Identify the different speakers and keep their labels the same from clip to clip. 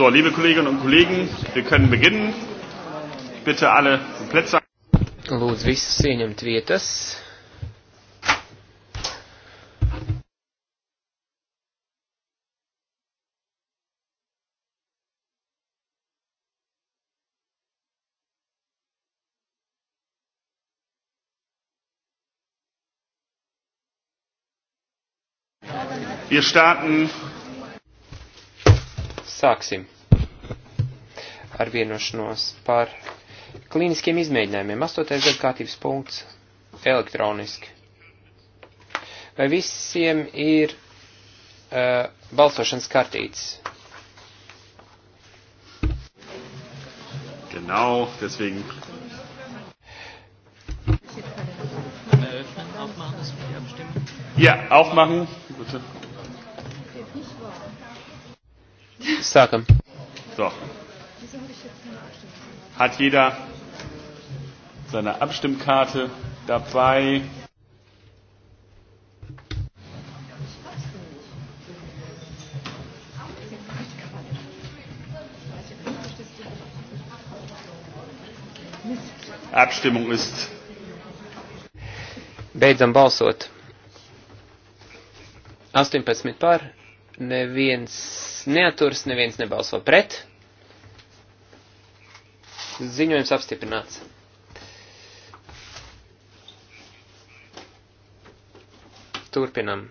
Speaker 1: So, liebe Kolleginnen und Kollegen, wir können beginnen. Bitte alle Plätze. Lūdzu, visus ieņemt vietas. Wir starten Sāksim ar vienošanos par klīniskiem izmēģinājumiem. Astotais gadu kārtības punkts - elektroniski. Vai visiem ir uh, balsošanas kartītes? Genau, deswegen. Ja, aufmachen, bitte. Sākam. So. Hat jeder seine Abstimmkarte dabei? Abstimmung ist. Beidzam balsot. 18 par, neviens neaturs, neviens nebalso pret. Ziņojums apstiprināts. Turpinam.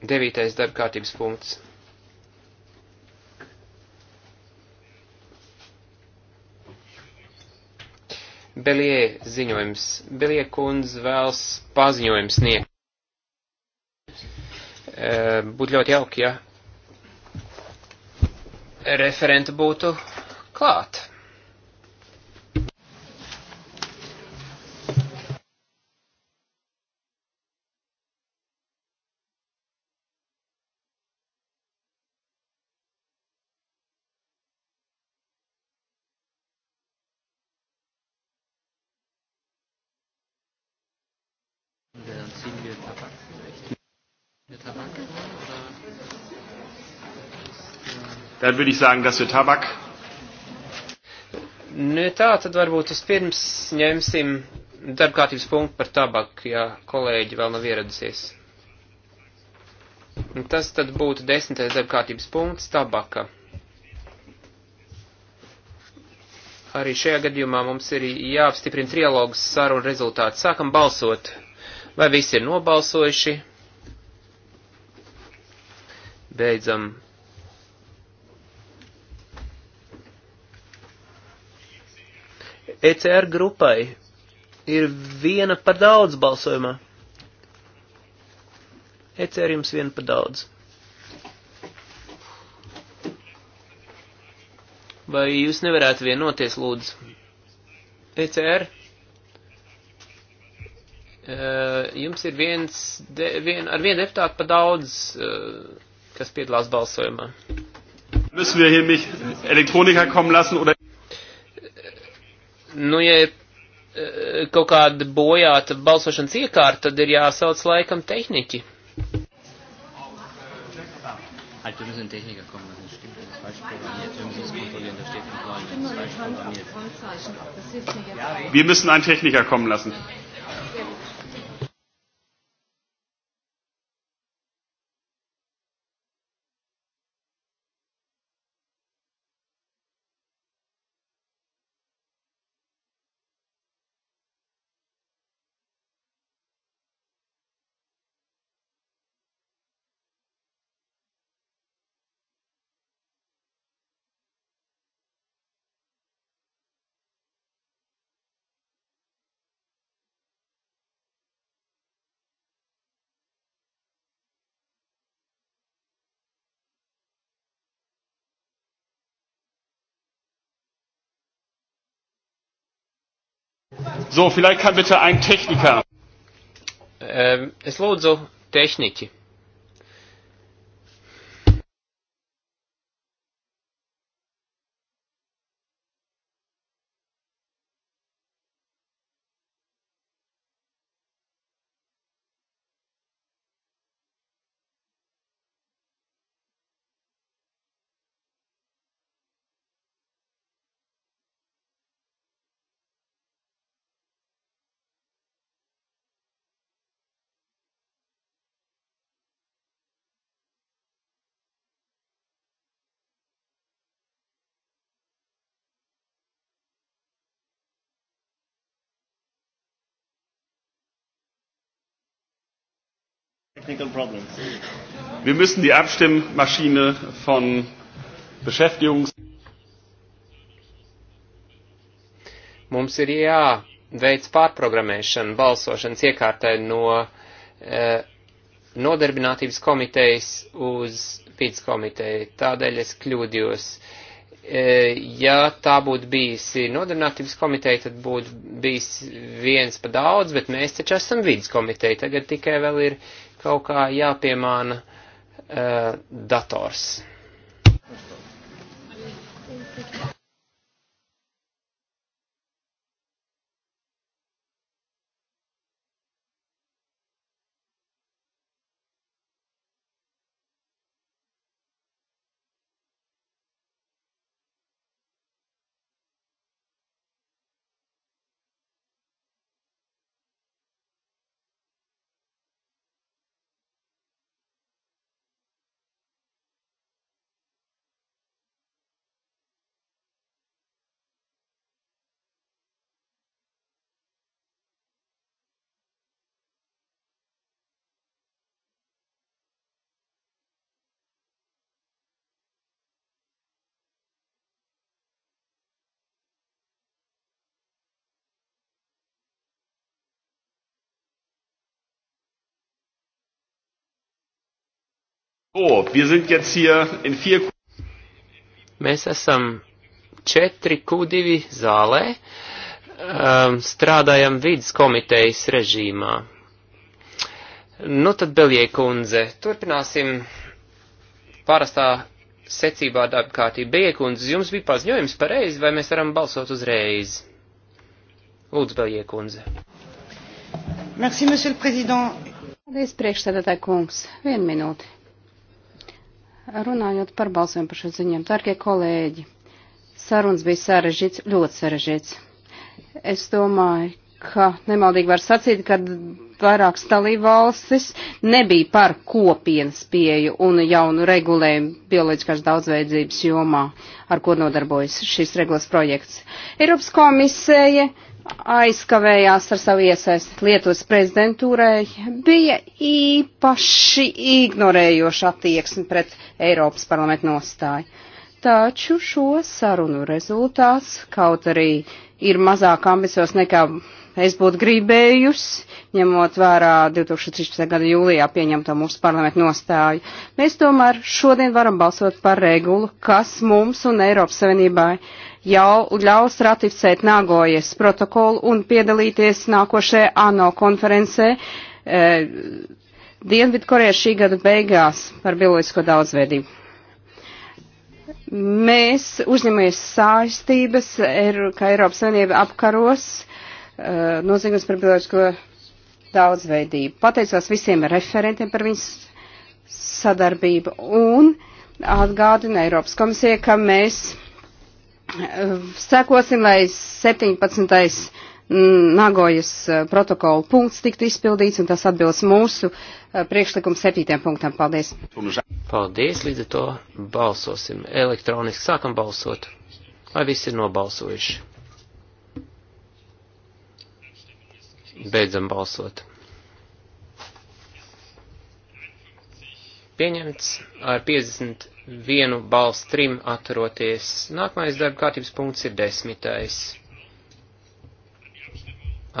Speaker 1: Devītais darba kārtības punkts. Belie ziņojums. Belie kundze vēlas paziņojums sniegt. Eh, būtu ļoti jauki, ja referenta būtu klāt. Dann würde ich sagen, dass wir Tabak. Nu, tā tad varbūt vispirms ņemsim darbkārtības punktu par tabaku, ja kolēģi vēl nav ieradusies. Un tas tad būtu desmitais darbkārtības punkts - tabaka. Arī šajā gadījumā mums ir jāapstiprina trialogs sarunu rezultāti. Sākam balsot. Vai visi ir nobalsojuši? Beidzam ECR grupai ir viena par daudz balsojumā. ECR jums viena par daudz. Vai jūs nevarētu vienoties, lūdzu? ECR? Jums ir viens, vien, ar vienu deputātu par daudz, kas piedalās balsojumā. Müssen wir hier mich Elektroniker kommen lassen oder nu, ja ir e, kaut kāda bojāta balsošanas iekārta, tad ir jāsauc laikam tehniķi. Halt, wir müssen Techniker kommen, das ist stimmt, das ist falsch programmiert. Wir müssen es kontrollieren, da steht nicht neu, das ist
Speaker 2: falsch
Speaker 1: programmiert. Wir
Speaker 2: müssen einen Techniker kommen lassen. Ja.
Speaker 1: So, vielleicht kann bitte ein Techniker. Ähm, es lūdzu tehniķi.
Speaker 2: Wir müssen die Abstimmmaschine von Beschäftigungs.
Speaker 1: Mums ir jāveic pārprogrammēšana balsošanas iekārtai no eh, nodarbinātības komitejas uz pīts komiteju. Tādēļ es kļūdījos. Eh, ja tā būtu bijusi nodarbinātības komiteja, tad būtu bijis viens pa daudz, bet mēs taču esam vidas komiteja. Tagad tikai vēl ir kaut kā jāpiemāna uh, dators.
Speaker 2: Oh, wir sind jetzt hier in vier...
Speaker 1: Mēs esam 4Q2 zālē, um, strādājam vidas komitejas režīmā. Nu tad, Belie kundze, turpināsim parastā secībā darba kārtība. Belie kundze, jums bija paziņojums pareizi, vai mēs varam balsot uzreiz? Lūdzu, Belie kundze.
Speaker 3: Merci, monsieur le président. Paldies, priekšstādātāj kungs. Vienu minūti. Runājot par balsojumu par šo ziņām, darbie kolēģi, sarunas bija sarežģīts, ļoti sarežģīts. Es domāju, ka nemaldīgi var sacīt, ka vairākas dalībvalstis nebija par kopienas pieju un jaunu regulējumu bioloģiskās daudzveidzības jomā, ar ko nodarbojas šis regulas projekts. Eiropas komisēja aizkavējās ar savu iesaisti Lietuvas prezidentūrai, bija īpaši ignorējoša attieksme pret Eiropas parlamentu nostāju. Taču šo sarunu rezultāts, kaut arī ir mazāk ambicios nekā es būtu gribējusi, ņemot vērā 2013. gada jūlijā pieņemto mūsu parlamentu nostāju. Mēs tomēr šodien varam balsot par regulu, kas mums un Eiropas Savienībai jau ļaus ratificēt Nāgojas protokolu un piedalīties nākošajā ANO konferencē. E, Dienvidkoreja šī gada beigās par bioloģisko daudzveidību. Mēs uzņemamies saistības, ka Eiropas Savienība apkaros Eh, nozīmes par bioloģisko daudzveidību. Pateicos visiem referentiem par viņas sadarbību un atgādina Eiropas komisija, ka mēs eh, sekosim, lai 17. Mm, Nagojas eh, protokola punkts tiktu izpildīts, un tas atbilst mūsu priekšlikumu septītiem punktam. Paldies!
Speaker 1: Paldies, līdz ar to balsosim elektroniski, sākam balsot, vai visi ir nobalsojuši. Beidzam balsot. Pieņemts ar 51 balstu trim atturoties. Nākamais darba kārtības punkts ir desmitais.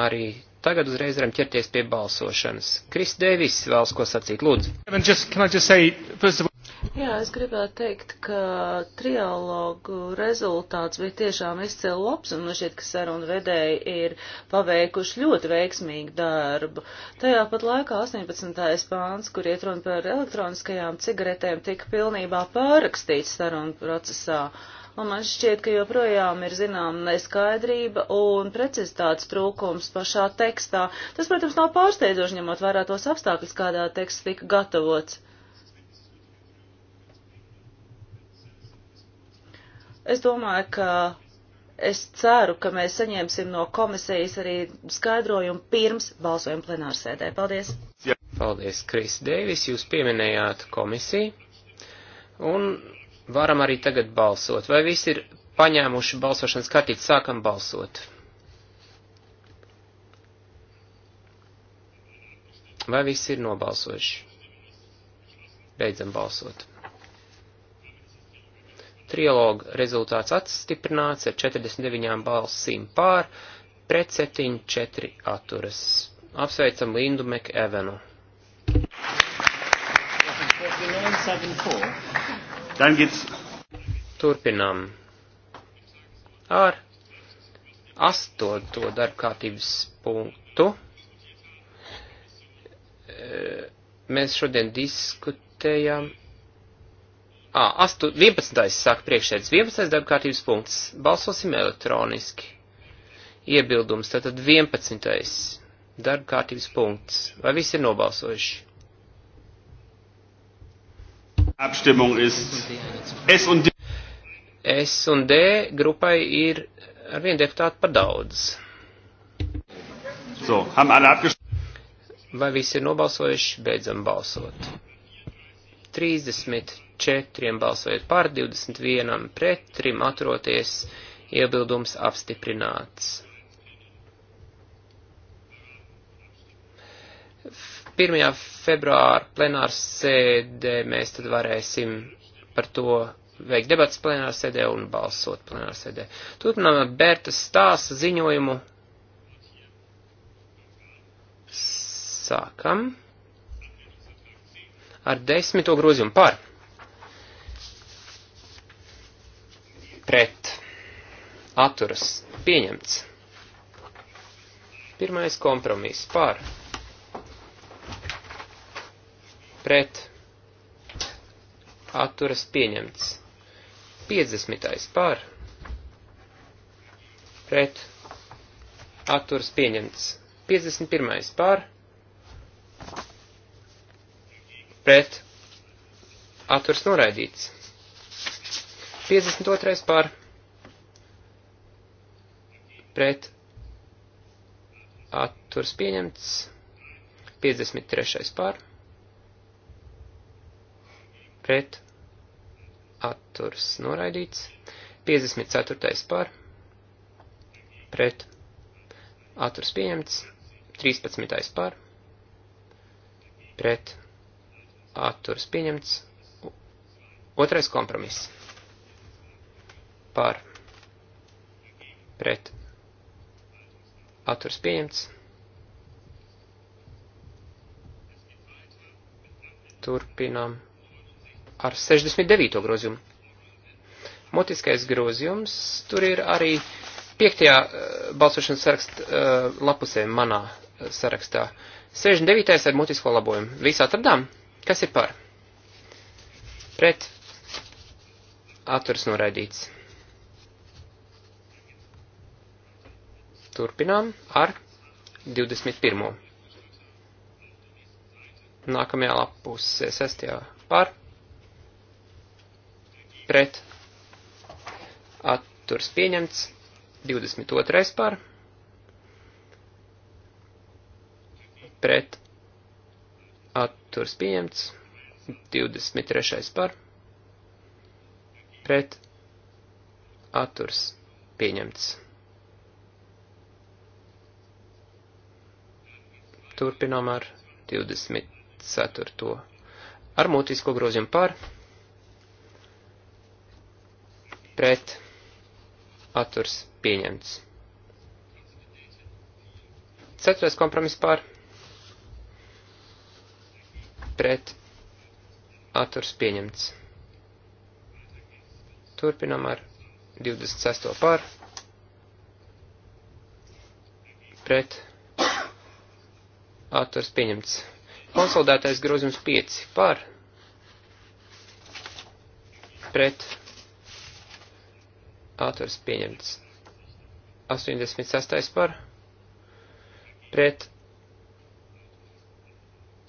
Speaker 1: Arī tagad uzreiz varam ķerties pie balsošanas. Kris Dēvis vēlas ko sacīt, lūdzu.
Speaker 2: Jā, es gribētu teikt, ka trialogu rezultāts bija tiešām izcēl labs, un man šķiet, ka saruna vedēji ir paveikuši ļoti veiksmīgu darbu. Tajā pat laikā 18. pāns, kur iet runa par elektroniskajām cigaretēm, tika pilnībā pārrakstīts saruna procesā. Un man šķiet, ka joprojām ir zinām neskaidrība un precizitātes trūkums pašā tekstā. Tas, protams, nav pārsteidzoši, ņemot vērā tos apstākļus, kādā teksts tika gatavots. Es domāju, ka es ceru, ka mēs saņemsim no komisijas arī skaidrojumu pirms balsojuma plenārsēdē. Paldies!
Speaker 1: Jā. Paldies, Kris Deivis, jūs pieminējāt komisiju. Un varam arī tagad balsot. Vai visi ir paņēmuši balsošanas kartīti? Sākam balsot. Vai visi ir nobalsojuši? Beidzam balsot. Trialoga rezultāts atstiprināts ar 49 balsīm pār, pret 7, 4 atturas. Apsveicam Lindu McEvenu. Turpinām ar astoto darbkārtības punktu. Eh, mēs šodien diskutējam À, 8, 11. saka priekšsēdus. 11. darba kārtības punkts. Balsosim elektroniski. Iebildums. Tātad 11. darba kārtības punkts. Vai visi ir nobalsojuši? Abstimmung ist S und D. S un D grupai ir ar vienu deputātu par daudz.
Speaker 3: So, haben alle
Speaker 1: abgestimmt? Vai visi ir nobalsojuši? Beidzam balsot. 30 24 balsojot par, 21 pret, 3 atroties, iebildums apstiprināts. Pirmajā februāra plenārs sēdē mēs tad varēsim par to veikt debats plenāra sēdē un balsot plenāra sēdē. Turpinām ar Bertas stāsta ziņojumu. Sākam ar desmito grozījumu par. pret, atturas, pieņemts. Pirmais kompromiss par, pret, atturas, pieņemts. 50. par, pret, atturas, pieņemts. 51. par, pret, atturas, noraidīts. 52. par pret atturs pieņemts. 53. par pret atturs noraidīts. 54. par pret atturs pieņemts. 13. par pret atturs pieņemts. Otrais kompromiss par pret atturs pieņemts. Turpinām ar 69. grozījumu. Motiskais grozījums tur ir arī piektajā eh, balsošanas sarakstā eh, lapusē manā eh, sarakstā. 69. ar mutisko labojumu. Visi atradām? Kas ir par? Pret. Atturs noraidīts. Turpinām ar 21. Nākamajā lapusē, sestajā par, pret, atturs pieņemts, 22. par, pret, atturs pieņemts, 23. par, pret, atturs pieņemts. Turpinām ar 24. Ar mutisko grozījumu par, pret, atturs pieņemts. Ceturtais kompromiss par, pret, atturs pieņemts. Turpinām ar 26. par, pret, atturs pieņemts. Konsolidētais grozījums 5 par pret atturs pieņemts. 86 par pret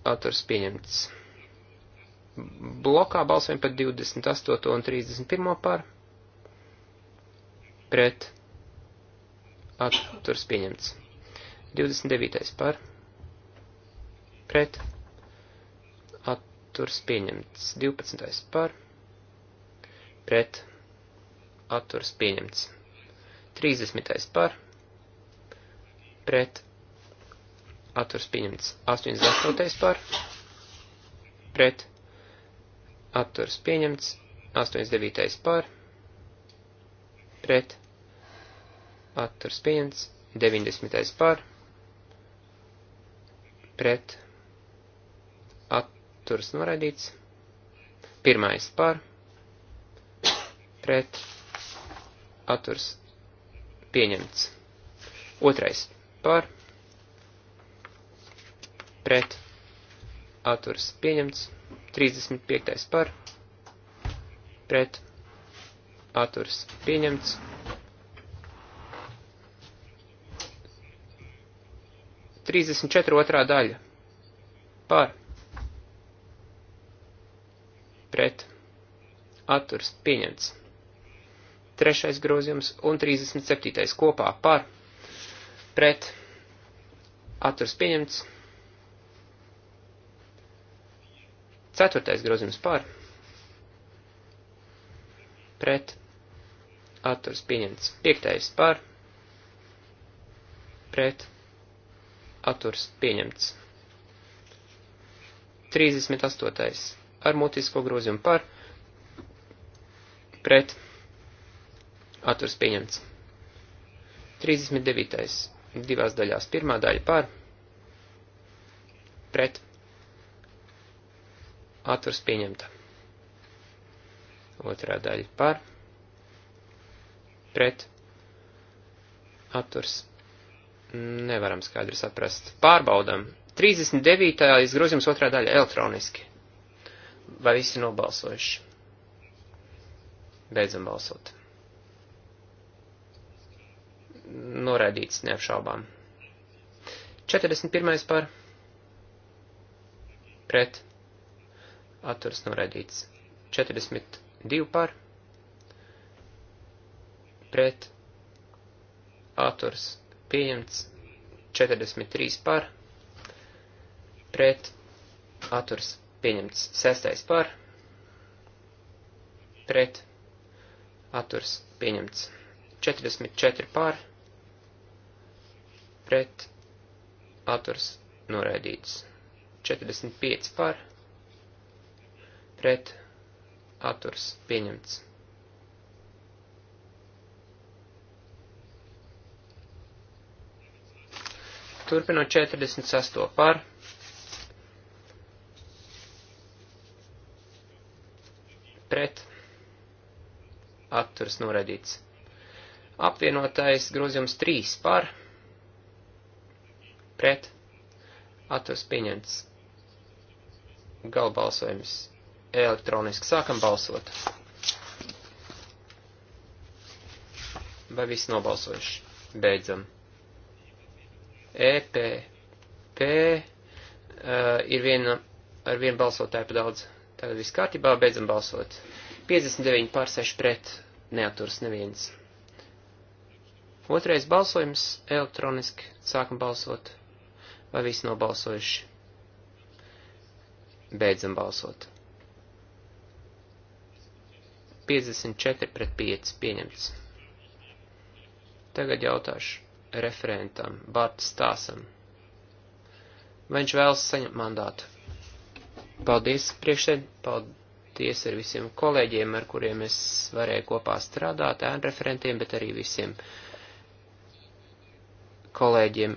Speaker 1: atturs pieņemts. Blokā balsojam par 28 un 31 par pret atturs pieņemts. 29 par pret pret, atturs pieņemts 12. par, pret, atturs pieņemts 30. par, pret, atturs pieņemts 88. par, pret, atturs pieņemts 89. par, pret, atturs pieņemts 90. par, pret, atturas noraidīts. Pirmais par, pret, atturas pieņemts. Otrais par, pret, atturas pieņemts. 35. par, pret, atturas pieņemts. Trīsdesmit četru otrā daļa. Par pret atturs pieņemts. Trešais grozījums un 37. kopā par pret atturs pieņemts. Ceturtais grozījums par pret atturs pieņemts. Piektais par pret atturs pieņemts. 38 ar mutisko grozījumu par pret atturs pieņemts. 39. divās daļās. Pirmā daļa par pret atturs pieņemta. Otrā daļa par pret atturs. Nevaram skaidri saprast. Pārbaudam. 39. izgrozījums otrā daļa elektroniski. Vai visi nobalsojuši? Beidzam balsot. Noraidīts neapšaubām. 41. par. Pret. Atturs noraidīts. 42 par. Pret. Atturs pieņemts. 43 par. Pret. Atturs pieņemts. Sestais par, pret, atturs, pieņemts. 44 par, pret, atturs, noraidīts. 45 par, pret, atturs, pieņemts. Turpinot 46 par, pret atturas noraidīts. Apvienotais grozījums 3 par pret atturas pieņemts. Galbalsojums elektroniski sākam balsot. Vai viss nobalsojuši? Beidzam. EPP uh, ir viena ar vienu balsotāju pa daudz. Tagad viss kārtībā, beidzam balsot. 59 pār 6 pret, neaturs neviens. Otrais balsojums elektroniski, sākam balsot. Vai visi nobalsojuši? Beidzam balsot. 54 pret 5 pieņemts. Tagad jautāšu referentam, Bārta Stāsam. Vai viņš vēlas saņemt mandātu? Paldies priekšsēd, paldies ar visiem kolēģiem, ar kuriem es varēju kopā strādāt, ēnu referentiem, bet arī visiem kolēģiem,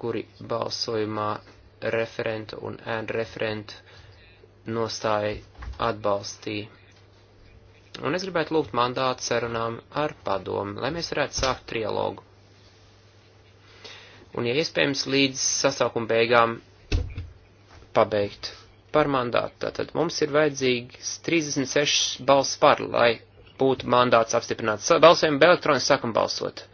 Speaker 1: kuri balsojumā referentu un ēnu referentu nostāja atbalstīja. Un es gribētu lūgt mandātu sarunām ar padomu, lai mēs varētu sākt trialogu. Un, ja iespējams, līdz sasaukuma beigām pabeigt par mandātu. Tātad mums ir vajadzīgs 36 balss par, lai būtu mandāts apstiprināts. Balsojam elektroniski, sākam balsot.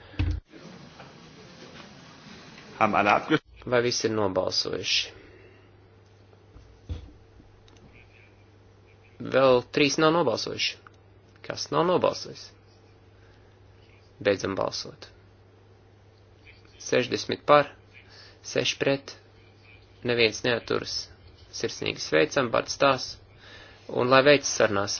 Speaker 1: Vai visi ir nobalsojuši? Vēl trīs nav nobalsojuši. Kas nav nobalsojis? Beidzam balsot. 60 par, 6 pret, neviens neaturas. Sirsnīgi sveicam, Bārts Tās, un lai veids sarunās.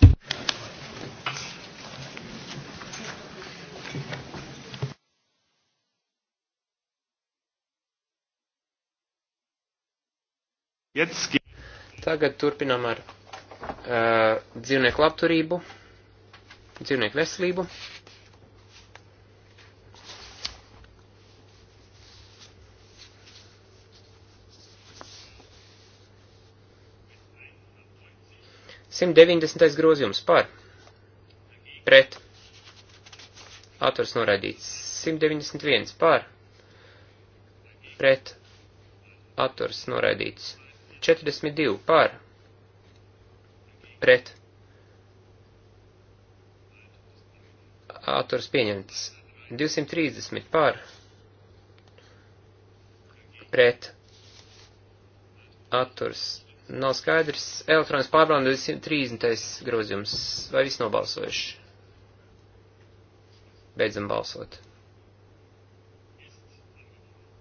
Speaker 1: Tagad turpinām ar uh, dzīvnieku labturību, dzīvnieku veselību. 190. grozījums par pret atturs noraidīts. 191 par pret atturs noraidīts. 42 par pret atturs pieņemts. 230 par pret atturs Nav skaidrs. Elektronis pārbaudījums 30. grozījums. Vai viss nobalsojuši? Beidzam balsot.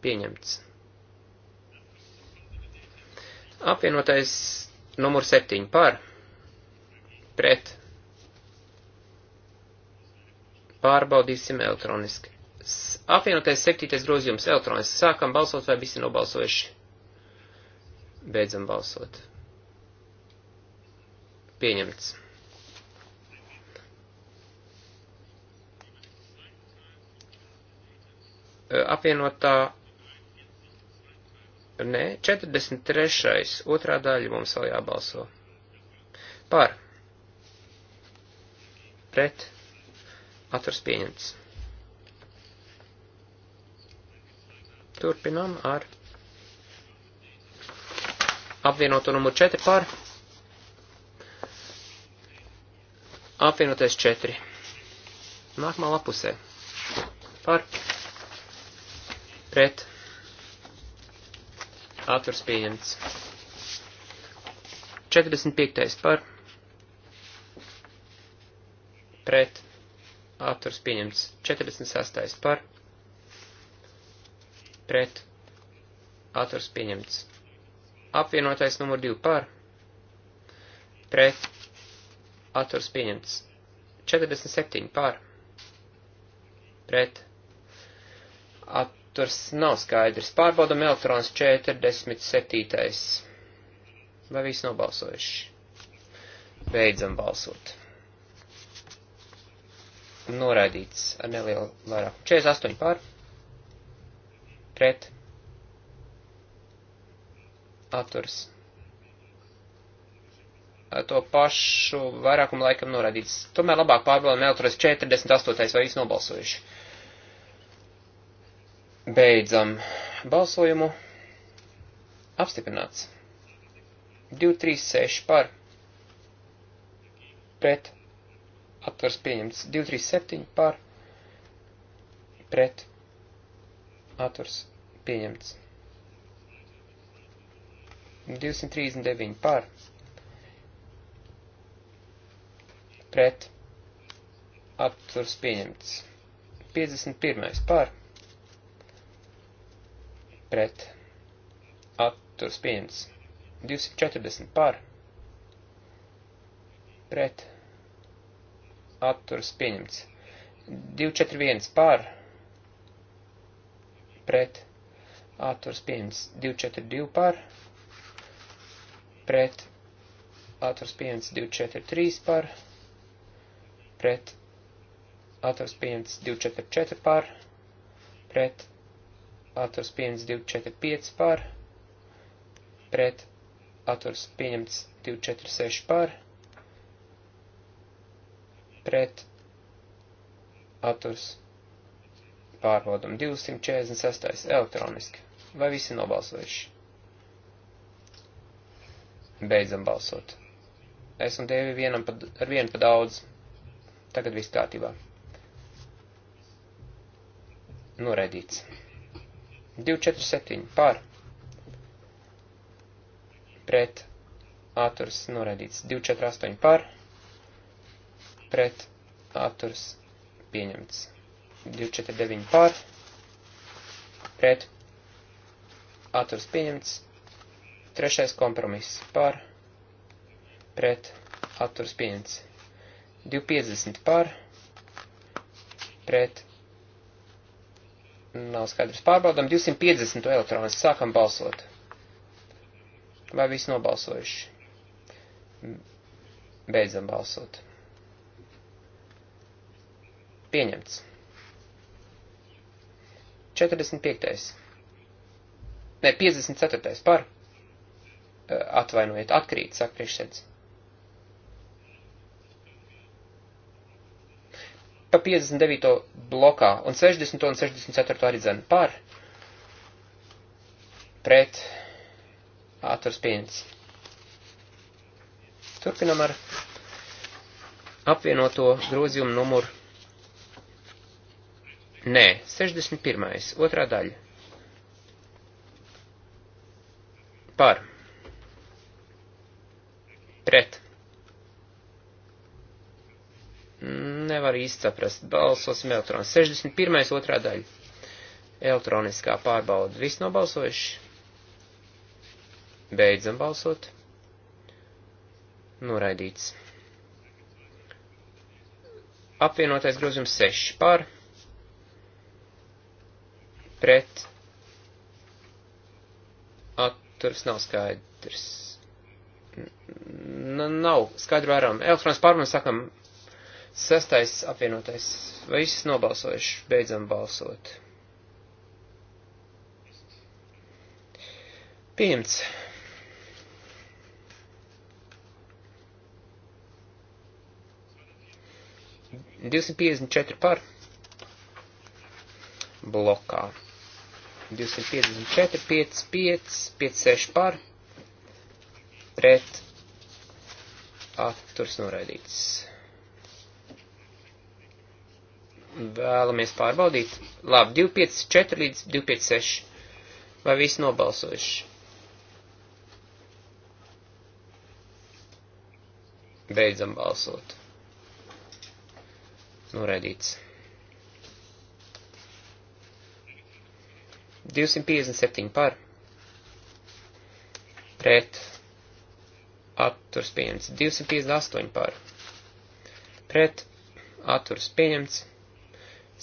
Speaker 1: Pieņemts. Apvienotais numur 7 par. Pret. Pārbaudīsim elektroniski. Apvienotais 7. grozījums elektroniski. Sākam balsot, vai visi nobalsojuši? Beidzam balsot. Pieņemts. apvienotā, nē, 43. otrā daļa mums vēl jābalso. Par. Pret. Atvars pieņemts. Turpinām ar apvienoto numur 4 par. Apvienotais 4. Nākamā lapusē. Par. Pret. Atvers pieņemts. 45. par. Pret. Atvers pieņemts. 46. par. Pret. Atvers pieņemts. Apvienotais numur 2 par. Pret. Atturs pieņemts. 47 par. Pret. Atturs nav skaidrs. Pārbaudam elektrons 47. Vai viss nobalsojuši? Beidzam balsot. Noraidīts ar nelielu vairāk. 48 pār. Pret atturs. To pašu vairākumu laikam norādīts. Tomēr labāk pārbaudām neaturas 48. vai viss nobalsojuši. Beidzam balsojumu. Apstiprināts. 236 par. Pret. Atvars pieņemts. 237 par. Pret. Atvars pieņemts. 239 par. Pret. Atturs pieņemts. 51 par. Pret. Atturs pieņemts. 240 par. Pret. Atturs pieņemts. 241 par. Pret. Atturs pieņemts. 242 par. Pret pret atturs pieņemts 243 par, pret atturs pieņemts 244 par, pret atturs pieņemts 245 par, pret atturs pieņemts 246 par, pret atturs pārvodam 246 elektroniski. Vai visi nobalsojuši? Beidzam balsot. Es un Dievi vienam pa, ar vienu pa daudz. Tagad viss kārtībā. Noraidīts. 247 pār. Pret. Āturs noraidīts. 248 pār. Pret. Āturs pieņemts. 249 pār. Pret. Āturs pieņemts. Trešais kompromiss par pret atturs pieņemts. 250 par pret nav skaidrs pārbaudām. 250 elektronis sākam balsot. Vai visi nobalsojuši? Beidzam balsot. Pieņemts. 45. Ne, 54. par Eh, atvainojiet, atkrīt, saka priekšsēdz. Pa 59. blokā un 60. un 64. arī dzen par, pret, atturs pieņemts. Turpinam ar apvienoto grozījumu numuru. Nē, 61. otrā daļa. Par pret. Nevar īsti saprast. Balsosim elektroniski. 61. otrā daļa. Elektroniskā pārbauda. Viss nobalsojuši. Beidzam balsot. Noraidīts. Apvienotais grozījums 6 par. Pret. Atturs nav skaidrs nav skaidru vairām. Elektrons pārmaiņas sakam, sastais apvienotais. Vai viss nobalsojuši? Beidzam balsot. Pieņemts. Divsimt piecdesmit četri par blokā. 254, 5, 5, 5, 6 par, pret, atturs noraidīts. Vēlamies pārbaudīt. Labi, 254 līdz 256. Vai visi nobalsojuši? Beidzam balsot. Noraidīts. 257 par. Pret atturs pieņemts. 258 par pret atturs pieņemts.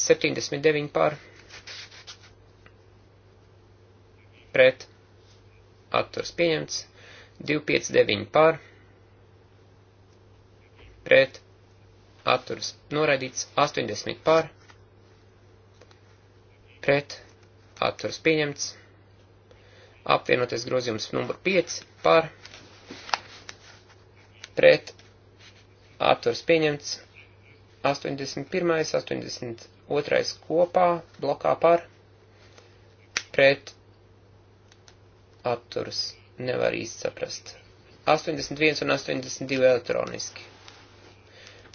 Speaker 1: 79 par pret atturs pieņemts. 259 par pret atturs noraidīts. 80 par pret atturs pieņemts. Apvienoties grozījums numur 5 par pret pret atturs pieņemts 81. 82. kopā blokā par pret atturs nevar īsti saprast. 81 un 82 elektroniski.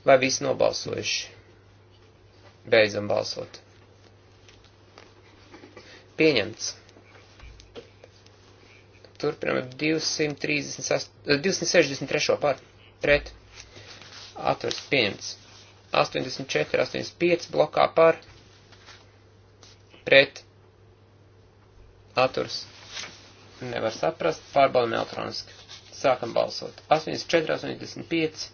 Speaker 1: Vai visi nobalsojuši? Beidzam balsot. Pieņemts. Turpinam 263, 263. pārt pret atturas pieņemts. 84, 85 blokā par pret atturas nevar saprast, pārbaudam elektroniski. Sākam balsot. 84, 85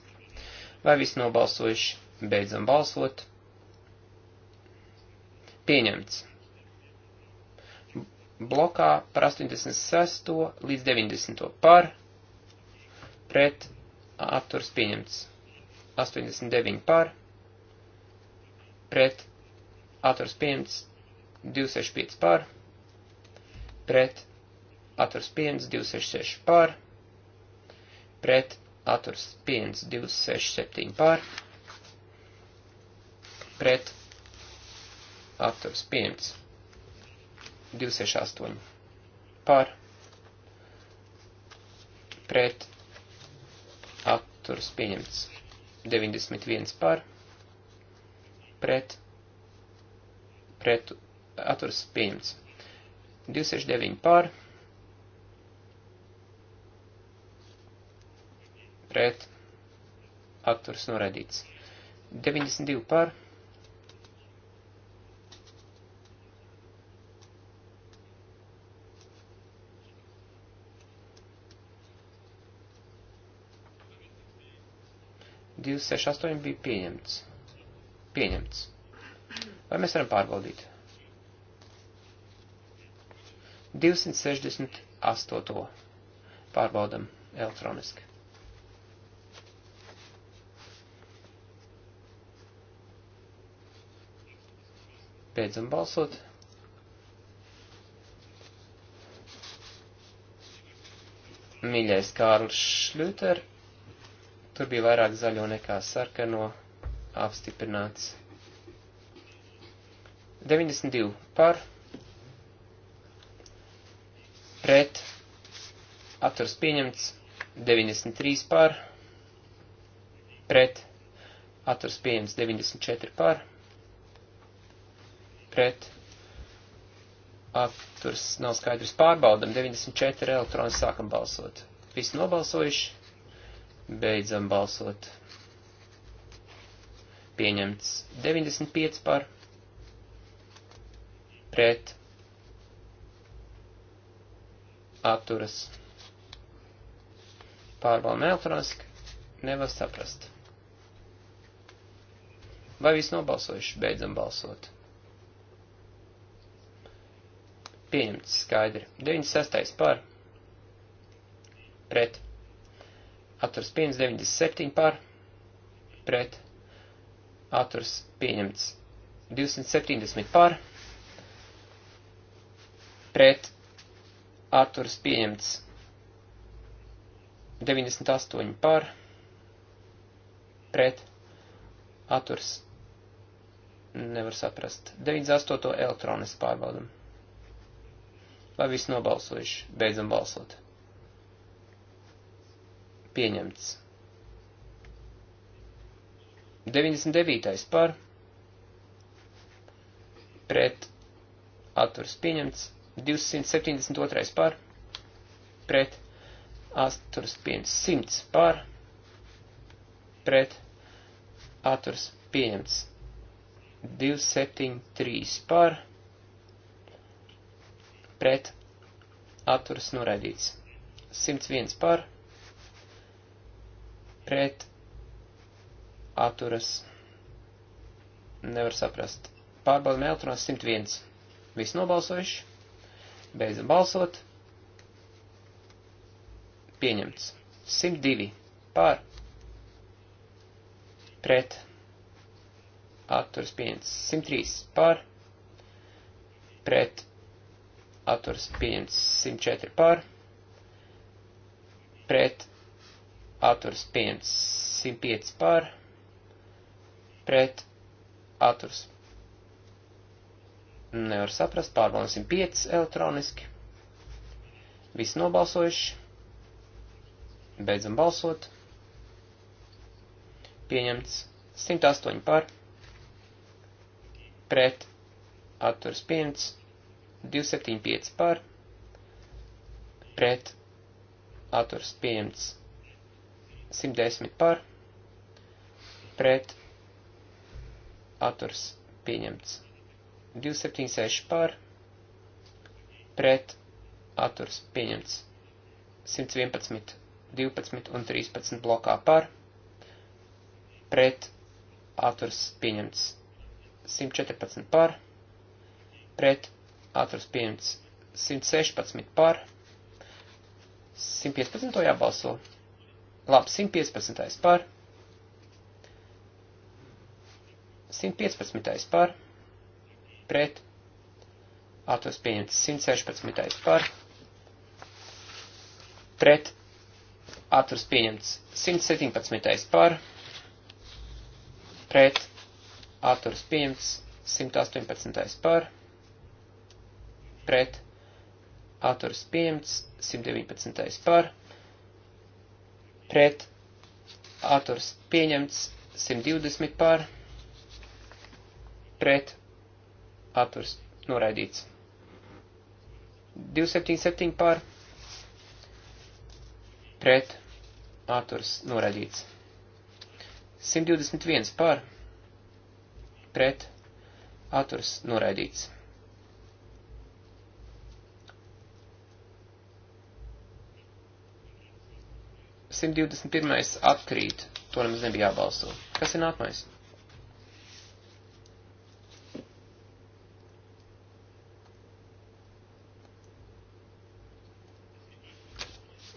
Speaker 1: vai visi nobalsojuši, beidzam balsot. Pieņemts. Blokā par 86 līdz 90 par pret atturs pieņemts. 89 par, pret, atturs pieņemts. 265 par, pret, atturs pieņemts. 266 par, pret, atturs pieņemts. 267 par, pret, atturs pieņemts. 268 par, pret, atturas pieņemts 91 par, pret, pret, atturas pieņemts 269 par, pret, atturas noraidīts 92 par, pret, 268 bija pieņemts. Pieņemts. Vai mēs varam pārbaudīt? 268. Pārbaudam elektroniski. Beidzam balsot. Mīļais Kārls Šļūter Tur bija vairāk zaļo nekā sarkano apstiprināts. 92 par pret atturs pieņemts 93 par pret atturs pieņemts 94 par pret atturs nav skaidrs pārbaudam 94 elektronis sākam balsot. Visi nobalsojuši. Beidzam balsot. Pieņemts 95 par pret atturas. Pārbaudām elektroniski, nevar saprast. Vai viss nobalsojuši? Beidzam balsot. Pieņemts skaidri. 96. par pret atturs pieņemts 97 par, pret, atturs pieņemts 270 par, pret, atturs pieņemts 98 par, pret, atturs nevar saprast. 98 elektronis pārbaudam. Vai viss nobalsojuši? Beidzam balsot pieņemts. 99. par pret atturs pieņemts. 272. par pret atturs pieņemts. 100 par pret atturs pieņemts. 273 par pret atturs noraidīts. 101 par pret pret atturas nevar saprast. Pārbaudam elektronās 101. Viss nobalsojuši. Beidzam balsot. Pieņemts. 102. Pār. Pret. Atturs pieņemts. 103. Pār. Pret. Atturs pieņemts. 104. Pār. Pret atturs pieņemts 105 par, pret atturs. Nevar saprast, pārbaudām 105 elektroniski. Visi nobalsojuši. Beidzam balsot. Pieņemts 108 par, pret atturs pieņemts 275 par, pret atturs pieņemts 275. 110 par, pret, atturs pieņemts. 276 par, pret, atturs pieņemts. 111, 12 un 13 blokā par, pret, atturs pieņemts. 114 par, pret, atturs pieņemts. 116 par, 115 jābalso. Labi, 115. par. 115. par. Pret. Atos pieņemts 116. par. Pret. Atos pieņemts 117. par. Pret. Atos pieņemts 118. par. Pret. Atos pieņemts 119. par pret autors pieņemts 120 pār pret autors noraidīts. 277 pār pret autors noraidīts. 121 pār pret autors noraidīts. 121. atkrīt, to nemaz nebija jābalso. Kas ir nākamais?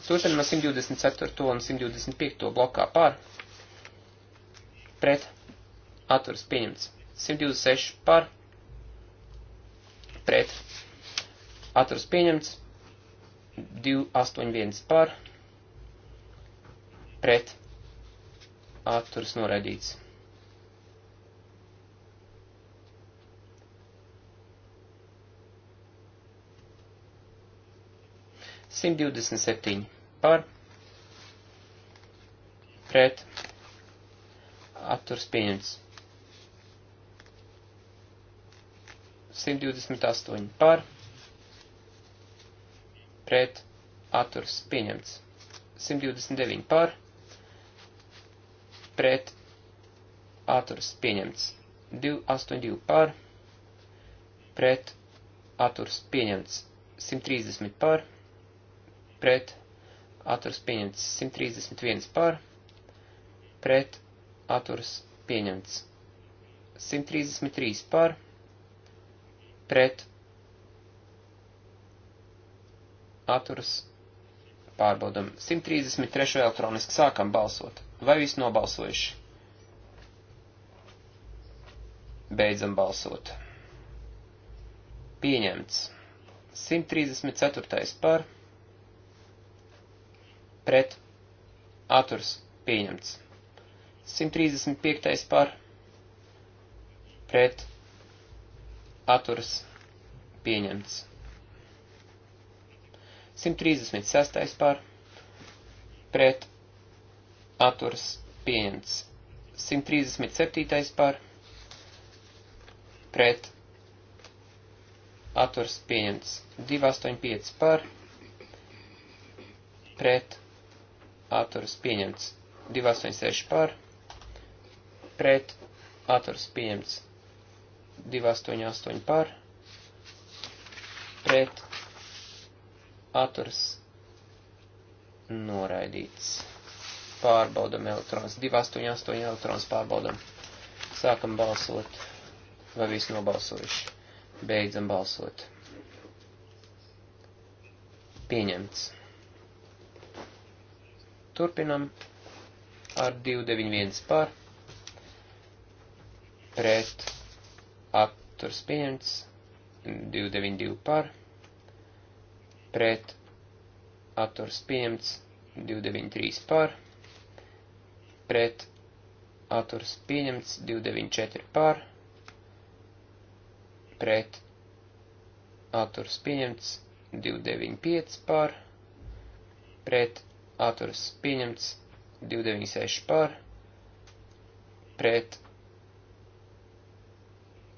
Speaker 1: Turpinam 124. un 125. blokā par, pret, atturas pieņemts. 126 par, pret, atturas pieņemts. 281 par, pret atturas noraidīts. Simt divdesmit septiņi par pret atturs pieņemts. 128 par pret atturs pieņemts. 129 par pret pret atturas pieņemts. 282 par pret atturas pieņemts. 130 par pret atturas pieņemts. 131 par pret atturas pieņemts. 133 par pret atturas pieņemts Pārbaudam. 133. elektroniski sākam balsot. Vai viss nobalsojuši? Beidzam balsot. Pieņemts. 134. par. Pret. Aturs. Pieņemts. 135. par. Pret. Aturs. Pieņemts. 136. par pret atturas pieņemts. 137. par pret atturas pieņemts. 285 par pret atturas pieņemts. 286 par pret atturas pieņemts. 288 par pret atturas noraidīts. Pārbaudam elektrons, 288 elektrons pārbaudam. Sākam balsot, vai visi nobalsojuši. Beidzam balsot. Pieņemts. Turpinam ar 291 pār pret atturs pieņemts 292 par pret atturs pieņemts 293 par, pret atturs pieņemts 294 par, pret atturs pieņemts 295 par, pret atturs pieņemts 296 par, pret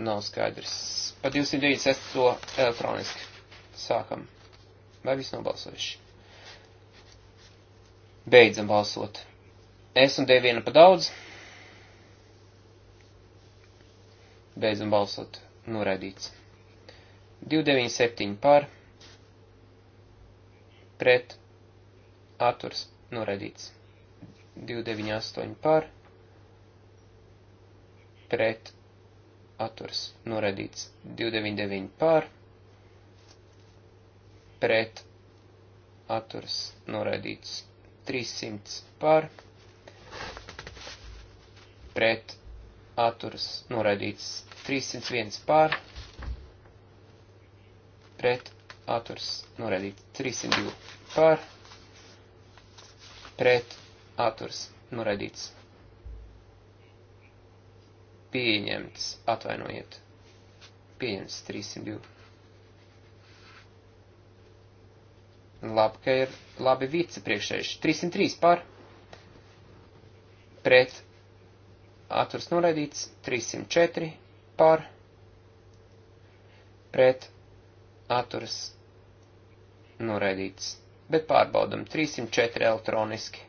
Speaker 1: nav skaidrs. Pa 296 elektroniski. Sākam. Vai viss nav balsojuši? Beidzam balsot. Es un Dievu viena pa daudz. Beidzam balsot. Noraidīts. 297 pār. Pret. Atturs. Noraidīts. 298 pār. Pret. Atturs. Noraidīts. 299 pār pret atturas noraidīts 300 par, pret atturas noraidīts 301 par, pret atturas noraidīts 302 par, pret atturas noraidīts pieņemts, atvainojiet, pieņemts 302. Labi, ka ir labi vicepriekšējuši. 303 par, pret, atturs noraidīts, 304 par, pret, atturs noraidīts. Bet pārbaudam, 304 elektroniski.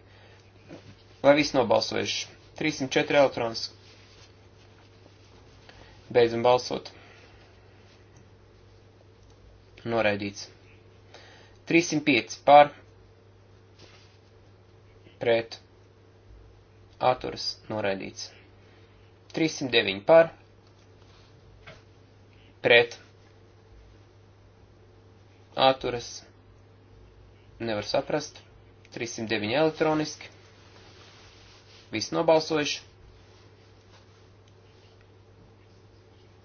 Speaker 1: Vai viss nobalsojuši? 304 elektroniski. Beidzam balsot. Noraidīts. 305 par pret atturas noraidīts. 309 par pret atturas nevar saprast. 309 elektroniski. Viss nobalsojuši.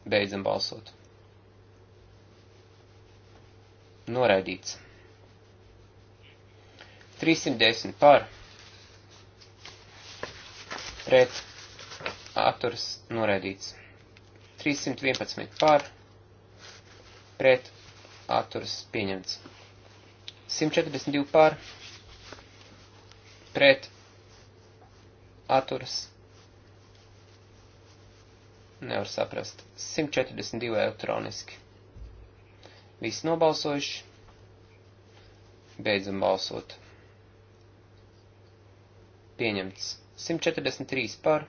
Speaker 1: Beidzam balsot. Noraidīts. 310 par pret atturas noraidīts. 311 par pret atturas pieņemts. 142 par pret atturas nevar saprast. 142 elektroniski. Visi nobalsojuši. Beidzam balsot pieņemts 143 par,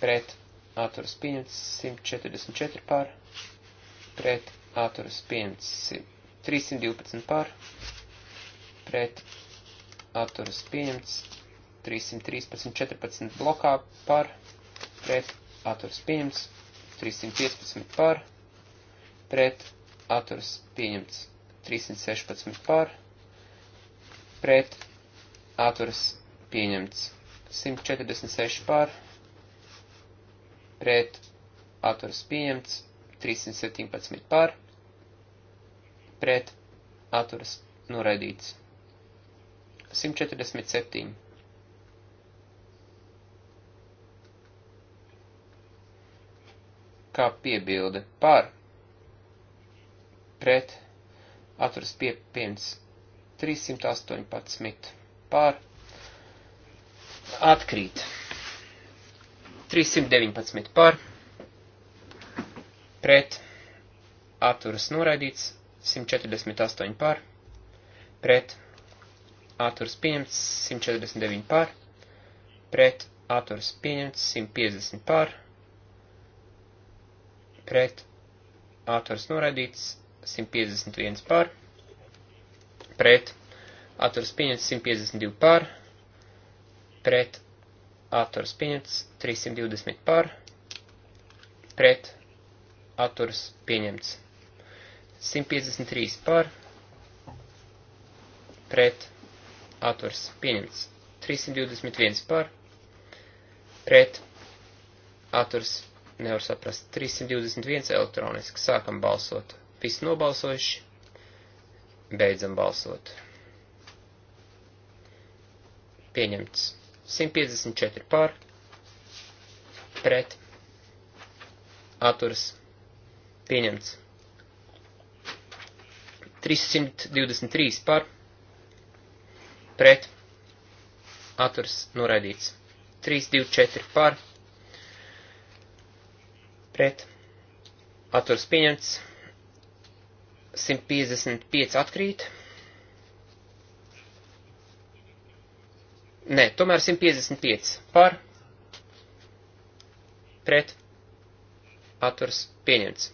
Speaker 1: pret atturas pieņemts 144 par, pret atturas pieņemts 312 par, pret atturas pieņemts 313, 14 blokā par, pret atturas pieņemts 315 par, pret atturas pieņemts 316 par, pret atturas pieņemts 146 pār, pret atturas pieņemts 317 pār, pret atturas noraidīts 147. Kā piebilde par pret atturas piepiens 318 pār atkrīt. 319 par, pret, atturas noraidīts, 148 par, pret, atturas pieņemts, 149 par, pret, atturas pieņemts, 150 par, pret, atturas noraidīts, 151 par, pret, atturas pieņemts, 152 par, pret atturs pieņemts, 320 par, pret atturs pieņemts, 153 par, pret atturs pieņemts, 321 par, pret atturs nevar saprast, 321 elektroniski, sākam balsot, visi nobalsojuši, beidzam balsot. Pieņemts. 154 pār, pret, atturas, pieņemts. 323 pār, pret, atturas, noraidīts. 324 pār, pret, atturas, pieņemts. 155 atkrīt. Nē, tomēr 155 par pret atturs pieņemts.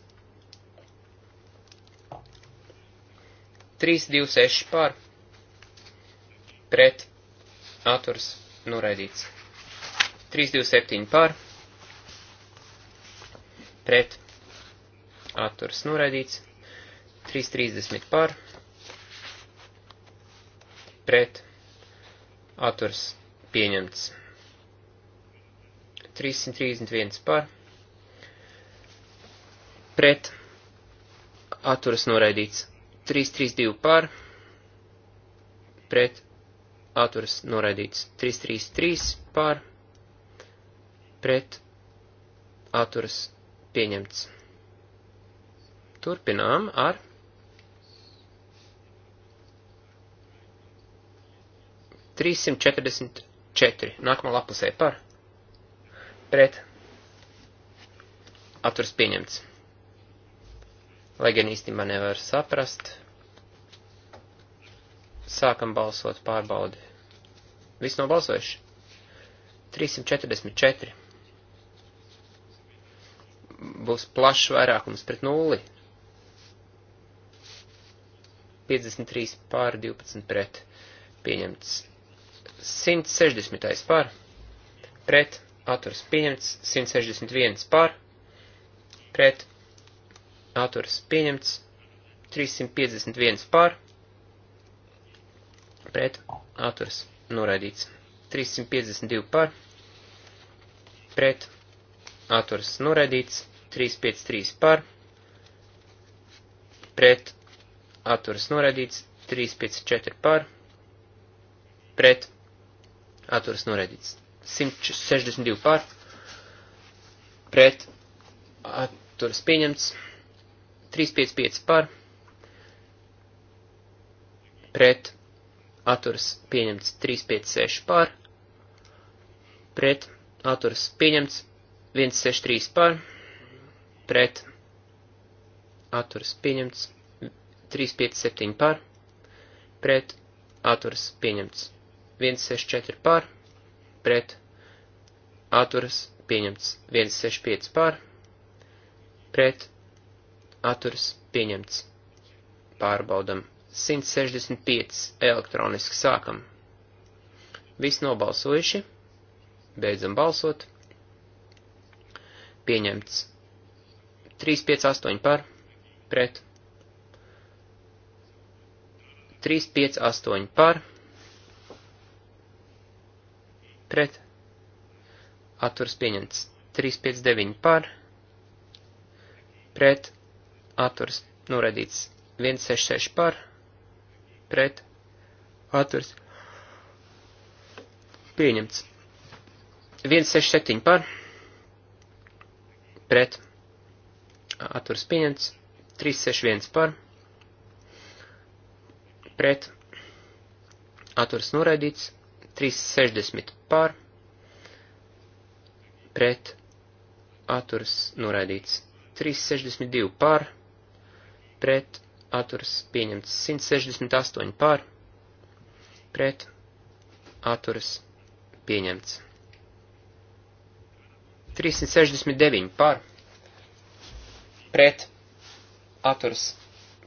Speaker 1: 326 par pret atturs noraidīts. 327 par pret atturs noraidīts. 330 par pret atturs noraidīts atturs pieņemts. 331 par, pret, atturas noraidīts. 332 par, pret, atturas noraidīts. 333 par, pret, atturas pieņemts. Turpinām ar 344. Nākamā lapusē par. Pret. Atturs pieņemts. Lai gan īstenībā nevar saprast. Sākam balsot pārbaudi. Viss nobalsojuši. 344. Būs plašs vairākums pret nulli. 53 pār 12 pret pieņemts. 160. par, pret, atturs pieņemts, 161 par, pret, atturs pieņemts, 351 par, pret, atturs noraidīts, 352 par, pret, atturs noraidīts, 353 par, pret, atturs noraidīts, 354 par, pret, atturas noraidīts. 162 pār, pret, atturas pieņemts, 355 pār, pret, atturas pieņemts, 356 pār, pret, atturas pieņemts, 163 pār, pret, atturas pieņemts, 357 pār, pret, atturas pieņemts, 164 pār, pret, atturas pieņemts 165 pār, pret, atturas pieņemts. Pārbaudam 165 elektroniski sākam. Viss nobalsojuši, beidzam balsot. Pieņemts 358 par, pret 358 par, pret, atturas pieņemts 359 par, pret, atturas noraidīts 166 par, pret, atturas pieņemts 167 par, pret, atturas pieņemts 361 par, pret, atturas noraidīts 360 par, pret, atturas noraidīts 362 par, pret, atturas pieņemts 168 par, pret, atturas pieņemts 369 par, pret, atturas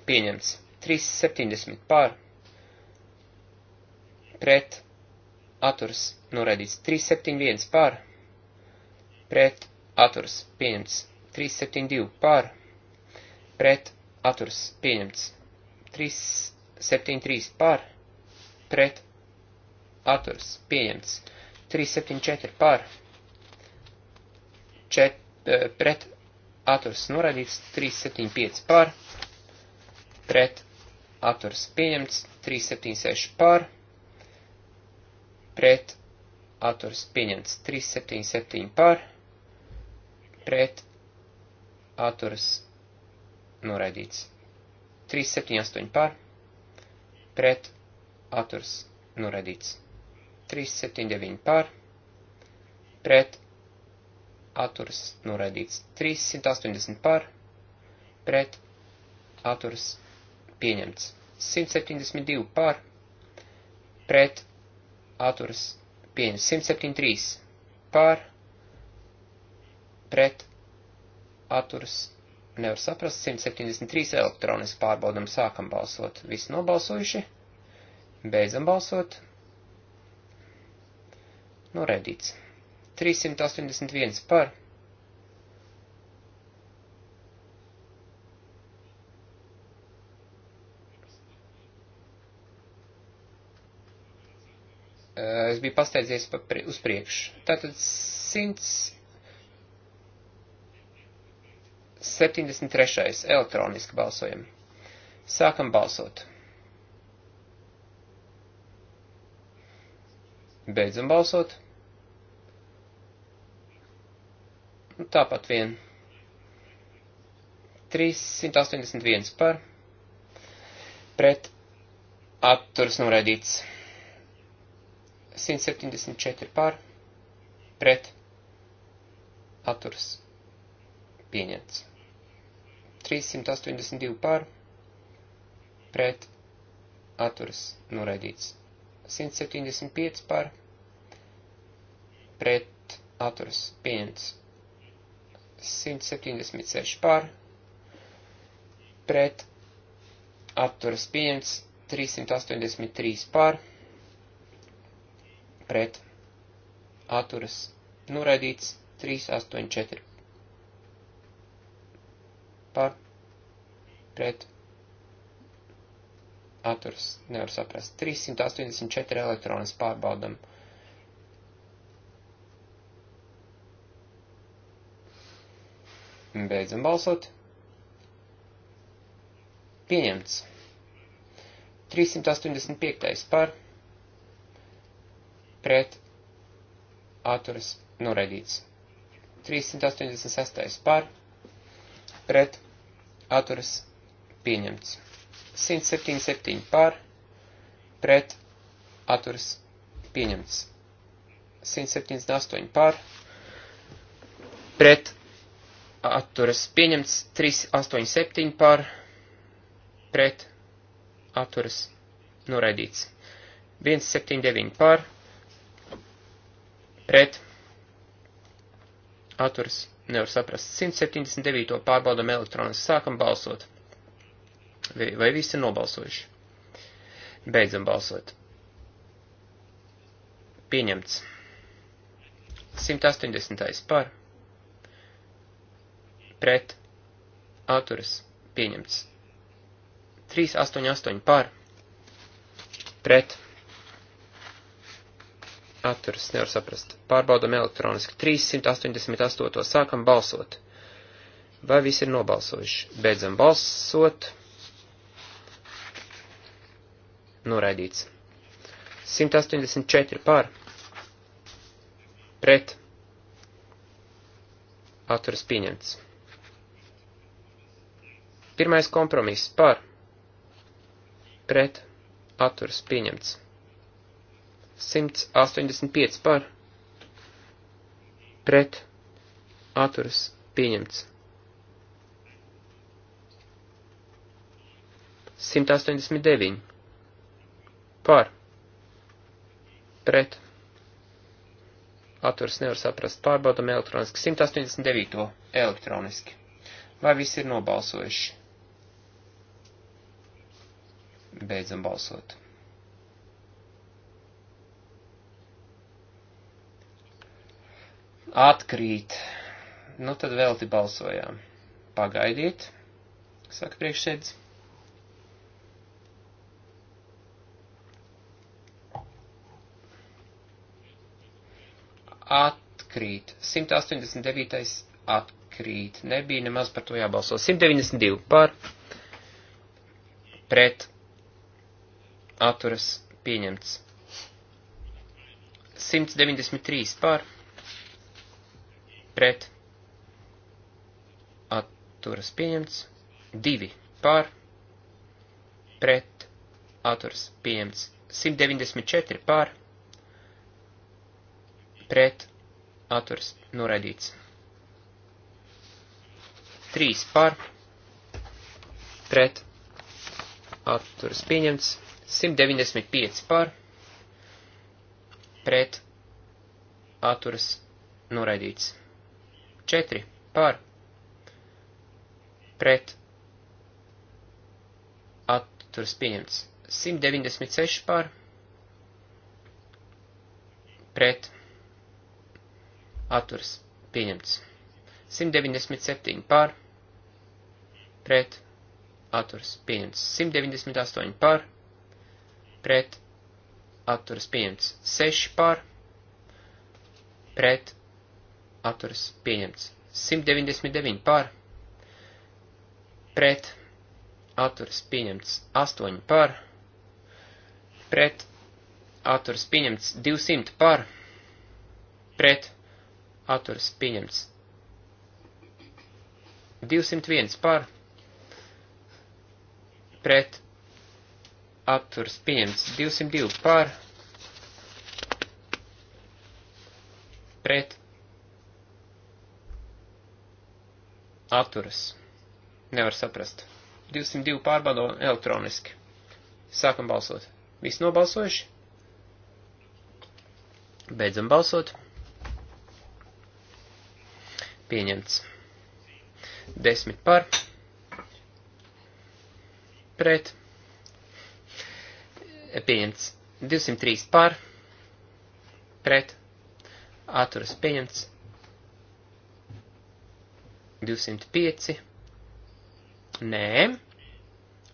Speaker 1: pieņemts 370 par, pret, atturas pieņemts atturas noraidīts 371 pār, pret atturas pieņemts 372 pār, pret atturas pieņemts 373 pār, pret atturas pieņemts 374 pār, čet, eh, pret atturas noraidīts 375 pār, pret atturas pieņemts 376 pār, pret atturas pieņemts 377 par, pret atturas noraidīts 378 par, pret atturas noraidīts 379 par, pret atturas noraidīts 380 par, pret atturas pieņemts 172 par, pret atturas atturas pieņems. 173 pār, pret, atturas nevar saprast. 173 elektroniski pārbaudam, sākam balsot. Visi nobalsojuši, beidzam balsot. Noraidīts. Nu, 381 par, es biju pasteidzies pa, pri, uz priekšu. Tātad 173. elektroniski balsojam. Sākam balsot. Beidzam balsot. Un nu, tāpat vien. 381 par. Pret. Atturs noraidīts. 174 pār, pret, atturas, pieņemts. 382 pār, pret, atturas, noraidīts. 175 pār, pret, atturas, pieņemts. 176 pār, pret, atturas, pieņemts. 383 pār, pret, pret atturas noraidīts 384 par pret atturas nevar saprast 384 elektronas pārbaudam beidzam balsot pieņemts 385 par pret pret atturas noraidīts. 386. par pret atturas pieņemts. 177 par pret atturas pieņemts. 178 par pret atturas pieņemts. 387 par pret atturas noraidīts. 179 par pret pret atturs nevar saprast. 179. pārbaudam elektronas. Sākam balsot. Vai, vai visi ir nobalsojuši? Beidzam balsot. Pieņemts. 180. par. Pret. Atturas. Pieņemts. 388 par. Pret. Atturas nevar saprast. Pārbaudam elektroniski. 388. sākam balsot. Vai visi ir nobalsojuši? Beidzam balsot. Noraidīts. 184 pār. Pret. Atturas pieņemts. Pirmais kompromiss par. Pret. Atturas pieņemts. 185 par pret atturas pieņemts. 189 par pret atturas nevar saprast. Pārbaudam elektroniski. 189 elektroniski. Vai visi ir nobalsojuši? Beidzam balsot. atkrīt. Nu, tad vēl te balsojām. Pagaidiet, saka priekšsēdz. Atkrīt. 189. atkrīt. Nebija nemaz par to jābalso. 192 par. Pret. Atturas pieņemts. 193 par pret atturas pieņemts, 2 pār pret atturas pieņemts, 194 pār pret atturas noraidīts, 3 pār pret atturas pieņemts, 195 pār pret atturas noraidīts. 4 par pret atturas pieņemts. 196 par pret atturas pieņemts. 197 par pret atturas pieņemts. 198 par pret atturas pieņemts. 6 par pret atturas pieņemts. 199 par, pret, atturas pieņemts. 8 par, pret, atturas pieņemts. 200 par, pret, atturas pieņemts. 201 par, pret, atturas pieņemts. 202 par, pret, atturas. Nevar saprast. 202 pārbaudo elektroniski. Sākam balsot. Visi nobalsojuši? Beidzam balsot. Pieņemts. 10 par. Pret. Pieņemts. 203 par. Pret. Atturas pieņemts. 205, nē,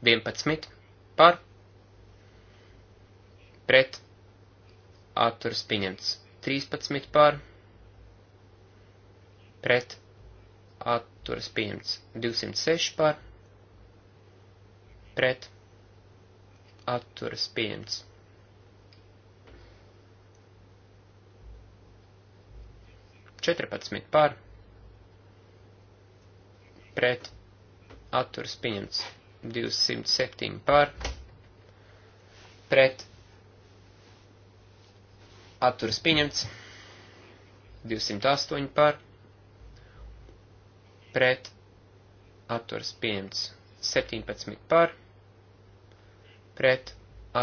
Speaker 1: 11 par, pret, atturas pieņemts, 13 par, pret, atturas pieņemts, 206 par, pret, atturas pieņemts. Četrpadsmit par pret atturas pieņemts 207 par pret atturas pieņemts 208 par pret atturas pieņemts 17 par pret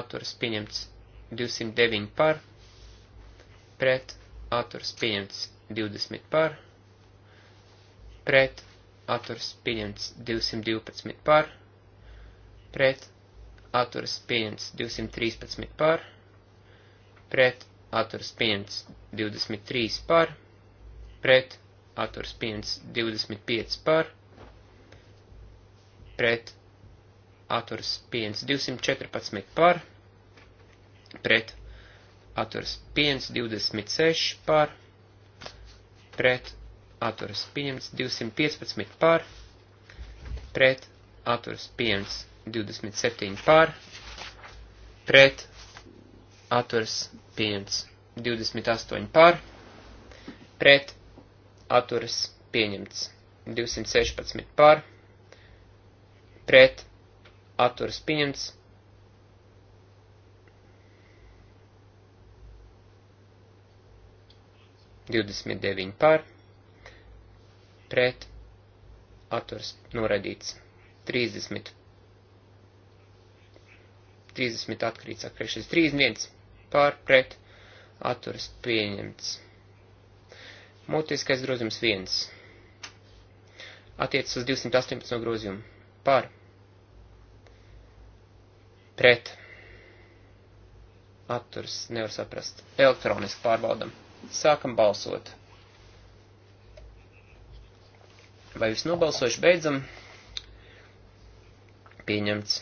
Speaker 1: atturas pieņemts 209 par pret atturas pieņemts 20 par pret atturas pieņemts 212 par, pret atturas pieņemts 213 par, pret atturas pieņemts 23 par, pret atturas pieņemts 25 par, pret atturas pieņemts 214 par, pret atturas pieņemts 26 par, pret atturas pieņemts 215 pār, pret atturas pieņemts 27 pār, pret atturas pieņemts 28 pār, pret atturas pieņemts 216 pār, pret atturas pieņemts 216 pār. Divdesmit deviņi pār, pret atturs noraidīts. 30. 30 atkrīt, saka priekšējais. 31 pār pret atturs pieņemts. Mutiskais grozījums 1. Attiecas uz 218 grozījumu. Pār. Pret. Atturs nevar saprast. Elektroniski pārbaudam. Sākam balsot. Vai viss nobalsojuši beidzam? Pieņemts.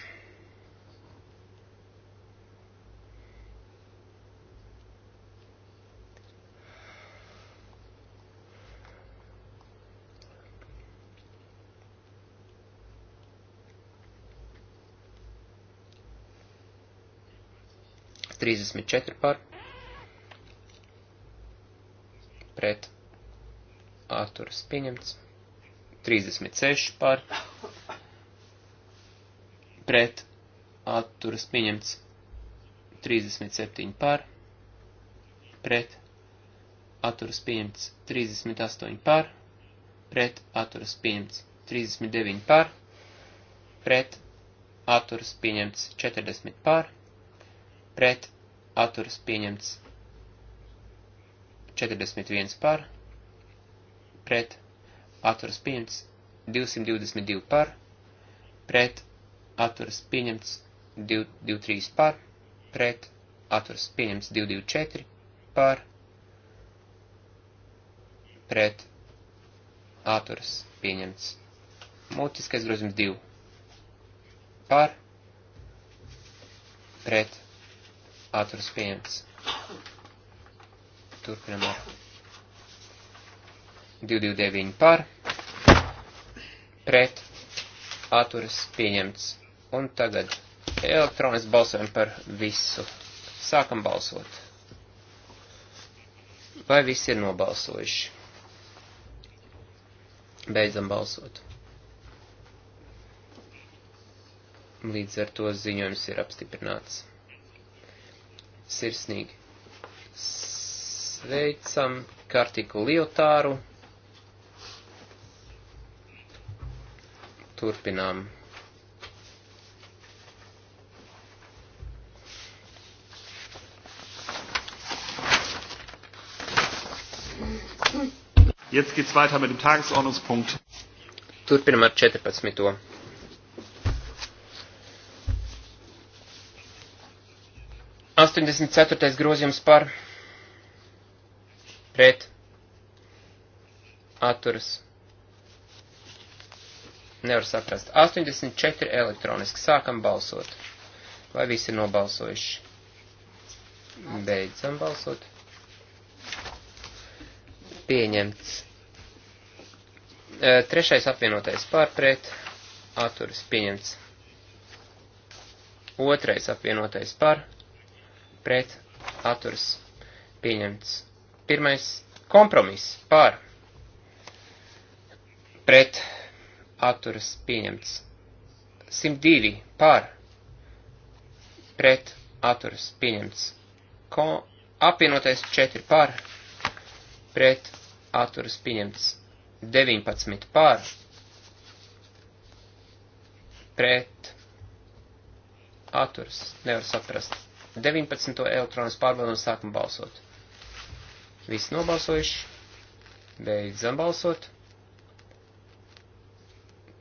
Speaker 1: Trīsdesmit četri par pret Ārturas pieņemts. 36 par pret atturas pieņemts 37 par pret atturas pieņemts 38 par pret atturas pieņemts 39 par pret atturas pieņemts 40 par pret atturas pieņemts 41 par pret atturas pieņemts 222 par, pret atturas pieņemts 223 par, pret atturas pieņemts 224 par, pret atturas pieņemts. Mūtiskais grozījums 2 par, pret atturas pieņemts. Turpinam ar. 229 par, pret, atturas pieņemts. Un tagad elektronis balsojam par visu. Sākam balsot. Vai visi ir nobalsojuši? Beidzam balsot. Līdz ar to ziņojums ir apstiprināts. Sirsnīgi. Sveicam Kartiku Liotāru. Turpinām. Jetzt geht's weiter mit dem Tagesordnungspunkt. Turpinam ar 14. Astoņdesmit ceturtais grozījums par pret atturas Nevar saprast. 84 elektroniski. Sākam balsot. Vai visi ir nobalsojuši? Beidzam balsot. Pieņemts. E, trešais apvienotais pārpret. Atturis pieņemts. Otrais apvienotais par. Pret. Atturis pieņemts. Pirmais kompromiss par. Pret atturas pieņemts. 102 par pret atturas pieņemts. Ko, apvienotais 4 par pret atturas pieņemts. 19 par pret atturas. Nevar saprast. 19. elektronas pārbaudām sākam balsot. Viss nobalsojuši. Beidzam balsot.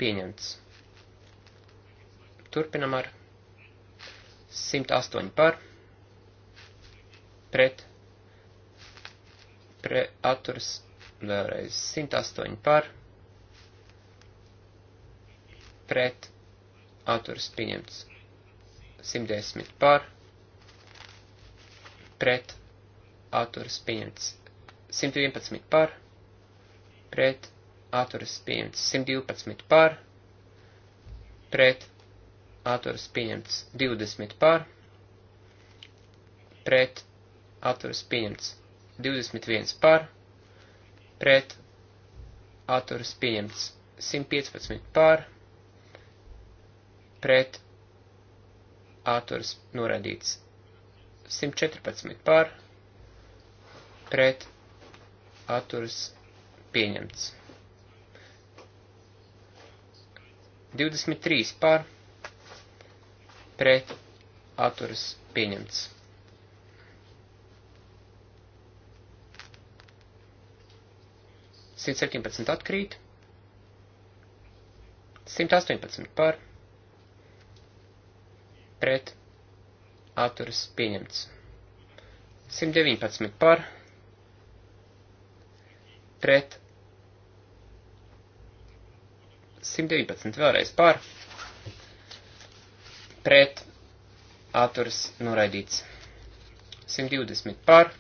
Speaker 1: Pieņemts. Turpinam ar 108 par pret pre, atturas vēlreiz 108 par pret atturas pieņemts 110 par pret atturas pieņemts 111 par pret atturas pieņemts 112 par, pret atturas pieņemts 20 par, pret atturas pieņemts 21 par, pret atturas pieņemts 115 par, pret atturas norādīts 114 par, pret atturas pieņemts. 23 pār pret atturas pieņemts. Simt septiņpadsmit atkrīt. Simt astoņpadsmit pār pret atturas pieņemts. 119 par pret 119 vēlreiz par, pret, atturs noraidīts. 120 par,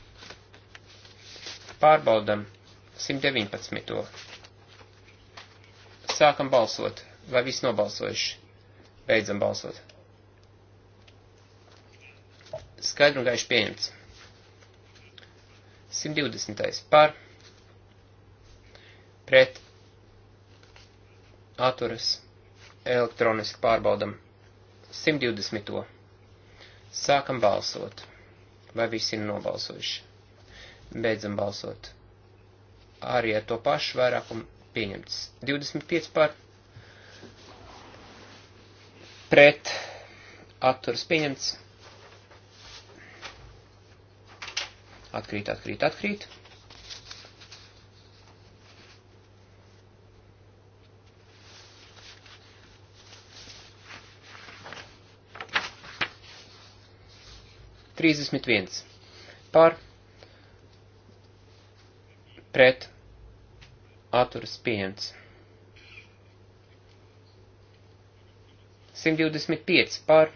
Speaker 1: pārbaudam 119. Sākam balsot, vai viss nobalsojuši. Beidzam balsot. Skaidru un gaišu pieņemts. 120. par, pret, atturas elektroniski pārbaudam 120. Sākam balsot. Vai visi ir nobalsojuši? Beidzam balsot. Arī ar to pašu vairākumu pieņemts. 25 par pret atturas pieņemts. Atkrīt, atkrīt, atkrīt. 31 par pret atturas pieņemts. 125 par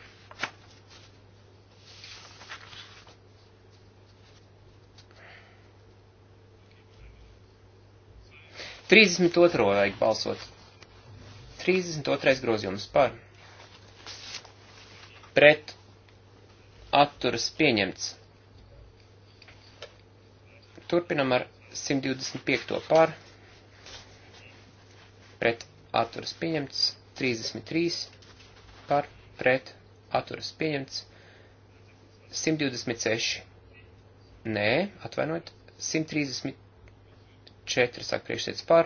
Speaker 1: Trīsdesmit otro vajag balsot. Trīsdesmit otrais grozījums par. Pret atturas pieņemts. Turpinam ar 125. pār, pret atturas pieņemts, 33 par, pret atturas pieņemts, 126. Nē, atvainojiet, 134 saka priekšsēdz par,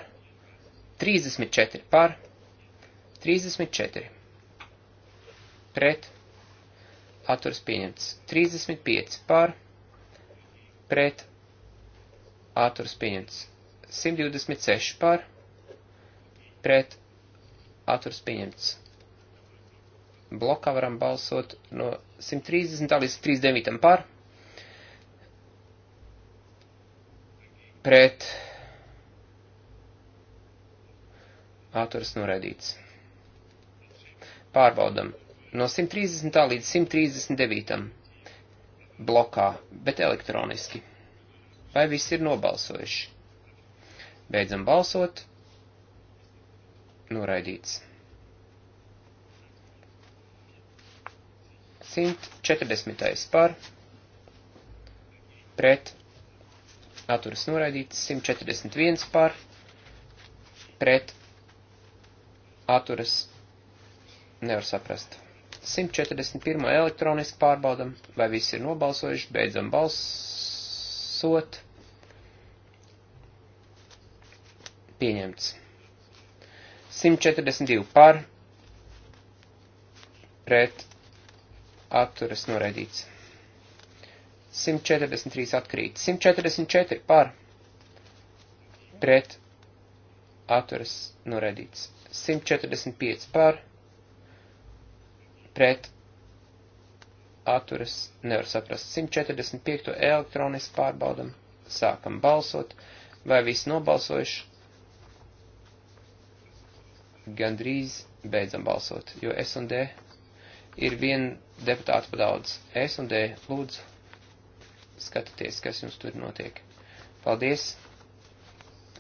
Speaker 1: 34 par, 34 pret atturas pieņemts. 35 par, pret, atturas pieņemts. 126 par, pret, atturas pieņemts. Blokā varam balsot no 130 līdz 39 par, pret, atturas noraidīts. Pārbaudam no 130. līdz 139. blokā, bet elektroniski. Vai viss ir nobalsojuši? Beidzam balsot. Noraidīts. 140. par pret atturas noraidīts 141 par pret atturas nevar saprast. 141. elektroniski pārbaudam, vai visi ir nobalsojuši, beidzam balsot. Pieņemts. 142 par, pret, atturas noraidīts. 143 atkrīt. 144 par, pret, atturas noraidīts. 145 par, pret atturas nevar saprast. 145. elektroniski pārbaudam, sākam balsot, vai viss nobalsojuši, gandrīz beidzam balsot, jo S un D ir viena deputāta pa daudz. S un D, lūdzu, skatieties, kas jums tur notiek. Paldies!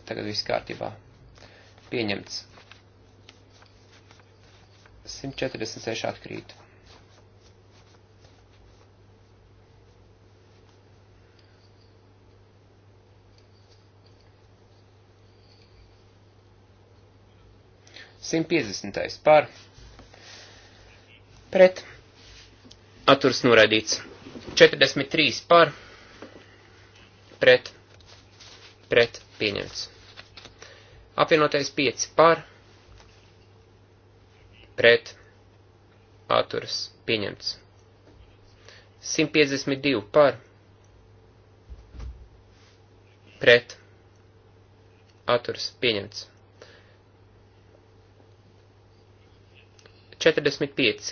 Speaker 1: Tagad viss kārtībā. Pieņemts. 146 atkrīt. Simt piecdesmitais par pret atturs noraidīts. 43 par pret pret pieņemts. Apvienotais 5 par pret pret atturas pieņemts. 152 par pret atturas pieņemts. 45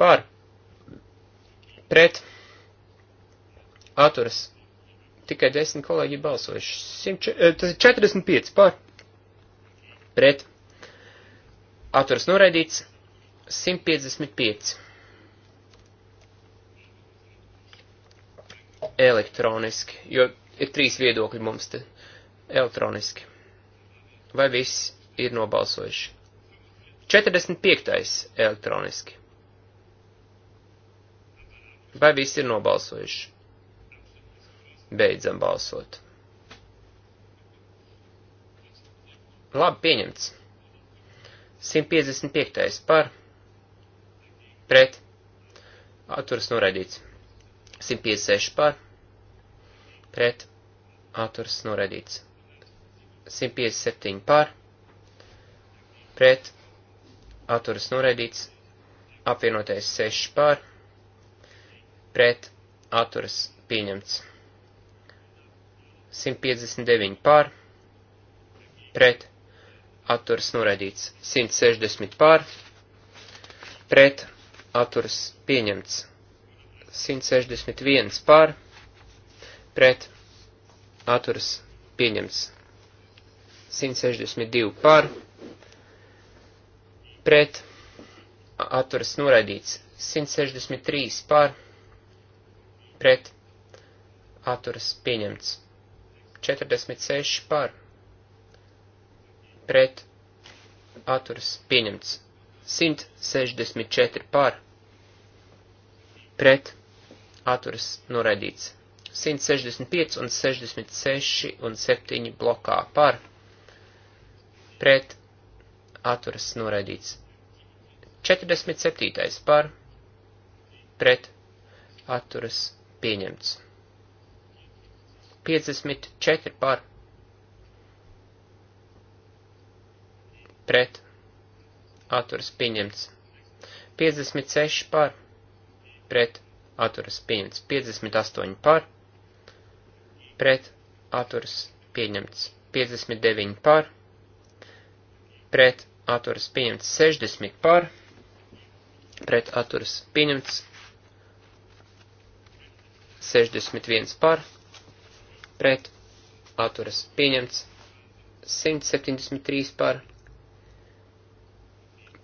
Speaker 1: par pret atturas tikai 10 kolēģi balsojuši. 45 eh, par pret Atturs noraidīts 155. Elektroniski, jo ir trīs viedokļi mums te. Elektroniski. Vai viss ir nobalsojuši? 45. elektroniski. Vai viss ir nobalsojuši? Beidzam balsot. Labi, pieņemts. 155. par pret atturas noraidīts. 156 par pret atturas noraidīts. 157 par pret atturas noraidīts. Apvienotais 6 par pret atturas pieņemts. 159 par pret atturas noraidīts. 160 pār, pret, atturas pieņemts. 161 pār, pret, atturas pieņemts. 162 pār, pret, atturas noraidīts. 163 pār, pret, atturas pieņemts. 46 pār, pret atturas pieņemts 164 par pret atturas noraidīts 165 un 66 un 7 blokā par pret atturas noraidīts 47 par pret atturas pieņemts 54 par pret, atturas pieņemts. 56 par, pret, atturas pieņemts. 58 par, pret, atturas pieņemts. 59 par, pret, atturas pieņemts. 60 par, pret, atturas pieņemts. 61 par, pret, atturas pieņemts. 173 par,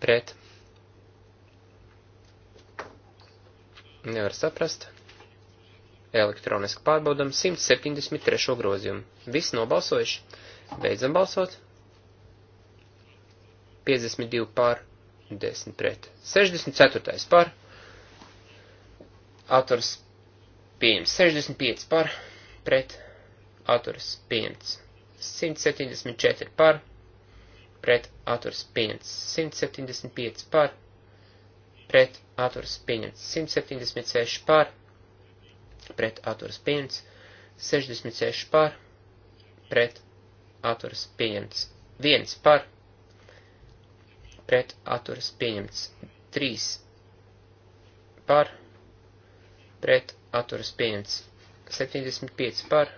Speaker 1: pret. Nevar saprast. Elektroniski pārbaudam 173. grozījumu. Viss nobalsojuši. Beidzam balsot. 52 pār, 10 pret. 64. pār. Autors pieņems 65 pār, pret. Autors pieņems 174 pār pret atturs pieņemts 175 par, pret atturs pieņemts 176 par, pret atturs pieņemts 66 par, pret atturs pieņemts 1 par, pret atturs pieņemts 3 par, pret atturs pieņemts 75 par,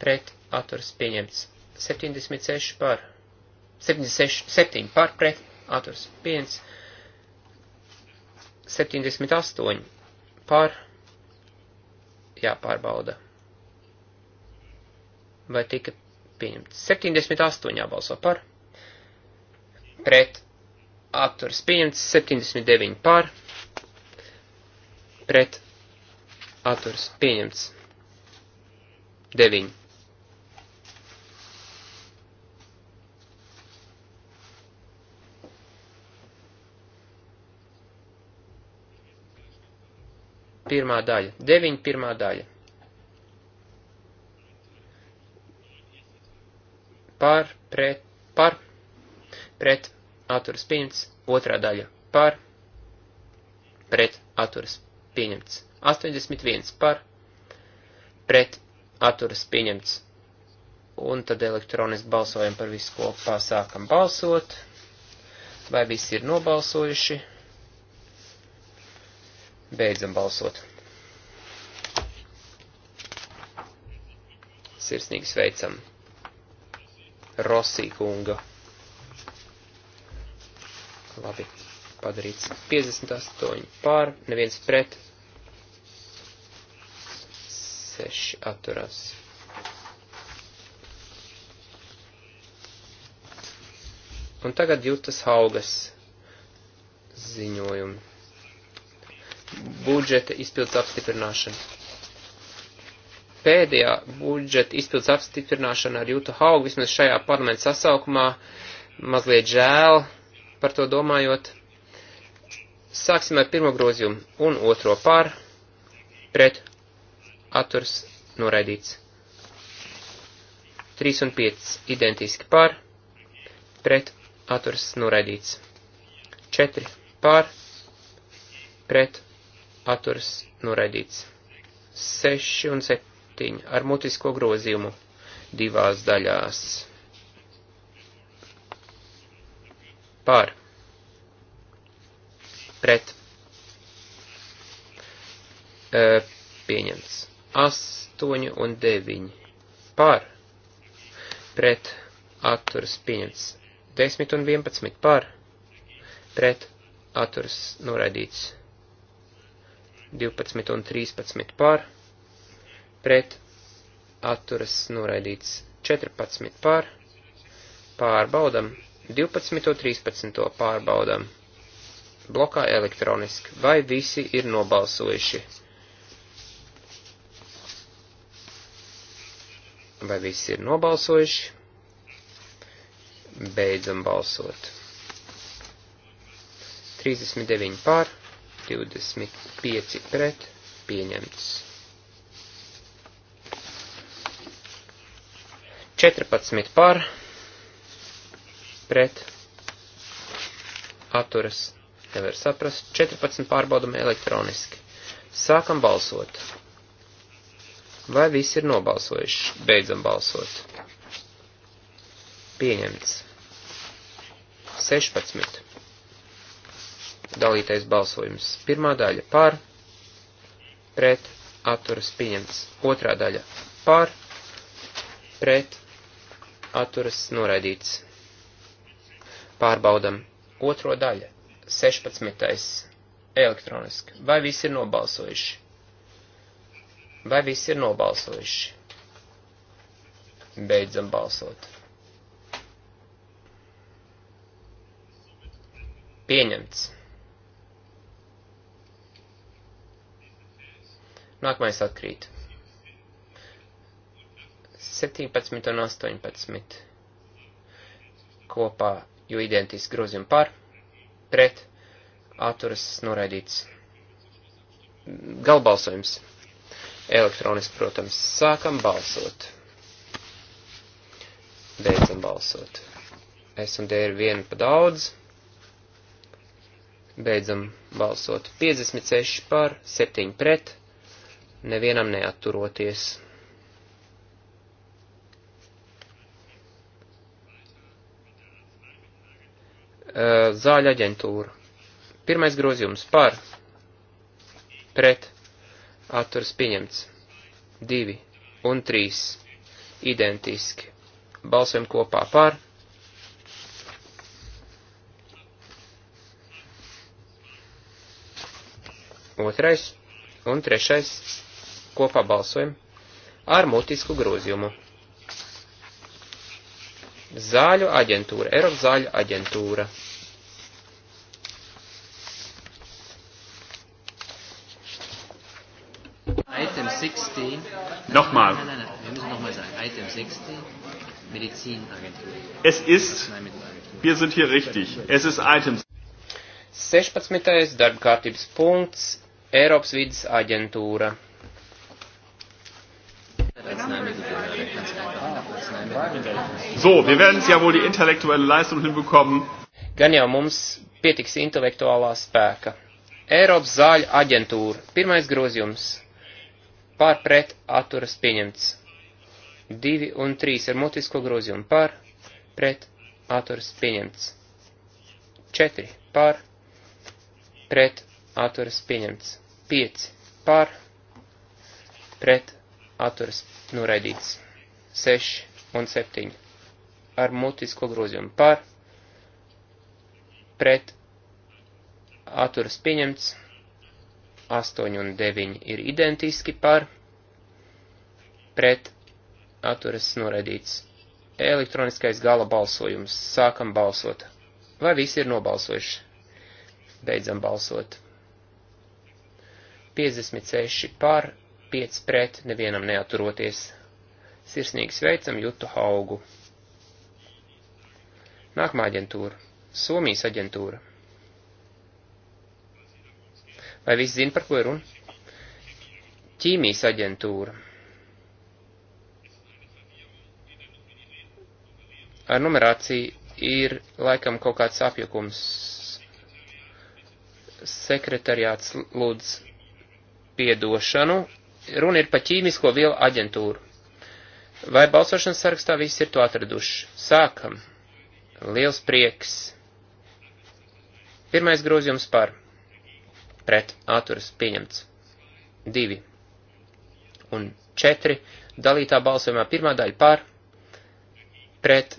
Speaker 1: pret atturs pieņemts 76 par, 76, 7 par pret, atturs pieņemts, 78 par, jāpārbauda. Vai tika pieņemts? 78 jābalso par, pret, atturs pieņemts, 79 par, pret, atturs pieņemts, 9 pirmā daļa, deviņi pirmā daļa. Par, pret, par, pret, atturas pieņemts, otrā daļa, par, pret, atturas pieņemts, 81 par, pret, atturas pieņemts, un tad elektroniski balsojam par visu kopā, sākam balsot, vai visi ir nobalsojuši. Beidzam balsot. Sirsnīgi sveicam Rosī kunga. Labi, padarīts 58 pār, neviens pret. 6 atturās. Un tagad jūtas haugas ziņojumi budžeta izpildes apstiprināšana. Pēdējā budžeta izpildes apstiprināšana ar Jūtu Haugu, vismaz šajā parlamenta sasaukumā, mazliet žēl par to domājot. Sāksim ar pirmo grozījumu un otro pār, pret, atturs, noraidīts. 3 un 5 identiski pār, pret, atturs, noraidīts. 4 pār, pret, atturas noraidīts. 6 un 7 ar mutisko grozījumu divās daļās. Pār. Pret. E, pieņemts. 8 un 9. Pār. Pret. Atturas pieņemts. 10 un 11. Pār. Pret. Atturas noraidīts. 12 un 13 par, pret atturas noraidīts 14 par, pārbaudam 12 un 13 pārbaudam blokā elektroniski, vai visi ir nobalsojuši. Vai visi ir nobalsojuši? Beidzam balsot. 39 pār, 25 pret pieņemts. 14 par pret atturas nevar saprast. 14 pārbaudam elektroniski. Sākam balsot. Vai visi ir nobalsojuši? Beidzam balsot. Pieņemts. 16 dalītais balsojums. Pirmā daļa par, pret, atturas pieņemts. Otrā daļa par, pret, atturas noraidīts. Pārbaudam otro daļu, 16. elektroniski. Vai visi ir nobalsojuši? Vai visi ir nobalsojuši? Beidzam balsot. Pieņemts. Nākamais atkrīt. 17 un 18 kopā, jo identiski grozījumi par, pret, atturas noraidīts. Galbalsojums. Elektroniski, protams, sākam balsot. Beidzam balsot. S un D ir viena pa daudz. Beidzam balsot. 56 par, 7 pret, nevienam neatturoties. Eh, Zāļa aģentūra. Pirmais grozījums par, pret, atturas pieņemts. Divi un trīs identiski. Balsojam kopā par. Otrais un trešais kopā balsojam ar mutisku grozījumu. Zāļu aģentūra, Eiropas zāļu aģentūra. Item 16. Nochmal. Nein, nein, nein, wir müssen nochmal sagen. Item 16. Medizinagentur. Es ist, nein, wir sind hier richtig. Es ist Item 16. darba kārtības punkts Eiropas vidas aģentūra. So, wir werden es ja wohl die intellektuelle Leistung hinbekommen. Gan jau mums pietiks intelektuālā spēka. Eiropas zāļu aģentūra. Pirmais grozījums. Pār pret atturas pieņemts. 2 un 3 ar mutisko grozījumu. Pār pret atturas pieņemts. 4 pār pret atturas pieņemts. 5 pār pret atturas noraidīts. 6 un 7 ar mutisko grozījumu par, pret, atturas pieņemts, 8 un 9 ir identiski par, pret, atturas noraidīts. Elektroniskais gala balsojums. Sākam balsot. Vai visi ir nobalsojuši? Beidzam balsot. 56 par, 5 pret, nevienam neaturoties. Sirsnīgi sveicam Jutu Haugu. Nākamā aģentūra. Somijas aģentūra. Vai visi zina, par ko ir runa? Ķīmijas aģentūra. Ar numerāciju ir laikam kaut kāds apjukums. Sekretariāts lūdz piedošanu. Runa ir par ķīmisko vielu aģentūru. Vai balsošanas sarakstā viss ir to atraduši? Sākam! Liels prieks. Pirmais grozījums par. Pret. Atturas pieņemts. Divi. Un četri. Dalītā balsojumā pirmā daļa par. Pret.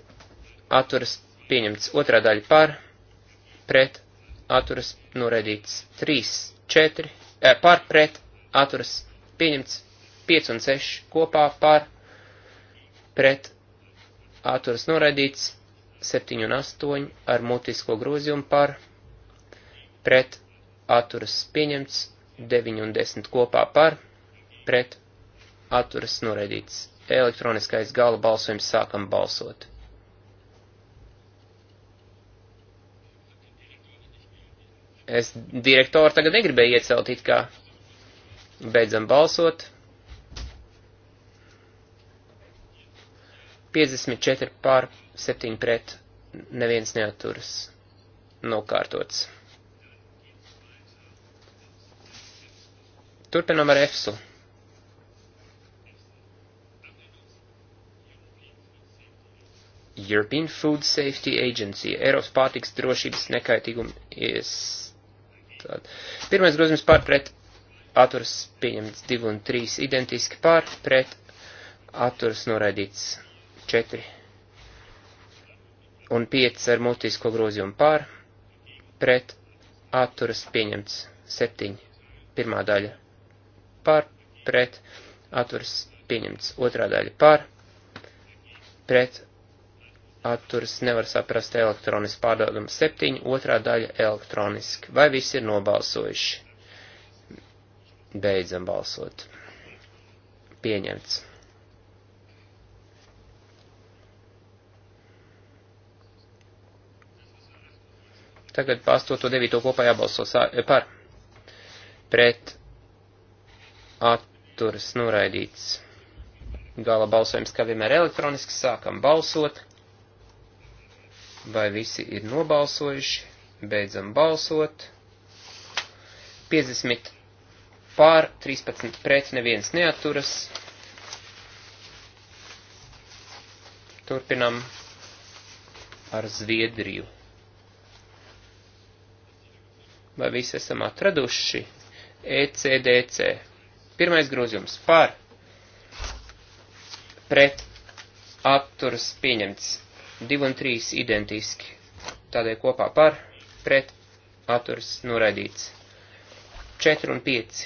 Speaker 1: Atturas pieņemts. Otrā daļa par. Pret. Atturas noraidīts. Trīs. Četri. E, par. Pret. Atturas pieņemts. Pieci un seši kopā par. Pret. Atturas noraidīts. 7 un 8 ar mutisko grozījumu par pret atturas pieņemts, 9 un 10 kopā par pret atturas noraidīts. Elektroniskais gala balsojums sākam balsot. Es direktoru tagad negribēju iecelt it kā. Beidzam balsot. 54 pār 7 pret, neviens neaturas nokārtots. Turpinam ar EFSU. European Food Safety Agency, Eiropas pārtiks drošības nekaitīguma iestāde. Pirmais grozījums pār pret atturas pieņemts 2 un 3 identiski pār pret atturas noraidīts 4 un 5 ar mutisko grozījumu pār, pret, atturas pieņemts 7, pirmā daļa pār, pret, atturas pieņemts otrā daļa pār, pret, atturas nevar saprast elektroniski pārdodama 7, otrā daļa elektroniski. Vai visi ir nobalsojuši? Beidzam balsot. Pieņemts. Tagad pār 8.9. kopā jābalso eh, par. Pret atturas noraidīts. Gala balsojums, kā vienmēr elektroniski, sākam balsot. Vai visi ir nobalsojuši? Beidzam balsot. 50 pār, 13 pret, neviens neaturas. Turpinam ar Zviedriju. Vai visi esam atraduši? ECDC. Pirmais grozījums par pret apturas pieņemts. 2 un 3 identiski. Tādēļ kopā par pret apturas noraidīts. 4 un 5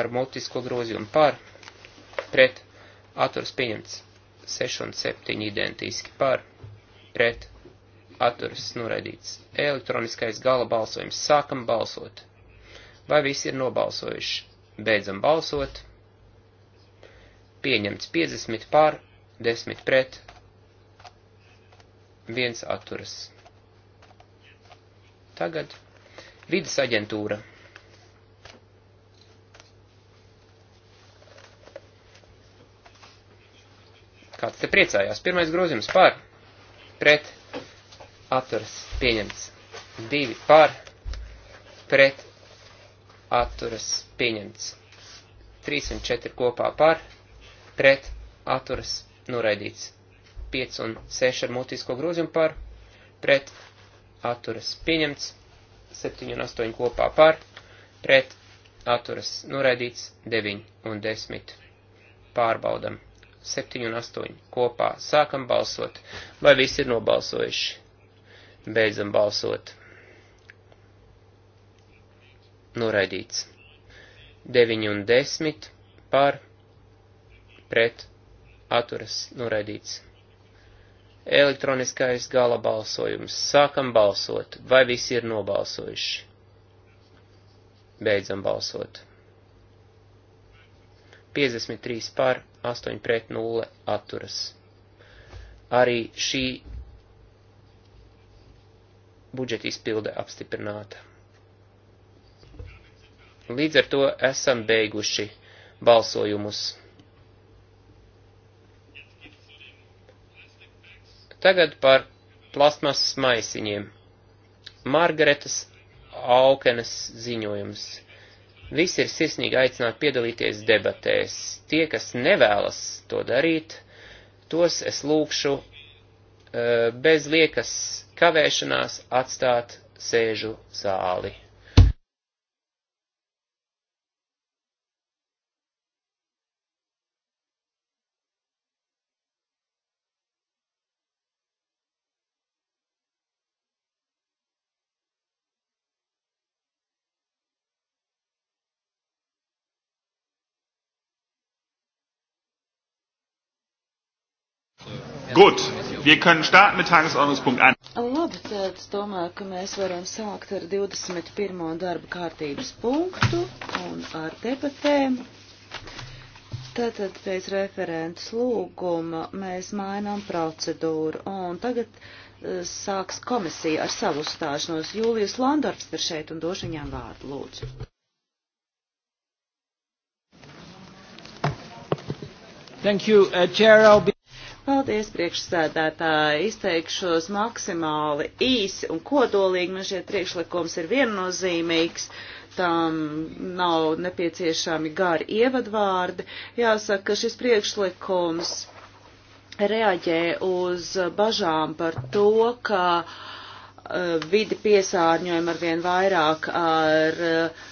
Speaker 1: ar multisko grozījumu par pret apturas pieņemts. 6 un 7 identiski par pret atturas noraidīts. Elektroniskais gala balsojums. Sākam balsot. Vai visi ir nobalsojuši? Beidzam balsot. Pieņemts 50 pār, 10 pret, 1 atturas. Tagad vidas aģentūra. Kāds te priecājās? Pirmais grozījums par, pret, atturas pieņemts. 2 par, pret, atturas pieņemts. 3 un 4 kopā par, pret, atturas noraidīts. 5 un 6 ar mutisko grozījumu par, pret, atturas pieņemts. 7 un 8 kopā par, pret, atturas noraidīts. 9 un 10 pārbaudam. 7 un 8 kopā sākam balsot, vai visi ir nobalsojuši. Beidzam balsot. Noraidīts. 9 un 10 par pret atturas noraidīts. Elektroniskais gala balsojums. Sākam balsot, vai visi ir nobalsojuši. Beidzam balsot. 53 pār, 8 pret 0 atturas. Arī šī budžeta izpilde apstiprināta. Līdz ar to esam beiguši balsojumus. Tagad par plasmasas maisiņiem. Margaretas Aukenas ziņojums. Visi ir sirsnīgi aicināti piedalīties debatēs. Tie, kas nevēlas to darīt, tos es lūkšu eh, bez liekas kavēšanās atstāt sēžu zāli. Gut, wir
Speaker 2: können starten mit Tagesordnungspunkt 1. Labi, nu, tad eh, es domāju, ka mēs varam sākt ar 21. darba kārtības punktu un ar debatēm. Tātad pēc referents lūguma mēs mainām procedūru un tagad uh, sāks komisija ar savu stāšanos. Jūlijas Landarps ir šeit un došu viņām vārdu lūdzu.
Speaker 1: Thank you, uh, Chair. I'll be...
Speaker 2: Paldies, priekšsēdētāji. Izteikšos maksimāli īsi un kodolīgi. Man šie priekšlikums ir viennozīmīgs. Tam nav nepieciešami gari ievadvārdi. Jāsaka, ka šis priekšlikums reaģē uz bažām par to, ka uh, vidi piesārņojam arvien vairāk ar uh,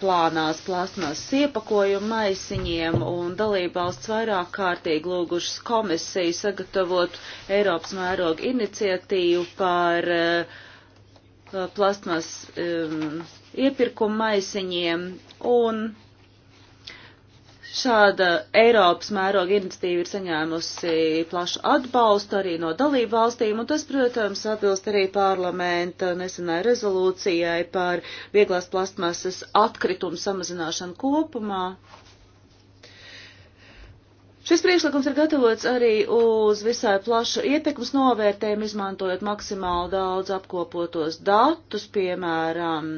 Speaker 2: plānās plasmas iepakojumu maisiņiem un dalībvalsts vairāk kārtīgi lūgušas komisiju sagatavot Eiropas mēroga iniciatīvu par uh, plasmas um, iepirkumu maisiņiem un Šāda Eiropas mēroga iniciatīva ir saņēmusi plašu atbalstu arī no dalību valstīm, un tas, protams, atbilst arī parlamenta nesenai rezolūcijai par vieglās plastmasas atkritumu samazināšanu kopumā. Šis priekšlikums ir gatavots arī uz visai plašu ietekmes novērtējumu, izmantojot maksimāli daudz apkopotos datus, piemēram,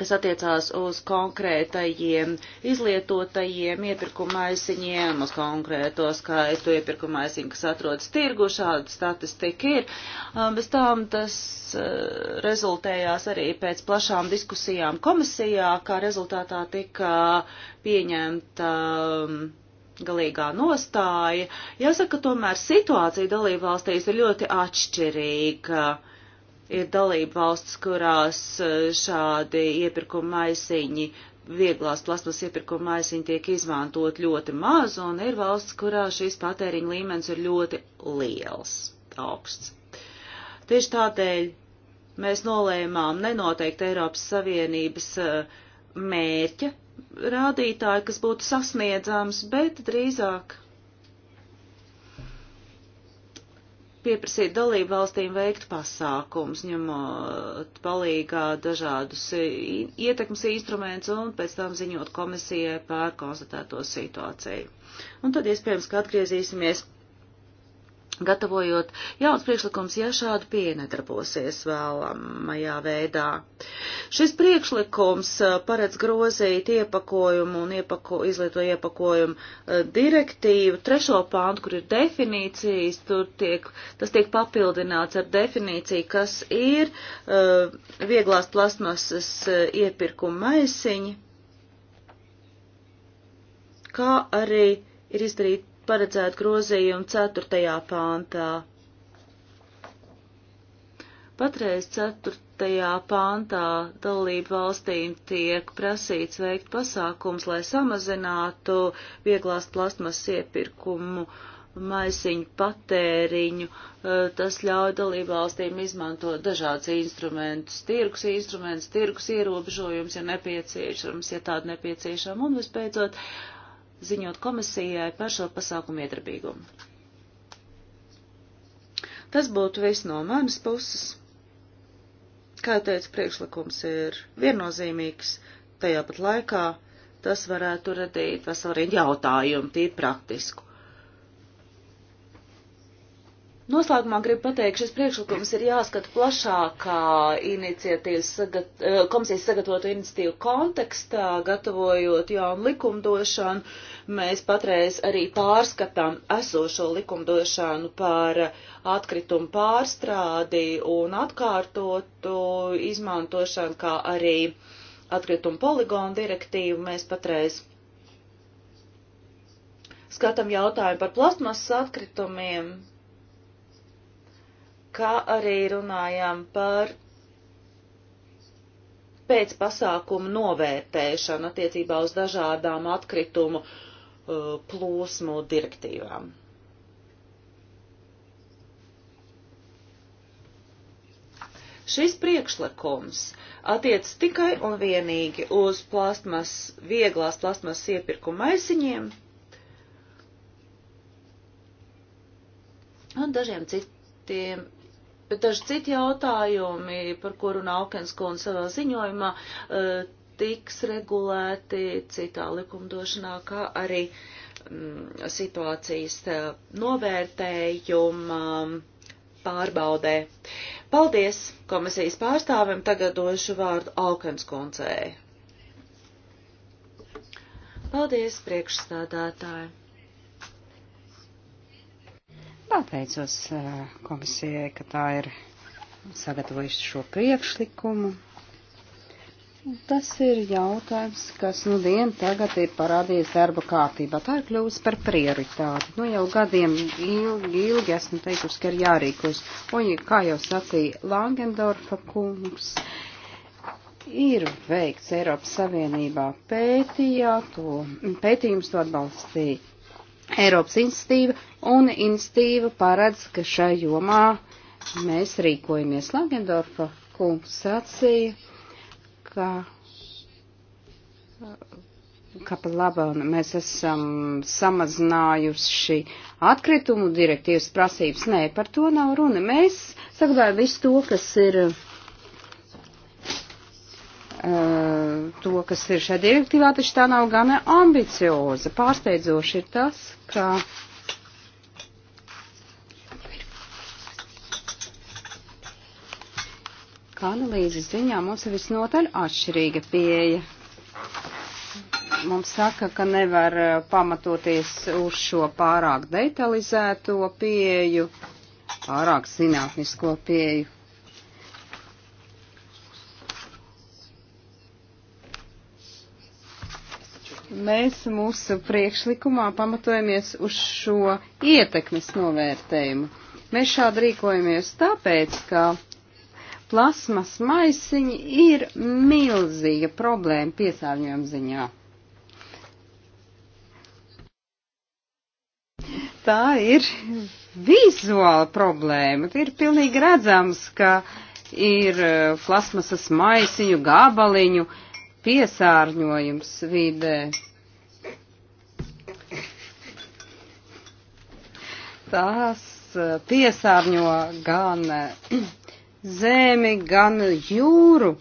Speaker 2: kas attiecās uz konkrētajiem izlietotajiem iepirkumaisiņiem, uz konkrēto skaitu iepirkumaisiņu, kas atrodas tirgu, šāda statistika ir. Uh, bez tām tas uh, rezultējās arī pēc plašām diskusijām komisijā, kā rezultātā tika pieņemta um, galīgā nostāja. Jāsaka, tomēr situācija dalībvalstīs ir ļoti atšķirīga. Uh, ir dalība valsts, kurās eh, šādi iepirkuma maisiņi, vieglās plasmas iepirkuma maisiņi tiek izmantot ļoti maz, un ir valsts, kurā šīs patēriņa līmenis ir ļoti liels, augsts. Tieši tādēļ mēs nolēmām nenoteikt Eiropas Savienības eh, mērķa rādītāju, kas būtu sasniedzams, bet drīzāk pieprasīt dalību valstīm veikt pasākums, ņemot palīgā dažādus ietekmes instrumentus un pēc tam ziņot komisijai par konstatēto situāciju. Un tad iespējams, ka atgriezīsimies gatavojot jauns priekšlikums, ja šāda pieeja nedarbosies vēlamajā veidā. Šis priekšlikums uh, paredz grozīt iepakojumu un iepako, izlieto iepakojumu uh, direktīvu trešo pāntu, kur ir definīcijas, tur tiek, tas tiek papildināts ar definīciju, kas ir uh, vieglās plasmasas uh, iepirkuma maisiņi, kā arī ir izdarīta paredzēt grozījumu 4. pāntā. Patreiz 4. pāntā dalību valstīm tiek prasīts veikt pasākums, lai samazinātu vieglās plasmas iepirkumu maisiņu patēriņu, eh, tas ļauj dalībvalstīm izmantot dažādas instrumentus, tirgus instrumentus, tirgus ierobežojums, ja nepieciešams, ja tāda nepieciešama, un visbeidzot ziņot komisijai par šo pasākumu iedarbīgumu. Tas būtu viss no manas puses. Kā teicu, priekšlikums ir viennozīmīgs, tajā pat laikā tas varētu radīt veselu rindu jautājumu, tīri praktisku. Noslēgumā gribu pateikt, šis priekšlikums ir jāskata plašākā sagat, eh, komisijas sagatavotu iniciatīvu kontekstā, gatavojot jaunu likumdošanu, Mēs patreiz arī pārskatām esošo likumdošanu par atkritumu pārstrādi un atkārtotu izmantošanu, kā arī atkritumu poligonu direktīvu. Mēs patreiz skatām jautājumu par plastmasas atkritumiem, kā arī runājām par pēcpasākumu novērtēšanu attiecībā uz dažādām atkritumu Uh, plūsmu direktīvām. Šis priekšlikums attiec tikai un vienīgi uz plasmas, vieglās plasmas iepirkuma maisiņiem un dažiem citiem Daži citi jautājumi, par kuru Naukens kundze savā ziņojumā uh, tiks regulēti citā likumdošanā, kā arī mm, situācijas eh, novērtējuma mm, pārbaudē. Paldies komisijas pārstāvim, tagad došu vārdu Alkens koncei. Paldies, priekšstādātāji! Pateicos
Speaker 3: eh, komisijai, ka tā ir sagatavojusi šo priekšlikumu. Tas ir jautājums, kas nu dien tagad ir parādījies darba kārtībā. Tā ir kļuvusi par prioritāti. Nu jau gadiem ilgi, ilgi esmu teikusi, ka ir jārīkos. Un, kā jau sacīja Langendorfa kungs, ir veikts Eiropas Savienībā pētījā, to, pētījums to atbalstīja Eiropas institīva, un institīva paredz, ka šajā jomā mēs rīkojamies. Langendorfa kungs sacīja ka, ka pa labam mēs esam samazinājuši atkritumu direktīvas prasības. Nē, par to nav runa. Mēs saglabājam visu to, kas ir eh, to, kas ir šajā direktīvā, taču tā nav gana ambicioza. Pārsteidzoši ir tas, ka ka analīzes nu ziņā mums ir visnotaļ atšķirīga pieeja. Mums saka, ka nevar eh, pamatoties uz šo pārāk detalizēto pieeju, pārāk zinātnisko pieeju. mēs mūsu priekšlikumā pamatojamies uz šo ietekmes novērtējumu. Mēs šādi rīkojamies tāpēc, ka plasmas maisiņi ir milzīga problēma piesārņojuma ziņā. Tā ir vizuāla problēma. Ir pilnīgi redzams, ka ir e, plasmasas maisiņu gabaliņu piesārņojums vidē. Tās e, piesārņo gan e, zemi, gan jūru.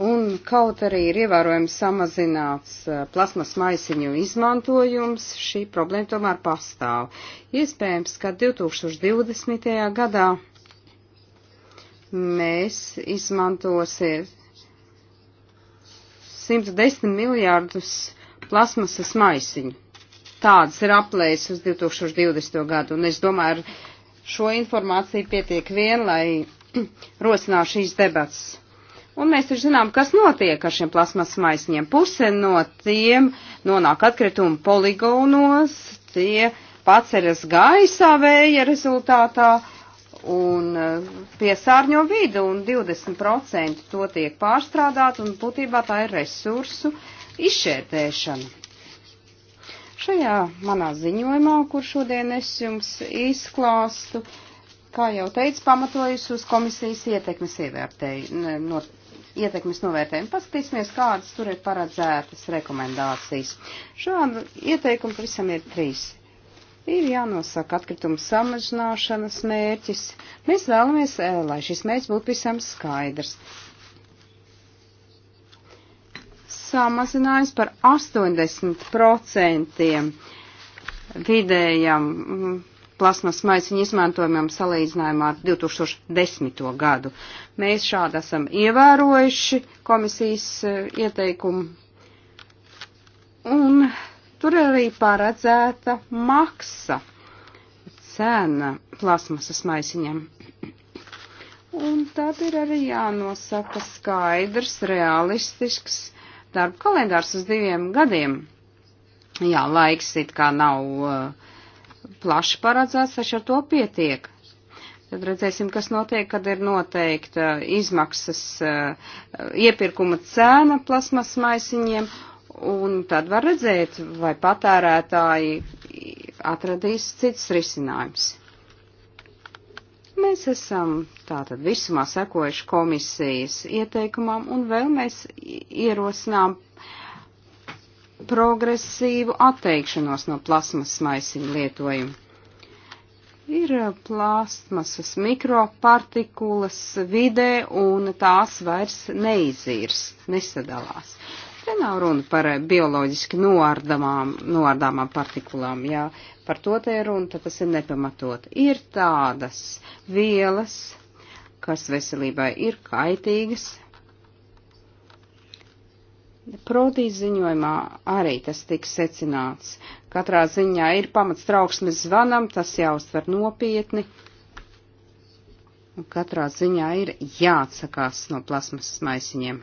Speaker 3: Un kaut arī ir ievērojami samazināts eh, plasmas maisiņu izmantojums, šī problēma tomēr pastāv. Iespējams, ka 2020. gadā mēs izmantosim 110 miljārdus plasmasas maisiņu. Tāds ir aplēs uz 2020. gadu, un es domāju, ar šo informāciju pietiek vien, lai rosinātu šīs debats. Un mēs taču zinām, kas notiek ar šiem plasmas maisiņiem. Puse no tiem nonāk atkritumu poligonos, tie paceļas gaisā vēja rezultātā un eh, piesārņo vidu, un 20% to tiek pārstrādāt, un būtībā tā ir resursu izšķērtēšana. Šajā manā ziņojumā, kur šodien es jums izklāstu, kā jau teicu, pamatojas uz komisijas ietekmes ievērtēju, no, ietekmes novērtējumu. Paskatīsimies, kādas tur ir paredzētas rekomendācijas. Šādu ieteikumu visam ir trīs ir jānosaka atkritumu samazināšanas mērķis. Mēs vēlamies, eh, lai šis mērķis būtu visam skaidrs samazinājis par 80% vidējam mm, plasmas maisiņu izmantojumam salīdzinājumā ar 2010. gadu. Mēs šādi esam ievērojuši komisijas e, ieteikumu. Un tur arī paredzēta maksa cena plasmasas maisiņam.
Speaker 2: Un tad
Speaker 3: ir arī jānosaka skaidrs, realistisks darba kalendārs uz diviem gadiem. Jā, laiks it kā nav uh, plaši paredzēts, taču ar to pietiek. Tad redzēsim, kas notiek, kad ir noteikta izmaksas uh, iepirkuma cēna plasmas maisiņiem, un tad var redzēt, vai patērētāji atradīs cits risinājums. Mēs esam tātad visumā sekojuši komisijas ieteikumam un vēl mēs ierosinām progresīvu atteikšanos no plasmas maisiņu lietojumu. Ir uh, plasmasas mikropartikulas vidē un tās vairs neizīrs, nesadalās. Te nav runa par uh, bioloģiski noārdamām, noārdāmām partikulām, jā par to te ir runa, tad tas ir nepamatot. Ir tādas vielas, kas veselībai ir kaitīgas. Protīs ziņojumā arī tas tiks secināts. Katrā ziņā ir pamats trauksmes zvanam, tas jāuztver nopietni. Un katrā ziņā ir jāatsakās no plasmas maisiņiem.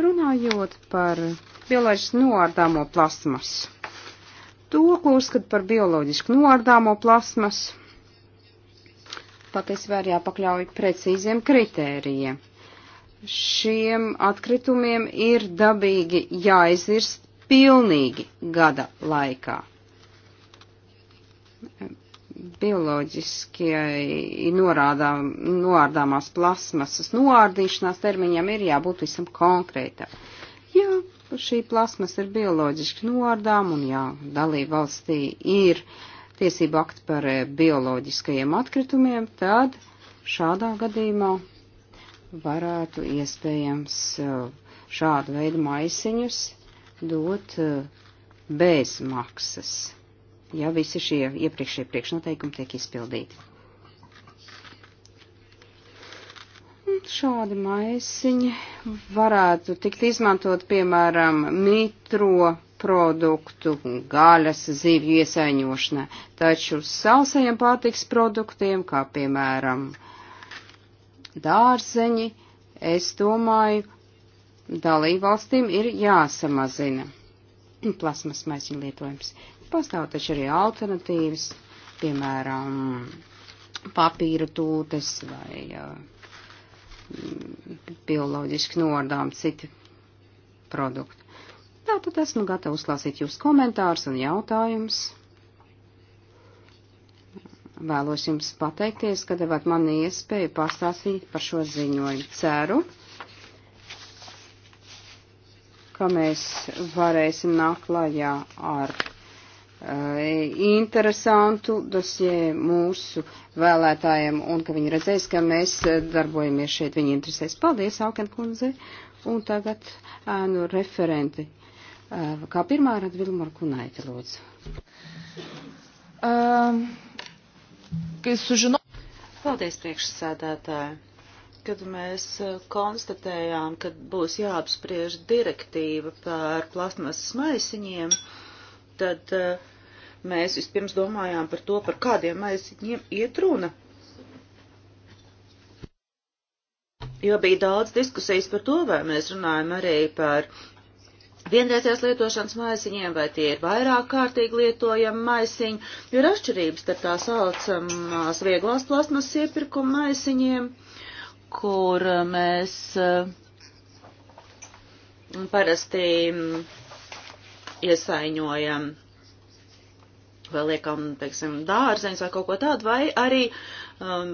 Speaker 3: Runājot par bioloģiski noārdāmo plasmasu to, ko uzskata par bioloģiski noardāmo plasmas, patiesībā ir jāpakļauj precīziem kritērijiem. Šiem atkritumiem ir dabīgi jāizvirst pilnīgi gada laikā. Bioloģiskai norādām, noārdāmās plasmasas noārdīšanās termiņam ir jābūt visam konkrētam. Jā, šī plasmas ir bioloģiski noardām, un jā, dalība valstī ir tiesība akti par eh, bioloģiskajiem atkritumiem, tad šādā gadījumā varētu iespējams eh, šādu veidu maisiņus dot eh, bez maksas, ja visi šie iepriekšējie priekšnoteikumi tiek izpildīti. šādi maisiņi varētu tikt izmantot, piemēram, mitro produktu, gaļas, zivju iesaiņošanai, taču sausajiem pārtiks produktiem, kā piemēram dārzeņi, es domāju, dalībvalstīm ir jāsamazina plasmas maisiņu lietojums. Pastāv taču arī alternatīvas, piemēram, papīra tūtes vai uh, bioloģiski nordām citi produkti. Tātad esmu gatava uzklāsīt jūs komentārus un jautājumus. Vēlos jums pateikties, ka devāt man iespēju pastāstīt par šo ziņojumu. Ceru, ka mēs varēsim nākt klajā ar interesantu dosie mūsu vēlētājiem un ka viņi redzēs, ka mēs e, darbojamies šeit viņu interesēs. Paldies, Auken kundze, un tagad ēnu referenti. E, kā pirmā rad Vilmar Kunaita, lūdzu.
Speaker 2: Um, sužino... Paldies, priekšsēdētāji. Kad mēs e, konstatējām, ka būs jāapspriež direktīva par plasmasas maisiņiem, uh, tad eh, mēs vispirms domājām par to, par kādiem maisiņiem iet runa. Jo bija daudz diskusijas par to, vai mēs runājam arī par vienreizējās lietošanas maisiņiem, vai tie ir vairāk kārtīgi lietojami maisiņi, jo ir atšķirības starp tā saucamās vieglās plasmas iepirkuma maisiņiem, kur eh, mēs eh, parasti iesaiņojam vai liekam, teiksim, dārzeņus vai kaut ko tādu, vai arī um,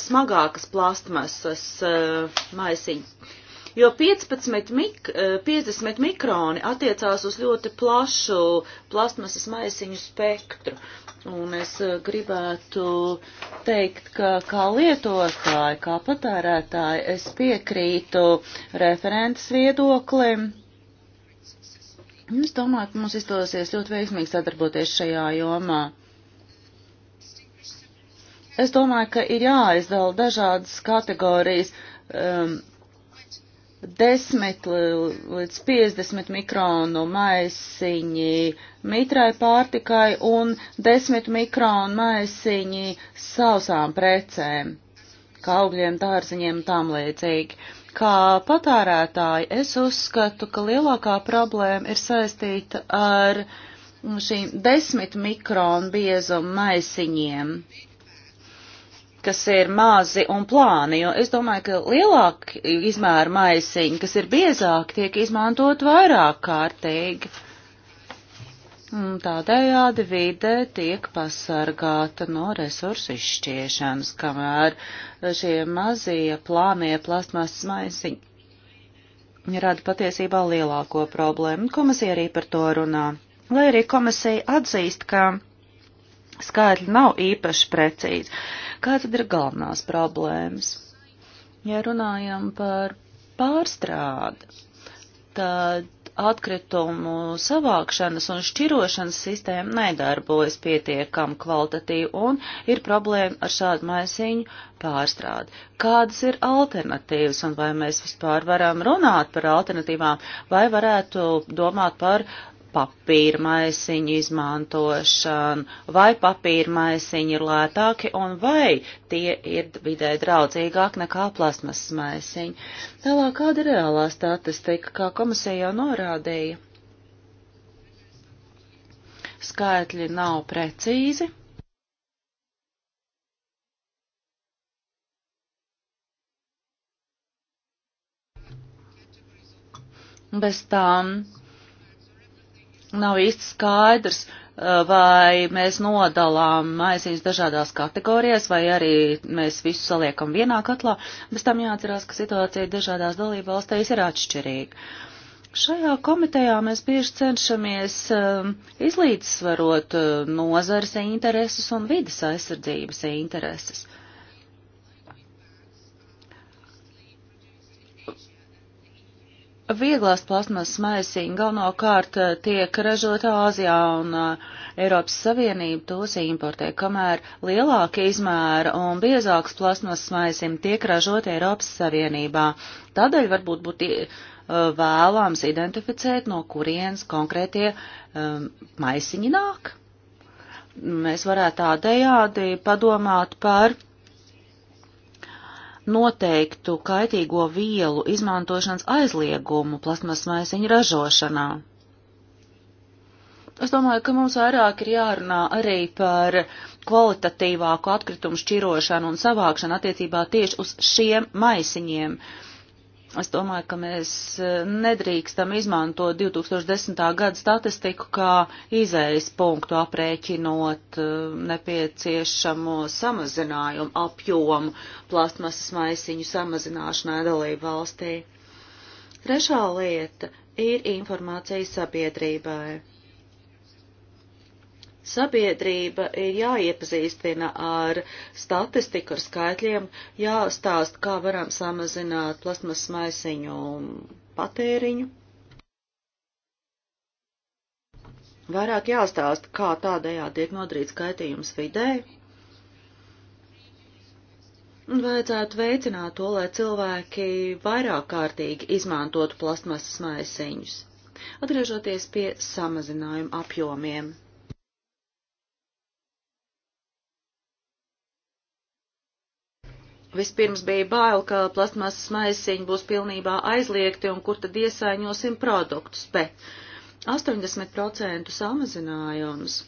Speaker 2: smagākas plastmasas uh, maisiņu. Jo 15 mik, 50 uh, mikroni attiecās uz ļoti plašu plastmasas maisiņu spektru. Un es uh, gribētu teikt, ka kā lietotāji, kā patērētāji, es piekrītu referents viedoklim Es domāju, ka mums izdosies ļoti veiksmīgi sadarboties šajā jomā. Es domāju, ka ir jāizdala dažādas kategorijas. Um, 10 līdz 50 mikronu maisiņi mitrai pārtikai un 10 mikronu maisiņi sausām precēm, kaugļiem, dārziņiem un tam līdzīgi. Kā patērētāji es uzskatu, ka lielākā problēma ir saistīta ar šīm desmit mikronu biezumu maisiņiem, kas ir mazi un plāni, jo es domāju, ka lielāki izmēra maisiņi, kas ir biezāki, tiek izmantot vairāk kārtīgi. Mm, tādējādi vide tiek pasargāta no resursu izšķiešanas, kamēr šie mazie plānie plasmasas maisiņi rada patiesībā lielāko problēmu. Komisija arī par to runā. Lai arī komisija atzīst, ka skaitļi nav īpaši precīzi. Kā tad ir galvenās problēmas? Ja runājam par pārstrādi, tad atkritumu savākšanas un šķirošanas sistēma nedarbojas pietiekam kvalitatīvi un ir problēma ar šādu maisiņu pārstrādi. Kādas ir alternatīvas un vai mēs vispār varam runāt par alternatīvām vai varētu domāt par papīra maisiņu izmantošanu, vai papīra maisiņi ir lētāki un vai tie ir vidē draudzīgāk nekā plasmasas maisiņi. Tālāk, kāda ir reālā statistika, kā komisija jau norādīja? Skaitļi nav precīzi. Bez tām nav īsti skaidrs, eh, vai mēs nodalām maisiņus dažādās kategorijās, vai arī mēs visu saliekam vienā katlā, bez tam jāatcerās, ka situācija dažādās dalībvalstīs ir atšķirīga. Šajā komitejā mēs bieži cenšamies eh, izlīdzsvarot eh, nozares intereses un vidas aizsardzības intereses. Uh, Vieglās plasmasas maisiņi galvenokārt eh, tiek ražota Āzijā un uh, Eiropas Savienība tos importē, kamēr lielāka izmēra un biezāks plasmasas maisiņi tiek ražota Eiropas Savienībā. Tādēļ varbūt būtu uh, vēlams identificēt, no kurienes konkrētie um, maisiņi nāk. Mēs varētu tādējādi padomāt par noteiktu kaitīgo vielu izmantošanas aizliegumu plasmas maisiņu ražošanā. Es domāju, ka mums vairāk ir jārunā arī par kvalitatīvāku atkritumu šķirošanu un savākšanu attiecībā tieši uz šiem maisiņiem. Uh, Es domāju, ka mēs e, nedrīkstam izmantot 2010. gada statistiku kā izējas punktu aprēķinot e, nepieciešamo samazinājumu apjomu plastmasas maisiņu samazināšanai dalību valstī. Trešā lieta ir informācija sabiedrībai. Sabiedrība ir jāiepazīstina ar statistiku, ar skaitļiem, jāstāst, kā varam samazināt plasmas maisiņu patēriņu. Vairāk jāstāst, kā tādējā tiek nodarīts kaitījums vidē. Un vajadzētu veicināt to, lai cilvēki vairāk kārtīgi izmantotu plasmasas maisiņus. Atgriežoties pie samazinājuma apjomiem. Vispirms bija bail, ka plasmasas maisiņi būs pilnībā aizliegti un kur tad iesaiņosim produktus, bet 80% samazinājums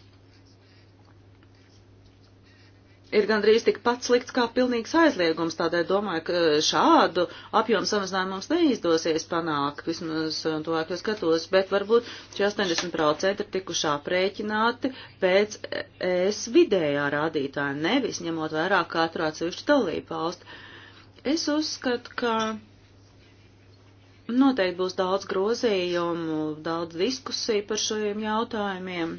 Speaker 2: ir gandrīz tikpat slikts kā pilnīgs aizliegums, tādēļ domāju, ka šādu apjomu samazinājumu mums neizdosies panākt, vismaz tuvākajos gados, bet varbūt šie 80% ir tikuši aprēķināti pēc es vidējā rādītāja, nevis ņemot vērā katru atsevišķu dalību valstu. Es uzskatu, ka noteikti būs daudz grozījumu, daudz diskusiju par šiem jautājumiem.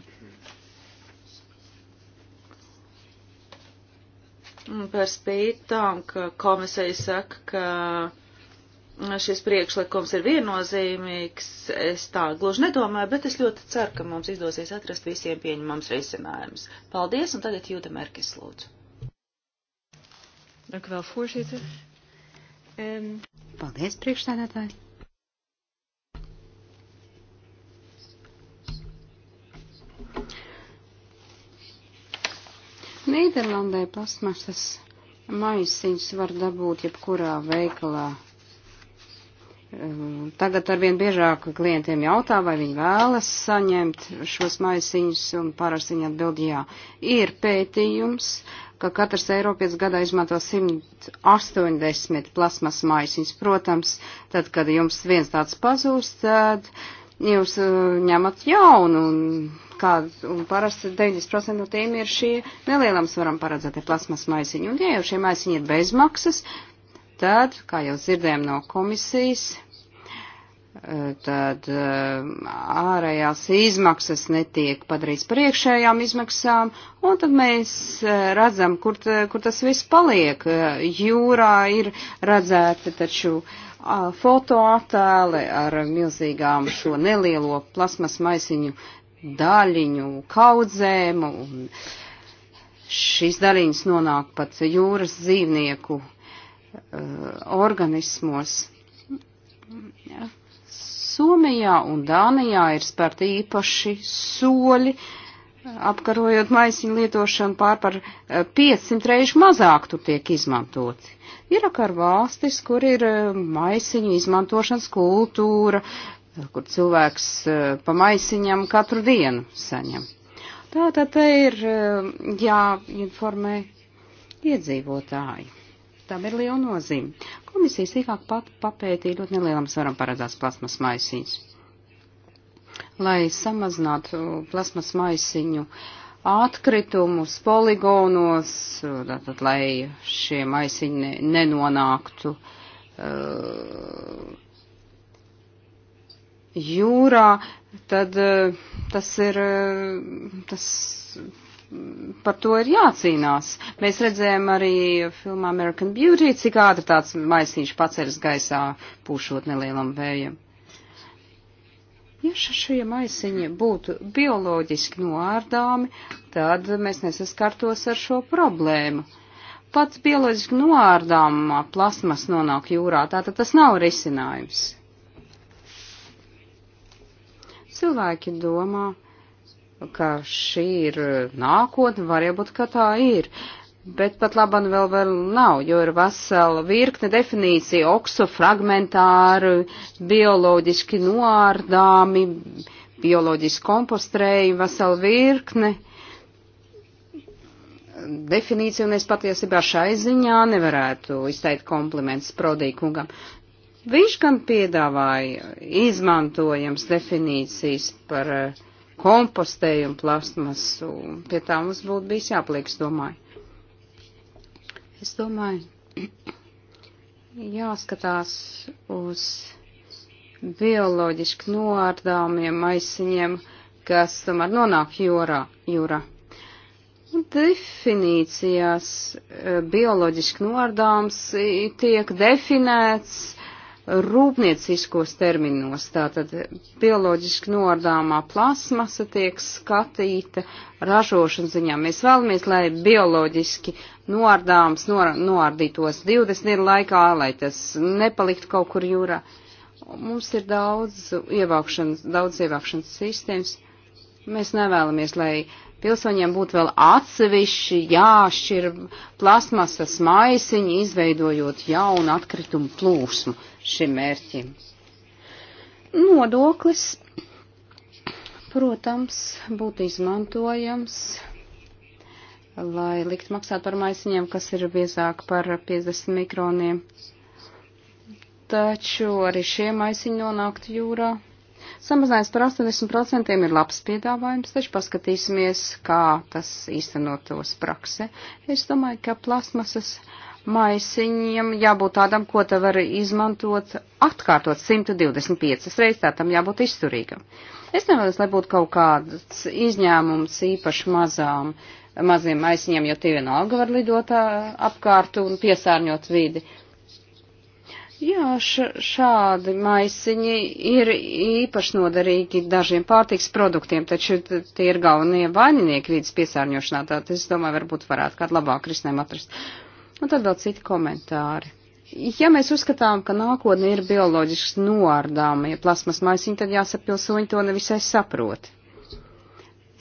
Speaker 2: Par spīti tam, ka komisija saka, ka šis priekšlikums ir viennozīmīgs, es tā gluži nedomāju, bet es ļoti ceru, ka mums izdosies atrast visiem pieņemams risinājums. Paldies, un tagad Jūta Merkis lūdzu. Dank u wel, voorzitter. Um...
Speaker 3: Paldies, priekšstādātāji. Nīderlandē plasmasas maisiņus var dabūt jebkurā veikalā. Ehm, tagad arvien biežāk klientiem jautā, vai viņi vēlas saņemt šos maisiņus, un parasti viņi atbild jā. Ir pētījums, ka katrs Eiropietis gadā izmanto 180 plasmas maisiņus. Protams, tad, kad jums viens tāds pazūst, tad jūs uh, ņemat jaunu, un, kā, un parasti 90% no tiem ir šie nelielam svaram paredzētie plasmas maisiņi. Un, ja jau šie maisiņi ir bezmaksas, tad, kā jau dzirdējām no komisijas, uh, tad uh, ārējās izmaksas netiek padarīts par iekšējām izmaksām, un tad mēs redzam, kur, kur tas viss paliek. Jūrā ir redzēti taču uh, fotoattēli ar milzīgām šo nelielo plasmas maisiņu daļiņu kaudzēm, un šīs daļiņas nonāk pat jūras dzīvnieku uh, organismos. Somijā un Dānijā ir spērti īpaši soļi, apkarojot maisiņu lietošanu pār par 500 e, reižu mazāk tur tiek izmantoti. Irak ar valstis, kur ir e, maisiņu izmantošanas kultūra, kur cilvēks e, pa maisiņam katru dienu saņem. Tā tad te ir e, jāinformē iedzīvotāji. Tam ir liela nozīme. Komisija sīkāk pat papētīja ļoti nelielam svaram paredzēts plasmas maisiņus. Lai samazinātu plasmas maisiņu uh, atkritumus poligonos, tātad, lai šie maisiņi nenonāktu uh, jūrā, tad uh, tas ir, uh, tas par to ir jācīnās. Mēs redzējām arī filmā American Beauty, cik ātri tāds maisiņš paceļas gaisā, pūšot nelielam vējam. Ja šie maisiņi būtu bioloģiski noārdāmi, tad mēs nesaskartos ar šo problēmu. Pats bioloģiski noārdāmā plasmas nonāk jūrā, tātad tas nav risinājums. Cilvēki domā, ka šī ir nākotne, var jau būt, ka tā ir, bet pat laban vēl, vēl nav, jo ir vesela virkne definīcija, oksu fragmentāri, bioloģiski noārdāmi, bioloģiski kompostrēji, vesela virkne definīciju, un es patiesībā šai ziņā nevarētu izteikt kompliments Prodīkungam. Viņš gan piedāvāja izmantojams definīcijas par eh, kompostējumu plastmasu, pie tā mums būtu bijis jāplieks, domāju. Es domāju, jāskatās uz bioloģiski noārdāmiem maisiņiem, kas tomēr nonāk jūrā. jūrā. Definīcijās eh, bioloģiski noārdāms tiek definēts uh, rūpnieciskos terminos. Tātad bioloģiski noardāmā plasmasa tiek skatīta ražošanas ziņā. Mēs vēlamies, lai bioloģiski noardāms nor, noardītos 20 dienu laikā, lai tas nepaliktu kaut kur jūrā. Mums ir daudz ievākšanas, daudz ievākšanas sistēmas. Mēs nevēlamies, lai uh, pilsoņiem būtu vēl atsevišķi jāšķir plasmasas maisiņi, izveidojot jaunu atkritumu plūsmu šim mērķim. Nodoklis, protams, būtu izmantojams, lai likt maksāt par maisiņiem, kas ir biezāk par 50 mikroniem. Taču arī šie maisiņi nonāktu jūrā Samazinājums par 80% ir labs piedāvājums, taču paskatīsimies, kā tas īstenotos prakse. Es domāju, ka plasmasas maisiņiem jābūt tādam, ko te var izmantot atkārtot 125 reizes, tā tam jābūt izturīgam. Es nevēlos, lai būtu kaut kāds izņēmums īpaši mazām, maziem maisiņiem, jo tie vienalga var lidot apkārt un piesārņot vidi. Uh, Jā, šādi maisiņi ir īpaši noderīgi dažiem pārtiks produktiem, taču tie ir galvenie vaininieki vidas piesārņošanā, tātad es domāju, varbūt varētu kādu labāku risinājumu atrast. Un tad vēl citi komentāri. Ja mēs uzskatām, ka nākotne ir bioloģisks noārdāmie ja plasmas maisiņi, tad jāsaka pilsoņi to nevisai saprot.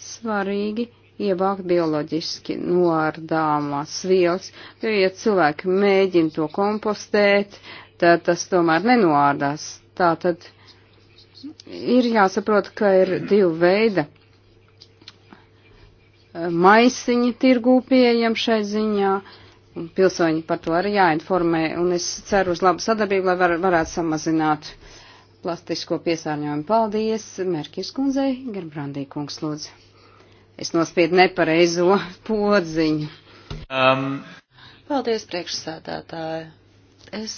Speaker 3: Svarīgi ievākt bioloģiski noārdāmās vielas, jo, ja cilvēki mēģina to kompostēt, uh, Eh, tas tomēr nenoārdās. Tā tad ir jāsaprot, ka ir divi veidi eh, maisiņi tirgū pieejam šai ziņā. Pilsoņi par to arī jāinformē, un es ceru uz labu sadarbību, lai var, varētu samazināt plastisko piesārņojumu. Paldies, Merkis kundzei, Gerbrandī kungs lūdzu. Es nospiedu nepareizo podziņu. Um.
Speaker 2: Paldies, priekšsēdētāji. Es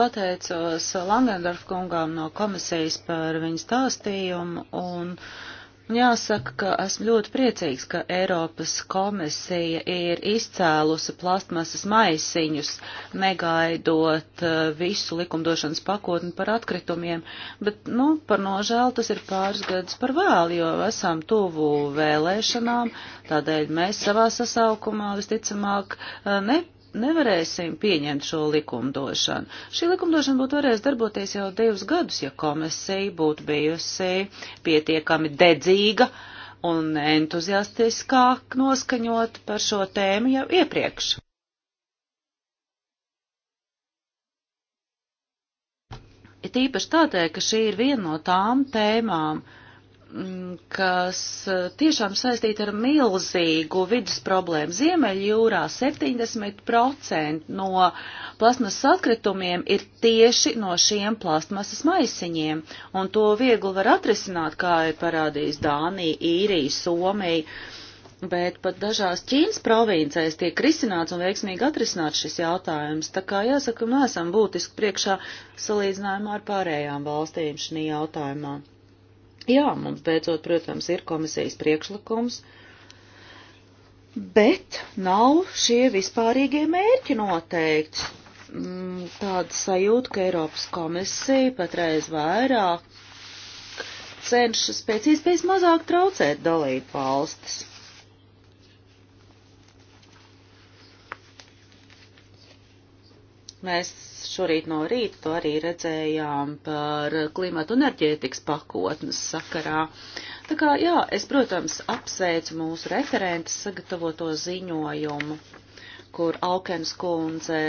Speaker 2: Pateicos Langendorf kungām no komisijas par viņu stāstījumu un jāsaka, ka esmu ļoti priecīgs, ka Eiropas komisija ir izcēlusi plastmasas maisiņus, negaidot eh, visu likumdošanas pakotni par atkritumiem, bet, nu, par nožēlu tas ir pāris gadus par vēlu, jo esam tuvu vēlēšanām, tādēļ mēs savā sasaukumā visticamāk eh, ne nevarēsim pieņemt šo likumdošanu. Šī likumdošana būtu varējusi darboties jau divus gadus, ja komisija būtu bijusi pietiekami dedzīga un entuziastiskāk noskaņot par šo tēmu jau iepriekš. Ir tīpaši tādēļ, ka šī ir viena no tām tēmām, uh, Mm, kas eh, tiešām saistīta ar milzīgu vidas problēmu. Ziemeļjūrā 70% no plasmasas atkritumiem ir tieši no šiem plasmasas maisiņiem, un to viegli var atrisināt, kā ir parādījis Dānija, Īrija, Somija. Bet pat dažās Ķīnas provincēs tiek risināts un veiksmīgi atrisināts šis jautājums, tā kā jāsaka, mēs esam būtiski priekšā salīdzinājumā ar pārējām valstīm šī jautājumā. Jā, mums beidzot, protams, ir komisijas priekšlikums, bet nav šie vispārīgie mērķi noteikti. Mm, tāda sajūta, ka Eiropas komisija patreiz vairāk cenšas pēc iespējas mazāk traucēt dalību valstis. Mēs šorīt no rīta to arī redzējām par klimatu enerģētikas pakotnes sakarā. Tā kā, jā, es, protams, apsveicu mūsu referentes sagatavoto ziņojumu, kur Aukens kundze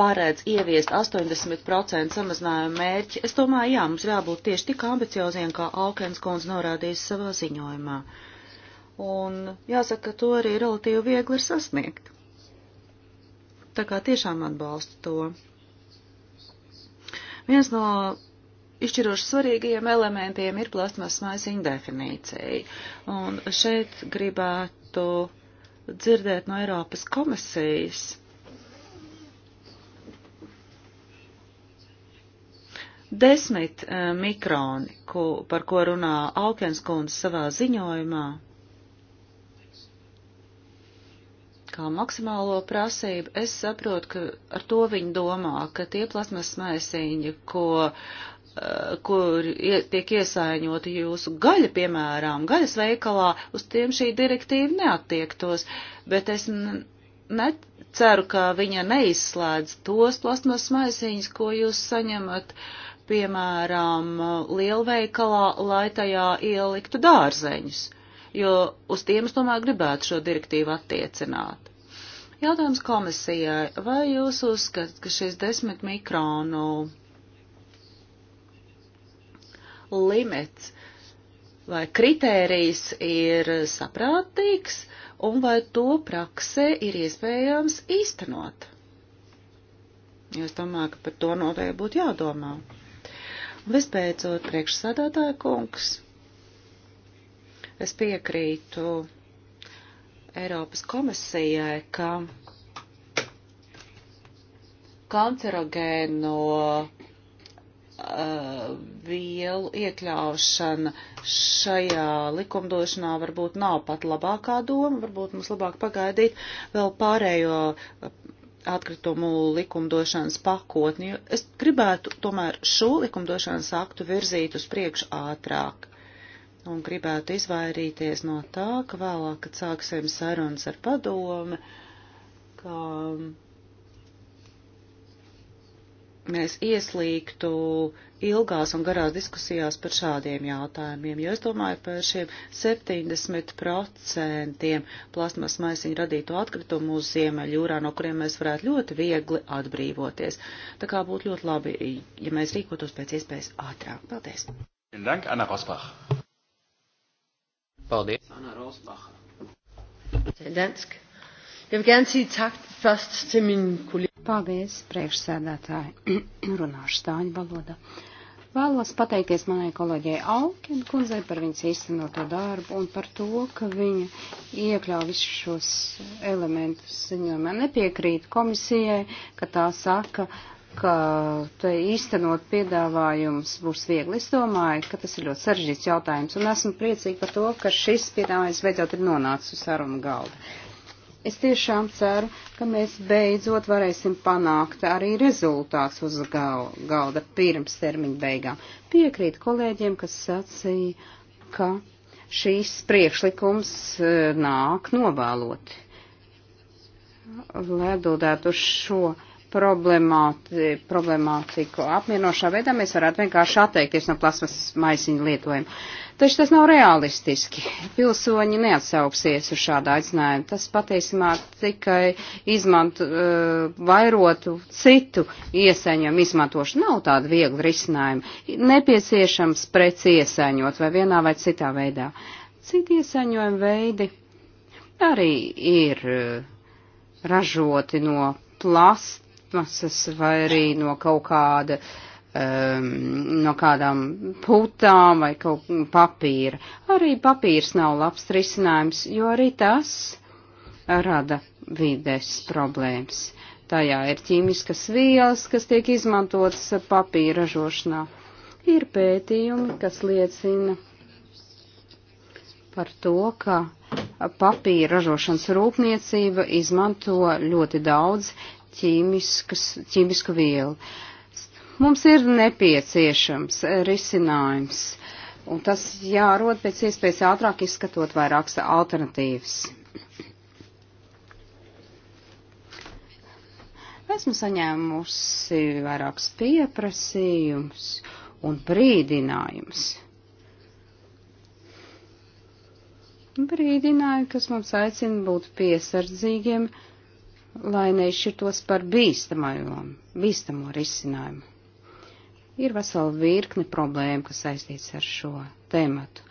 Speaker 2: paredz ieviest 80% samazinājumu mērķi. Es domāju, jā, mums jābūt tieši tik ambicioziem, kā Aukens kundze norādījis savā ziņojumā. Un jāsaka, to arī relatīvi viegli ir sasniegt. Tā kā tiešām atbalstu to. Viens no izšķiroši svarīgajiem elementiem ir plasmas maisiņu definīcija. Un šeit gribētu dzirdēt no Eiropas komisijas. Desmit eh, mikroni, ko, par ko runā Aukens kundze savā ziņojumā, kā maksimālo prasību, es saprotu, ka ar to viņi domā, ka tie plasmas maisiņi, ko, eh, kur tiek iesaiņoti jūsu gaļa, piemēram, gaļas veikalā, uz tiem šī direktīva neattiektos, bet es neceru, ka viņa neizslēdz tos plasmas maisiņus, ko jūs saņemat, piemēram, lielveikalā, lai tajā ieliktu dārzeņus. Uh, jo uz tiem es tomēr gribētu šo direktīvu attiecināt. Jautājums komisijai, vai jūs uzskatāt, ka šis desmit mikronu limits vai kritērijs ir saprātīgs un vai to praksē ir iespējams īstenot? Es domāju, ka par to noteikti būtu jādomā. Vispēcot, priekšsādātāja kungs, Es piekrītu Eiropas komisijai, ka kancerogēno uh, vielu iekļaušana šajā likumdošanā varbūt nav pat labākā doma, varbūt mums labāk pagaidīt vēl pārējo uh, atkritumu likumdošanas pakotni. Es gribētu tomēr šo likumdošanas aktu virzīt uz priekšu ātrāk un gribētu izvairīties no tā, ka vēlāk, kad sāksim sarunas ar padomi, ka mēs ieslīgtu ilgās un garās diskusijās par šādiem jautājumiem, jo es domāju par šiem 70% plasmas maisiņu radīto atkritumu uz Ziemeļjūrā, no kuriem mēs varētu ļoti viegli atbrīvoties. Tā kā būtu ļoti labi, ja mēs rīkotos pēc iespējas ātrāk. Paldies!
Speaker 1: Dank, Anna Rosbach. Paldies. Anna Rosbacha.
Speaker 2: Dansk. Jeg vil gerne sige tak først til min
Speaker 3: kollega. Paldies, priekšsēdētāji. Runāšu stāņu valodā. Vēlos pateikties manai kolēģei Auken kundzei par viņas īstenoto darbu un par to, ka viņa iekļauj visus šos elementus ziņojumā. Nepiekrīt komisijai, ka tā saka, uh, ka te īstenot piedāvājums būs viegli. Es domāju, ka tas ir ļoti sarežģīts jautājums, un esmu priecīgi par to, ka šis piedāvājums beidzot ir nonācis uz sarunu galda. Es tiešām ceru, ka mēs beidzot varēsim panākt arī rezultāts uz gal, galda pirms termiņa beigām. Piekrīt kolēģiem, kas sacīja, ka šīs priekšlikums e, nāk novēloti. Lai atbildētu uz šo problemāti, problemātiku apmienošā veidā mēs varētu vienkārši atteikties no plasmas maisiņu lietojumu. Taču tas nav realistiski. Pilsoņi neatsauksies uz šādu aicinājumu. Tas patiesībā tikai izmantu, eh, vairotu citu iesaņojumu izmantošanu. Nav tāda viegla risinājuma. Nepieciešams preci iesaņot vai vienā vai citā veidā. Citi iesaņojumi veidi arī ir eh, ražoti no plasta plastmasas vai arī no kaut kāda um, no kādām putām vai kaut papīra. Arī papīrs nav labs risinājums, jo arī tas rada vides problēmas. Tajā ir ķīmiskas vielas, kas tiek izmantotas papīra ražošanā. Ir pētījumi, kas liecina par to, ka papīra ražošanas rūpniecība izmanto ļoti daudz ķīmiskas, ķīmisku vielu. Mums ir nepieciešams risinājums, un tas jārod pēc iespējas ātrāk izskatot vairākas alternatīvas. Esmu saņēmusi vairākus pieprasījumus un brīdinājumus. Brīdināju, kas mums aicina būt piesardzīgiem lai nešķirtos par bīstamo risinājumu. Ir vesela virkne problēma, kas saistīts ar šo tēmatu.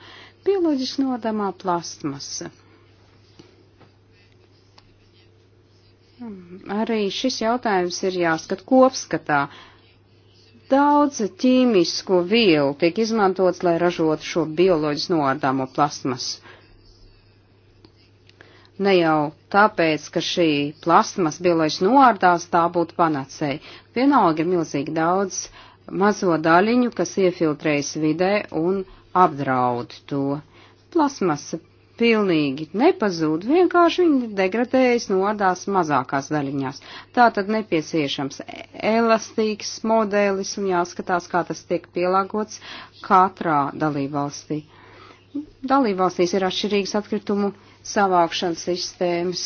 Speaker 3: Bioloģiski nodamā plastmasa. Mm, arī šis jautājums ir jāskat kopskatā. Daudz ķīmisku vielu tiek izmantots, lai ražotu šo bioloģiski nodamo plastmasu ne jau tāpēc, ka šī plasmas bioloģiski noārdās tā būtu panacēja. Vienalga ir milzīgi daudz mazo daļiņu, kas iefiltrējas vidē un apdraud to. Plasmasa pilnīgi nepazūd, vienkārši viņa degradējas nodās mazākās daļiņās. Tā tad nepieciešams elastīgs modelis un jāskatās, kā tas tiek pielāgots katrā dalībvalstī. Dalībvalstīs ir atšķirīgs atkritumu savākšanas sistēmas.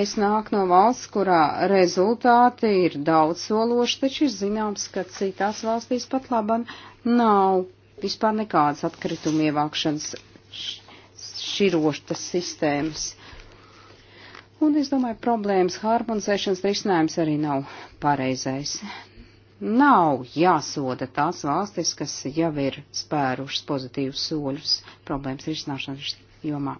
Speaker 3: Es nāku no valsts, kurā rezultāti ir daudz sološi, taču ir zināms, ka citās valstīs pat labam nav vispār nekādas atkrituma ievākšanas široštas sistēmas. Un es domāju, problēmas harmonizēšanas risinājums arī nav pareizais. Nav jāsoda tās valstis, kas jau ir spērušas pozitīvus soļus problēmas risināšanas jomā.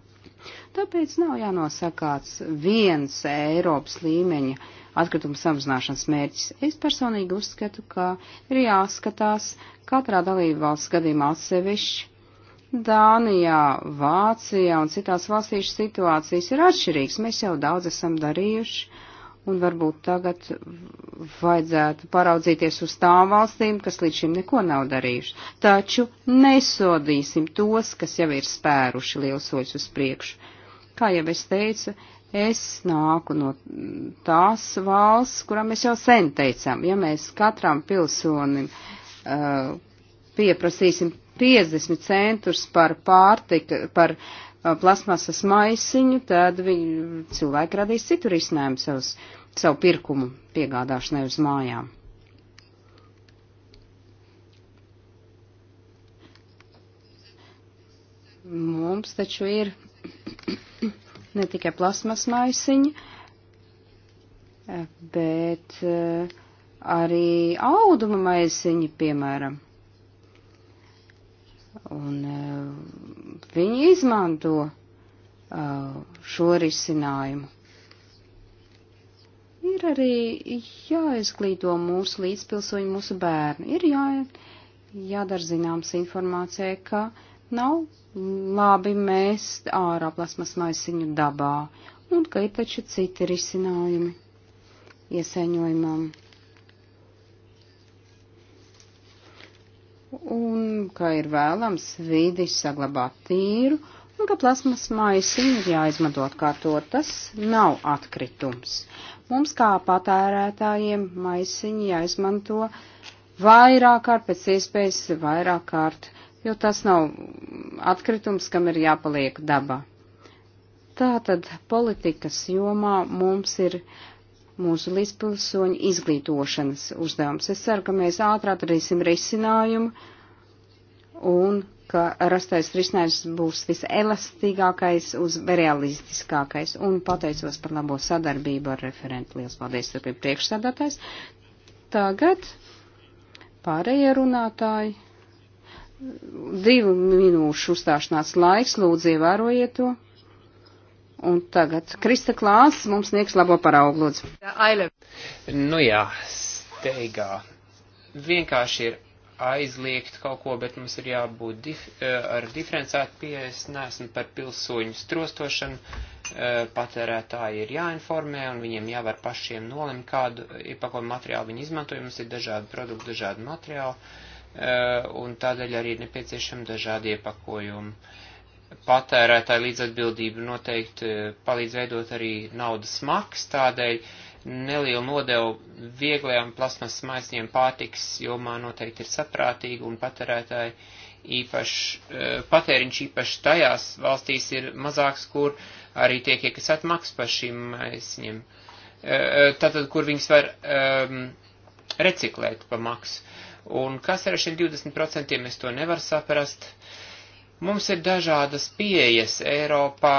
Speaker 3: Tāpēc nav jānosakāts viens Eiropas līmeņa atkritumu samazināšanas mērķis. Es personīgi uzskatu, ka ir jāskatās katrā dalību valsts gadījumā atsevišķi. Dānijā, Vācijā un citās valstīs situācijas ir atšķirīgas. Mēs jau daudz esam darījuši Un varbūt tagad vajadzētu paraudzīties uz tām valstīm, kas līdz šim neko nav darījuši. Taču nesodīsim tos, kas jau ir spēruši liels soļus uz priekšu. Kā jau es teicu, es nāku no tās valsts, kurām mēs jau sen teicām, ja mēs katram pilsonim uh, pieprasīsim 50 centus par pārtika, par uh, Uh, plasmasas maisiņu, tad viņi, cilvēki radīs citu risinājumu savus, savu pirkumu piegādāšanai uz mājām. Mums taču ir ne tikai plasmas maisiņi, bet uh, arī auduma maisiņi, piemēram. Un uh, viņi izmanto uh, šo risinājumu. Ir arī jāizglīto mūsu līdzpilsoņi, mūsu bērni. Ir jā, jādara zināms informācijai, ka nav labi mēst ārā plasmas maisiņu dabā un ka ir taču citi risinājumi iesaiņojumam. un ka ir vēlams vidi saglabāt tīru un ka plasmas maisiņi ir jāizmanto atkārto. Tas nav atkritums. Mums kā patērētājiem maisiņi jāizmanto vairāk kārt, pēc iespējas vairāk kārt, jo tas nav atkritums, kam ir jāpaliek dabā. Tātad politikas jomā mums ir mūsu līdzpilsoņu izglītošanas uzdevums. Es ceru, ka mēs ātrāk radīsim risinājumu un ka rastais risinājums būs viselastīgākais uz realistiskākais. Un pateicos par labo sadarbību ar referentu. Lielas paldies, turpina priekšsādātājs. Tagad pārējie runātāji. Divu minūšu uzstāšanās laiks, lūdzu ievērojiet to. Un tagad Krista Klās mums sniegs labo paraugu, lūdzu.
Speaker 1: Nu jā, steigā. Vienkārši ir aizliegt kaut ko, bet mums ir jābūt dif eh, ar diferencētu pieeja. Es neesmu par pilsoņu strostošanu. Eh, patērētāji ir jāinformē un viņiem jāvar pašiem nolemt, kādu iepakojumu materiālu viņi izmantoja. Mums ir dažādi produkti, dažādi materiāli eh, un tādēļ arī ir nepieciešami dažādi iepakojumi. Uh, patērētāju līdzatbildība noteikti e, palīdz veidot arī naudas maks, tādēļ nelielu nodevu vieglajām plasmas maisņiem pārtiks jomā noteikti ir saprātīgi un patērētāji īpaši, e, patēriņš īpaši tajās valstīs ir mazāks, kur arī tiek iekasēt maks par šīm maisņiem. E, tātad, kur viņas var um, reciklēt pa maksu. Un kas ir ar šiem 20%, es to nevaru saprast. Uh, Mums ir dažādas pieejas Eiropā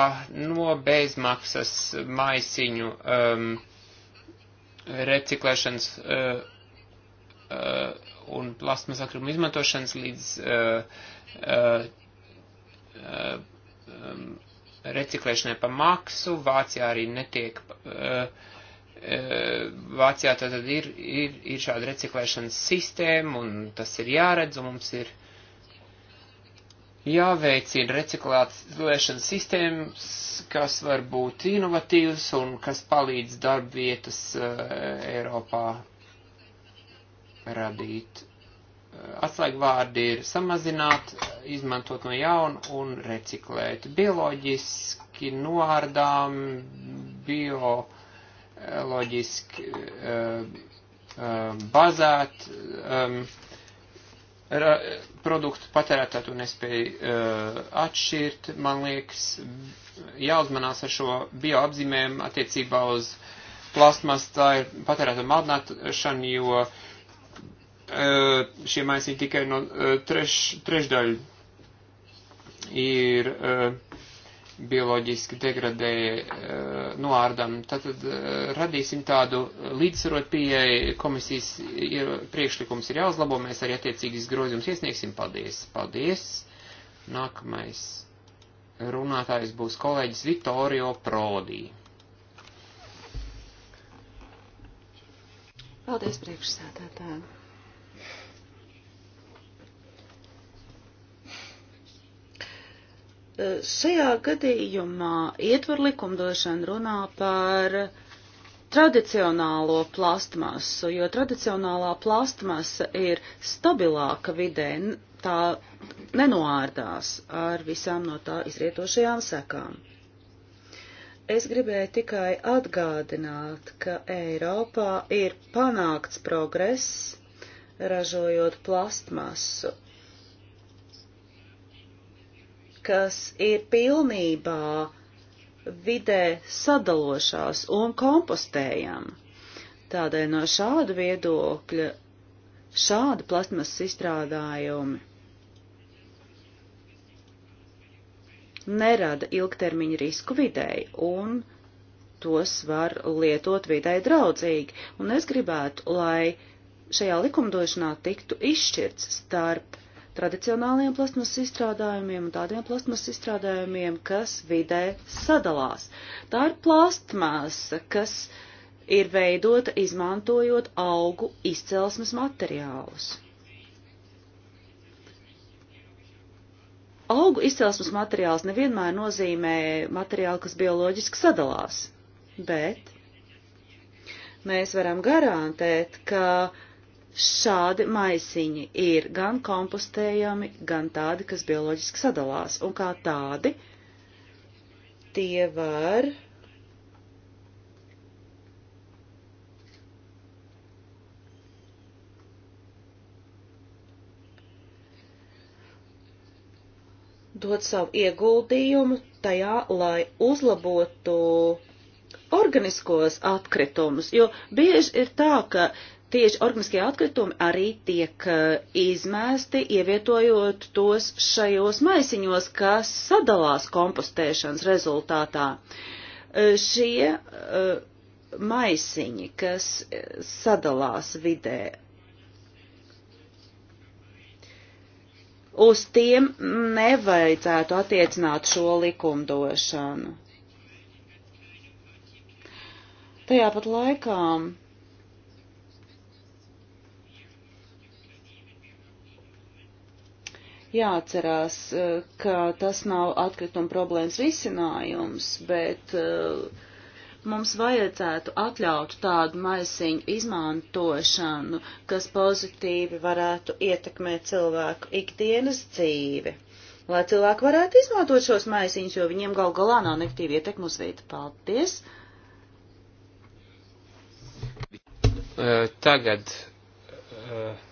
Speaker 1: no bezmaksas maisiņu um, reciklēšanas uh, uh, un plasmas atkritumu izmantošanas līdz uh, uh, uh, um, reciklēšanai pa maksu. Vācijā arī netiek. Uh, uh Vācijā tad ir, ir, ir šāda reciklēšanas sistēma, un tas ir jāredz, un mums ir uh, jāveicina reciklēšanas sistēmas, kas var būt inovatīvas un kas palīdz darbvietas eh, Eiropā radīt. Eh, atslēgvārdi ir samazināt, izmantot no jauna un reciklēt. Bioloģiski noārdām, bioloģiski eh, bazēt, produktu patērētāju to nespēja uh, atšķirt. Man liekas, jāuzmanās ar šo bioapzīmēm attiecībā uz plasmas, tā ir patērētāju maldināšana, jo uh, šie maisiņi tikai no uh, treš, trešdaļu ir uh, bioloģiski degradēja eh, noārdam. Tātad eh, radīsim tādu līdzsvarot pieeju, komisijas ir, priekšlikums ir jāuzlabo, mēs arī attiecīgas grozījums iesniegsim. Paldies! Paldies! Nākamais runātājs būs kolēģis Vittorio Prodi.
Speaker 2: Paldies, priekšsēdētāji! Šajā gadījumā ietver likumdošana runā par tradicionālo plastmasu, jo tradicionālā plastmasa ir stabilāka vidē, tā nenoārdās ar visām no tā izrietošajām sekām. Es gribēju tikai atgādināt, ka Eiropā ir panākts progress, ražojot plastmasu, kas ir pilnībā vidē sadalošās un kompostējama. Tādēļ no šāda viedokļa šādi plasmasas izstrādājumi nerada ilgtermiņa risku videi un tos var lietot videi draudzīgi. Un es gribētu, lai šajā likumdošanā tiktu izšķirts starp tradicionāliem plasmas izstrādājumiem un tādiem plasmas izstrādājumiem, kas vidē sadalās. Tā ir plastmasa, kas ir veidota izmantojot augu izcelsmes materiālus. Augu izcelsmes materiāls nevienmēr nozīmē materiālu, kas bioloģiski sadalās, bet mēs varam garantēt, ka uh, Šādi maisiņi ir gan kompostējami, gan tādi, kas bioloģiski sadalās, un kā tādi tie var dot savu ieguldījumu tajā, lai uzlabotu organiskos atkritumus, jo bieži ir tā, ka tieši organiskie atkritumi arī tiek eh, izmēsti, ievietojot tos šajos maisiņos, kas sadalās kompostēšanas rezultātā. Eh, šie eh, maisiņi, kas sadalās vidē, uz tiem nevajadzētu attiecināt šo likumdošanu. Tajā pat laikā jāatcerās, eh, ka tas nav atkrituma problēmas risinājums, bet eh, mums vajadzētu atļaut tādu maisiņu izmantošanu, kas pozitīvi varētu ietekmēt cilvēku ikdienas dzīvi. Lai cilvēki varētu izmantot šos maisiņus, jo viņiem gal galā nav negatīva ietekma uz vītu. Paldies!
Speaker 1: Eh, tagad uh,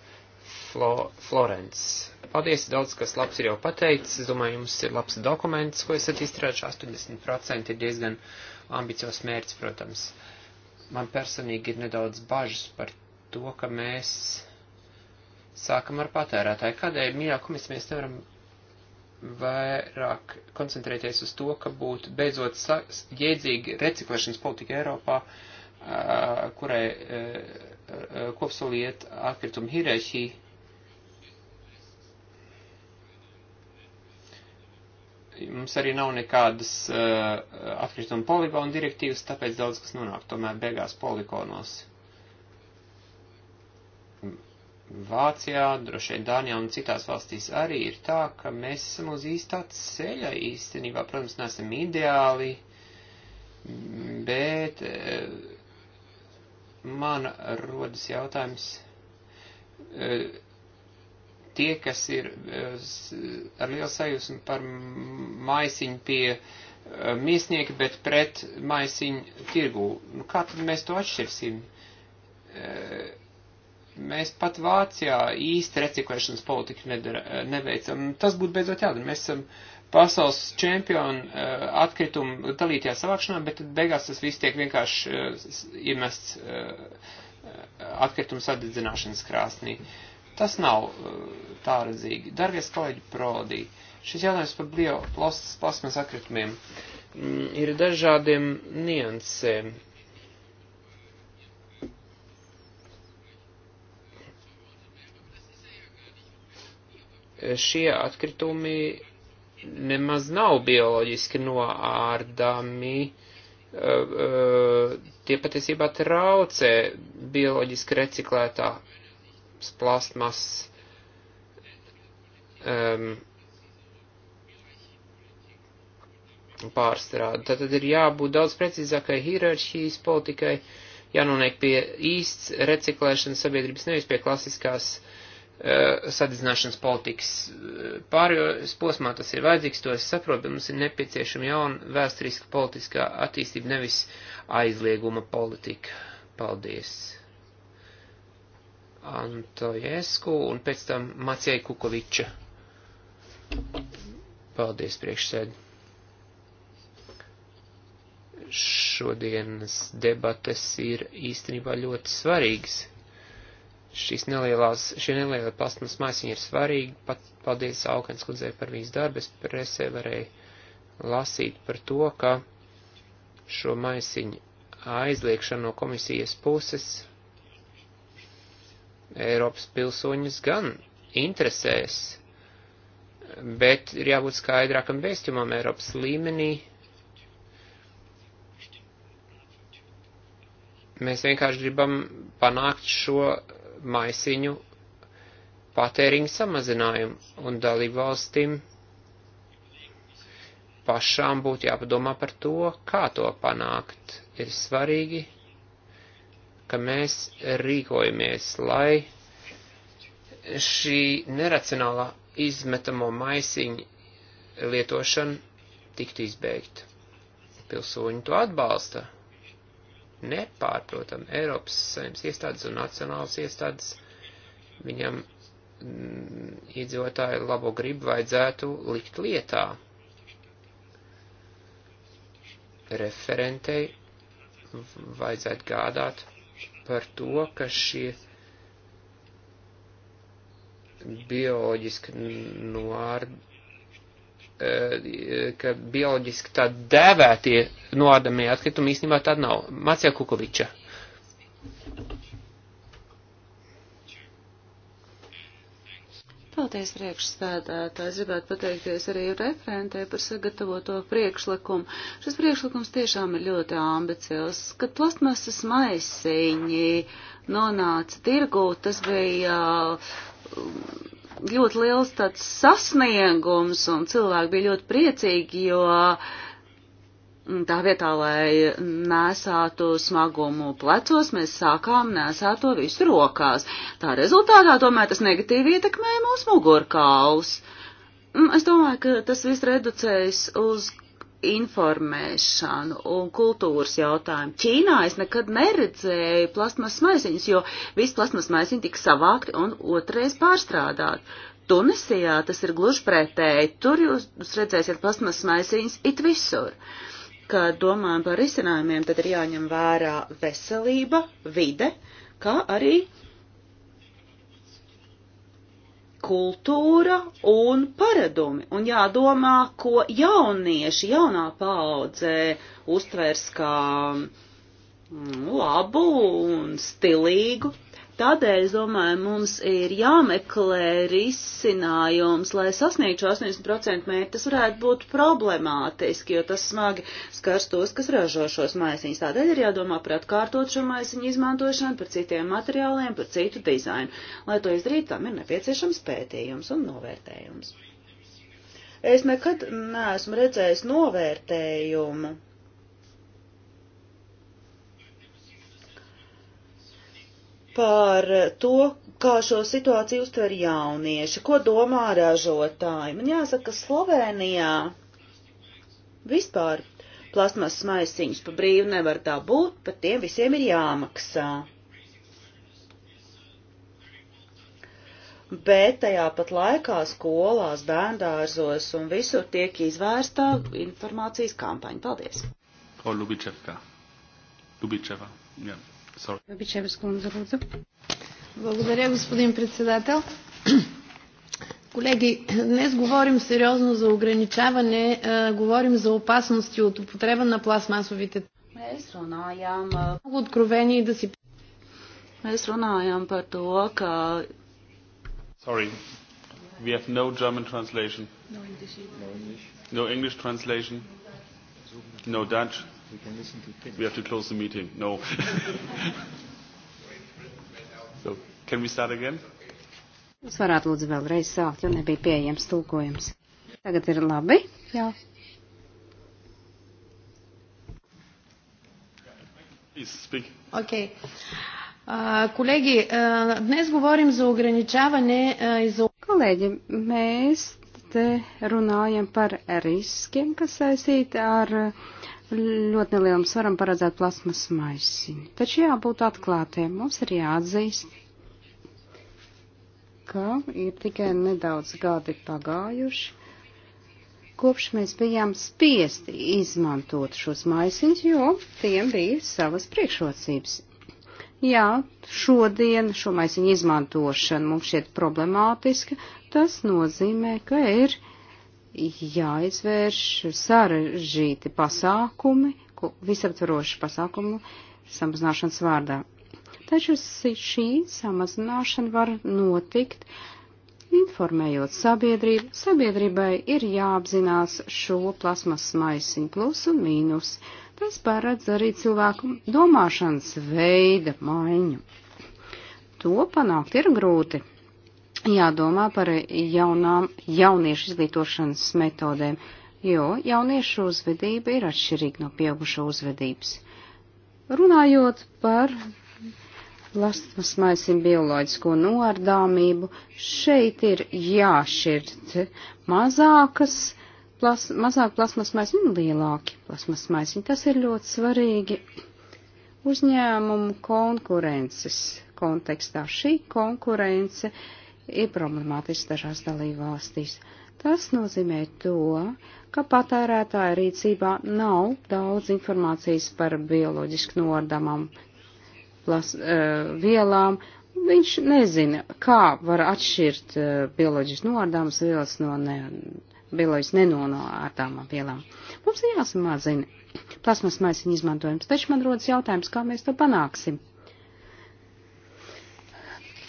Speaker 1: Flo, Florence paldies, daudz kas labs ir jau pateicis. Es domāju, jums ir labs dokuments, ko esat izstrādājuši. 80% ir diezgan ambiciozs mērķis, protams. Man personīgi ir nedaudz bažas par to, ka mēs sākam ar patērētāju. Kādēļ, mīļā komisija, mēs nevaram vairāk koncentrēties uz to, ka būtu beidzot jēdzīga reciklēšanas politika Eiropā, kurai kopsoliet atkritumu hierarhija mums arī nav nekādas uh, atkrituma poligona direktīvas, tāpēc daudz kas nonāk tomēr beigās poligonos. Vācijā, droši vien Dānijā un citās valstīs arī ir tā, ka mēs esam uz īstā ceļa īstenībā, protams, neesam ideāli, bet uh, man rodas jautājums. Uh, tie, kas ir eh, ar lielu sajūsmu par maisiņu pie eh, miesnieka, bet pret maisiņu tirgū. Nu, kā tad mēs to atšķirsim? Eh, mēs pat Vācijā īsti reciklēšanas politiku nedara, neveicam. Tas būtu beidzot jādara. Mēs esam pasaules čempioni atkritumu dalītajā savākšanā, bet beigās tas viss tiek vienkārši iemests atkritumu sadedzināšanas krāsnī. Uh, Tas nav eh, tālredzīgi. Darbies kolēģi Prodi, šis jautājums par bioplasmas atkritumiem mm, ir dažādiem niansēm. Šie atkritumi nemaz nav bioloģiski noārdami, eh, eh, tie patiesībā traucē bioloģiski reciklētā plastmasas. Um, pārstrādi. Tad, tad ir jābūt daudz precīzākai hierarhijas politikai, jānonāk pie īsts reciklēšanas sabiedrības, nevis pie klasiskās uh, sadedzināšanas politikas. Pārējos posmā tas ir vajadzīgs, to es saprotu, bet mums ir nepieciešama jauna vēsturiska politiskā attīstība, nevis aizlieguma politika. Paldies! Antojesku un pēc tam Macijai Kukoviča. Paldies priekšsēd. Šodienas debates ir īstenībā ļoti svarīgas. Šīs nelielās, šie nelielie plasmas maisiņi ir svarīgi, pat paldies Aukens kundzei par viņas darbu, es presē varēju lasīt par to, ka šo maisiņu aizliekšana no komisijas puses Eiropas pilsoņus gan interesēs, bet ir jābūt skaidrākam vēstījumam Eiropas līmenī. Mēs vienkārši gribam panākt šo maisiņu patēriņu samazinājumu un dalību valstīm pašām būtu jāpadomā par to, kā to panākt. Ir svarīgi ka mēs rīkojamies, lai šī neracionālā izmetamo maisiņu lietošana tiktu izbeigta. Pilsoņi to atbalsta. Nepārprotam, Eiropas saimnes iestādes un nacionālas iestādes viņam mm, iedzīvotāju labo gribu vajadzētu likt lietā. Referentei vajadzētu gādāt par to, ka šie bioloģiski noārdi, e, ka bioloģiski tā dēvētie noārdamie atkritumi īstenībā tāda nav. Macija Kukoviča.
Speaker 2: Paldies, priekšstādātāji. Es gribētu pateikties arī referentē par sagatavoto priekšlikumu. Šis priekšlikums tiešām ir ļoti ambiciozs. Kad plastmasas maisiņi nonāca tirgū, tas bija um, ļoti liels tāds sasniegums, un cilvēki bija ļoti priecīgi, jo tā vietā, lai nesātu smagumu plecos, mēs sākām nesāt to visu rokās. Tā rezultātā tomēr tas negatīvi ietekmēja mūsu mugurkaus. Es domāju, ka tas viss reducējas uz informēšanu un kultūras jautājumu. Ķīnā es nekad neredzēju plasmas maisiņus, jo visi plasmas maisiņi tika savākti un otrais pārstrādāti. Tunisijā tas ir gluži pretēji, tur jūs redzēsiet plasmas maisiņus it visur. Uh, kad domājam par risinājumiem, tad ir jāņem vērā veselība, vide, kā arī kultūra un paradumi. Un jādomā, ko jaunieši, jaunā paudze uztvers kā mm, labu un stilīgu Tādēļ, es domāju, mums ir jāmeklē risinājums, lai sasniegtu 80% mērķi. Tas varētu būt problemātiski, jo tas smagi skars tos, kas ražo šos maisiņus. Tādēļ ir jādomā par atkārtot šo maisiņu izmantošanu, par citiem materiāliem, par citu dizainu. Lai to izdarītu, tam ir nepieciešams pētījums un novērtējums. Es nekad neesmu redzējis novērtējumu par to, kā šo situāciju uztver jaunieši, ko domā ražotāji. Man jāsaka, ka Slovenijā vispār plasmas maisiņus pa brīvu nevar dabūt, pat tiem visiem ir jāmaksā. Bet tajā pat laikā skolās, bērndārzos un visur tiek izvērsta informācijas kampaņa. Paldies!
Speaker 3: O Lubičevka. Lubičeva. Jā. Yeah. Обичевец Кунза, Благодаря, господин председател. Колеги, днес говорим сериозно за ограничаване, а, говорим за опасности от употреба на
Speaker 2: пластмасовите. Mēs runājām,
Speaker 3: много откровени и да си...
Speaker 2: Mēs runājām par to, ka... Sorry, we have no German translation. No English. No English translation. No Dutch. We can listen to Tim. We have to close the meeting. No.
Speaker 1: so, can we start again?
Speaker 3: Jūs varētu lūdzu vēlreiz sākt, jo nebija pieejams tulkojums. Tagad ir labi. Jā. Okay. Uh, kolēģi, uh, dnes govorim za ograničavanje uh, iz... Kolēģi, mēs te runājam par riskiem, kas saistīti ar uh, ļoti nelielam svaram paredzēt plasmas maisiņu. Taču jābūt atklātiem. Mums ir jāatzīst, ka ir tikai nedaudz gadi pagājuši, kopš mēs bijām spiesti izmantot šos maisiņus, jo tiem bija savas priekšrocības. Jā, šodien šo maisiņu izmantošana mums šķiet problemātiska, tas nozīmē, ka ir jāizvērš sarežģīti pasākumi, visaptvaroši pasākumu samazināšanas vārdā. Taču šī samazināšana var notikt, informējot sabiedrību. Sabiedrībai ir jāapzinās šo plasmas maisiņu plus un mīnus. Tas paredz arī cilvēku domāšanas veida maiņu. To panākt ir grūti jādomā par jaunām jauniešu izglītošanas metodēm, jo jauniešu uzvedība ir atšķirīga no pieaugušo uzvedības. Runājot par plasmas maisim bioloģisko noardāmību, šeit ir jāšķirt mazākas, plas, mazāk plasmas maisi un lielāki plasmas maisi. Tas ir ļoti svarīgi uzņēmumu konkurences kontekstā. Šī konkurence uh, ir problemātisks dažās dalībvalstīs. Tas nozīmē to, ka patērētāja rīcībā nav daudz informācijas par bioloģiski nodamam plas, uh, vielām. Viņš nezina, kā var atšķirt uh, eh, bioloģiski nodāmas vielas no ne, bioloģiski nenonārdāmām vielām. Mums ir jāsamazina plasmas maisiņu izmantojums, taču man rodas jautājums, kā mēs to panāksim.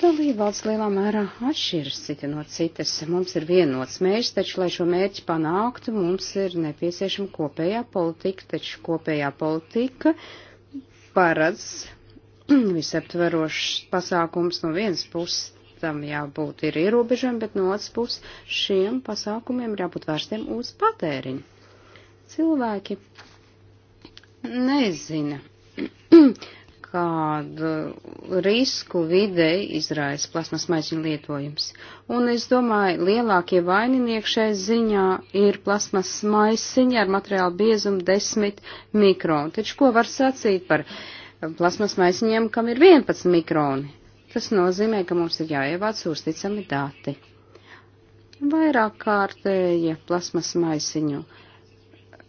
Speaker 3: Dalībvalsts lielā mērā atšķiras cita no citas. Mums ir vienots mērķis, taču, lai šo mērķi panāktu, mums ir nepieciešama kopējā politika, taču kopējā politika paredz visaptverošs pasākums no vienas puses. Tam jābūt ir ierobežojumi, bet no otras puses šiem pasākumiem ir jābūt vērstiem uz patēriņu. Cilvēki nezina, kādu risku videi izraisa plasmas maisiņu lietojums. Un es domāju, lielākie vaininieki šai ziņā ir plasmas maisiņi ar materiālu biezumu 10 mikronu. Taču ko var sacīt par plasmas maisiņiem, kam ir 11 mikroni? Tas nozīmē, ka mums ir jāievāc uzticami dati. Vairāk kārtēja plasmas maisiņu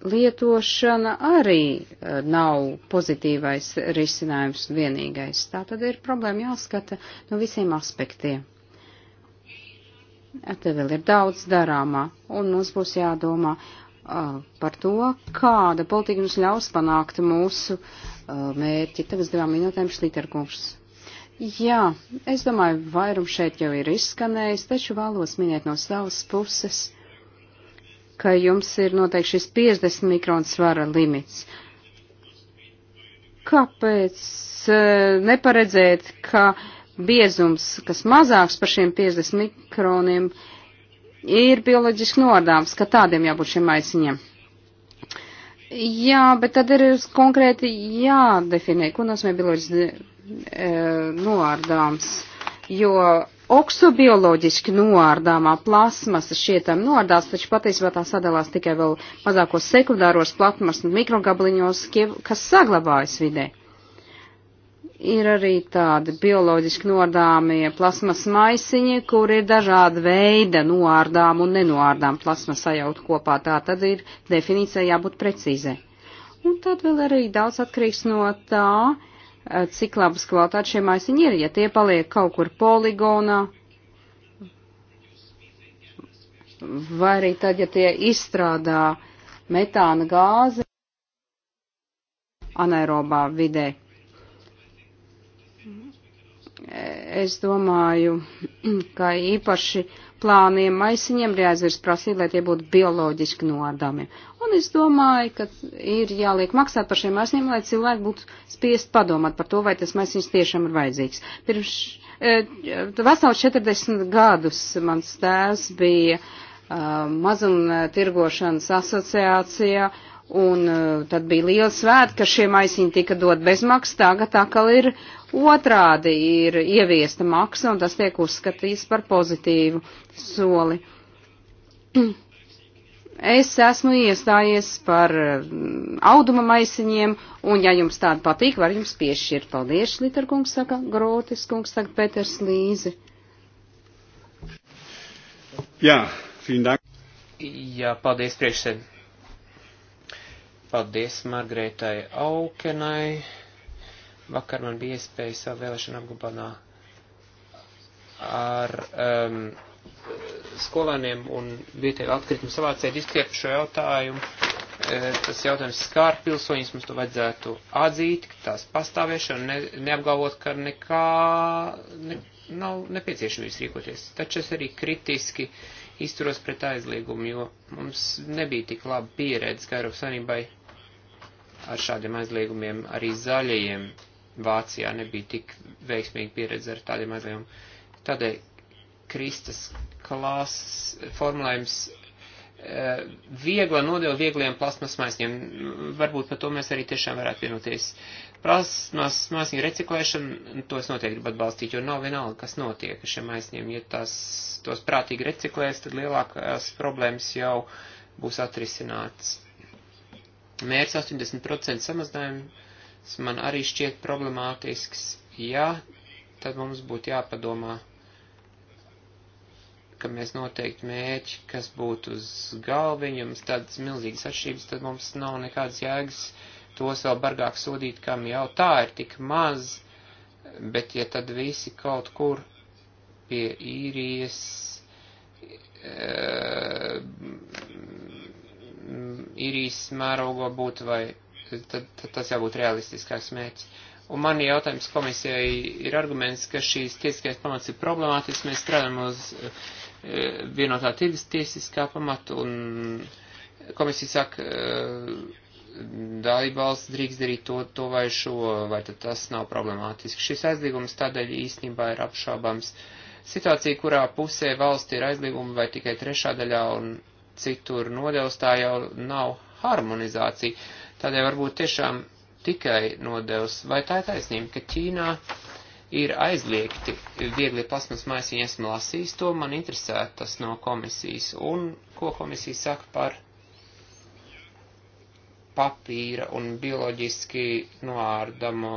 Speaker 3: lietošana arī e, nav pozitīvais risinājums vienīgais. Tā tad ir problēma jāskata no visiem aspektiem. Te vēl ir daudz darāmā, un mums būs jādomā uh, par to, kāda politika mums ļaus panākt mūsu uh, mērķi. Tagad divām minūtēm šlīterkungs. Jā, es domāju, vairums šeit jau ir izskanējis, taču vēlos minēt no savas puses ka jums ir noteikti šis 50 mikronu svara limits. Kāpēc e, neparedzēt, ka biezums, kas mazāks par šiem 50 mikroniem, ir bioloģiski nodāms, ka tādiem jābūt šiem aiciņiem? Jā, bet tad ir konkrēti jādefinē, ko nozīmē bioloģiski e, noārdāms, jo oksobioloģiski noārdāmā plasmasa šietam noārdās, taču patiesībā tā sadalās tikai vēl mazākos sekundāros platmas mikrogabaliņos, kas saglabājas vidē. Ir arī tādi bioloģiski noārdāmie plasmas maisiņi, kur ir dažāda veida noārdām un nenoārdām plasmas sajaut kopā. Tā tad ir definīcija jābūt precīzai. Un tad vēl arī daudz atkarīgs no tā, uh, Eh, cik labas kvalitātes šie maisiņi ir. Ja tie paliek kaut kur poligonā, vai arī tad, ja tie izstrādā metāna gāzi anaerobā vidē. Es domāju, ka īpaši plāniem maisiņiem ir jāizvirs prasīt, lai tie būtu bioloģiski nodami. Un es domāju, ka ir jāliek maksāt par šiem maisiņiem, lai cilvēki būtu spiest padomāt par to, vai tas maisiņš tiešām ir vajadzīgs. Pirms e, vesels 40 gadus mans tēvs bija e, mazumtirgošanas asociācijā, un e, tad bija liela svēta, ka šie maisiņi tika dot bezmaksas. Tagad atkal ir otrādi, ir ieviesta maksa, un tas tiek uzskatīts par pozitīvu soli. Es esmu iestājies par mm, auduma maisiņiem, un ja jums tāda patīk, var jums piešķirt. Paldies, Šliterkungs, saka Grotis, kungs, saka Peters Līzi.
Speaker 1: Jā, fīndāk. Jā, paldies priekšsēd. Paldies Margrētai Aukenai. Vakar man bija iespēja savu vēlēšanu apgabalā ar um, skolēniem un vietēju atkritumu savācēju izkriepu šo jautājumu. E, tas jautājums skār pilsoņus, mums to vajadzētu atzīt, tās pastāvēšanu, ne, neapgalvot, ka nekā ne, nav nepieciešamības rīkoties. Taču es arī kritiski izturos pret aizliegumu, jo mums nebija tik laba pieredze kā Eiropas Savienībai ar šādiem aizliegumiem, arī zaļajiem Vācijā nebija tik veiksmīga pieredze ar tādiem aizliegumiem. Tādēļ Kristas klāsts formulējums e, viegla nodeva viegliem plasmas maisiņiem. Varbūt par to mēs arī tiešām varētu vienoties. Plasmas maisiņu reciklēšanu, to es noteikti gribu atbalstīt, jo nav vienalga, kas notiek ar šiem maisiņiem. Ja tās, tos prātīgi reciklēs, tad lielākās problēmas jau būs atrisināts. Mērķis 80% samazinājums man arī šķiet problemātisks. Jā, tad mums būtu jāpadomā ka mēs noteikti mērķi, kas būtu uz galviņa, jums tādas milzīgas atšķirības, tad mums nav nekādas jēgas tos vēl bargāk sodīt, kam jau tā ir tik maz, bet ja tad visi kaut kur pie īrijas eh, īrijas mērogo būtu, vai tad, tad tas jābūt realistiskāks mērķis. Un man jautājums komisijai ir arguments, ka šīs tiesiskais pamats ir problemātisks, mēs strādājam uz Eh, vienotā tirgus tiesiskā pamata, un komisija saka, eh, dalībvalsts drīkst darīt to, to vai šo, vai tad tas nav problemātiski. Šis aizliegums tādēļ īstenībā ir apšābams. Situācija, kurā pusē valsts ir aizliegumi vai tikai trešā daļā un citur nodevs, tā jau nav harmonizācija. Tādēļ varbūt tiešām tikai nodevs. Vai tā ir taisnība, ka Ķīnā ir aizliegti viegli plasmas maisiņi, esmu lasījis, to man interesē tas no komisijas. Un ko komisija saka par papīra un bioloģiski noārdamo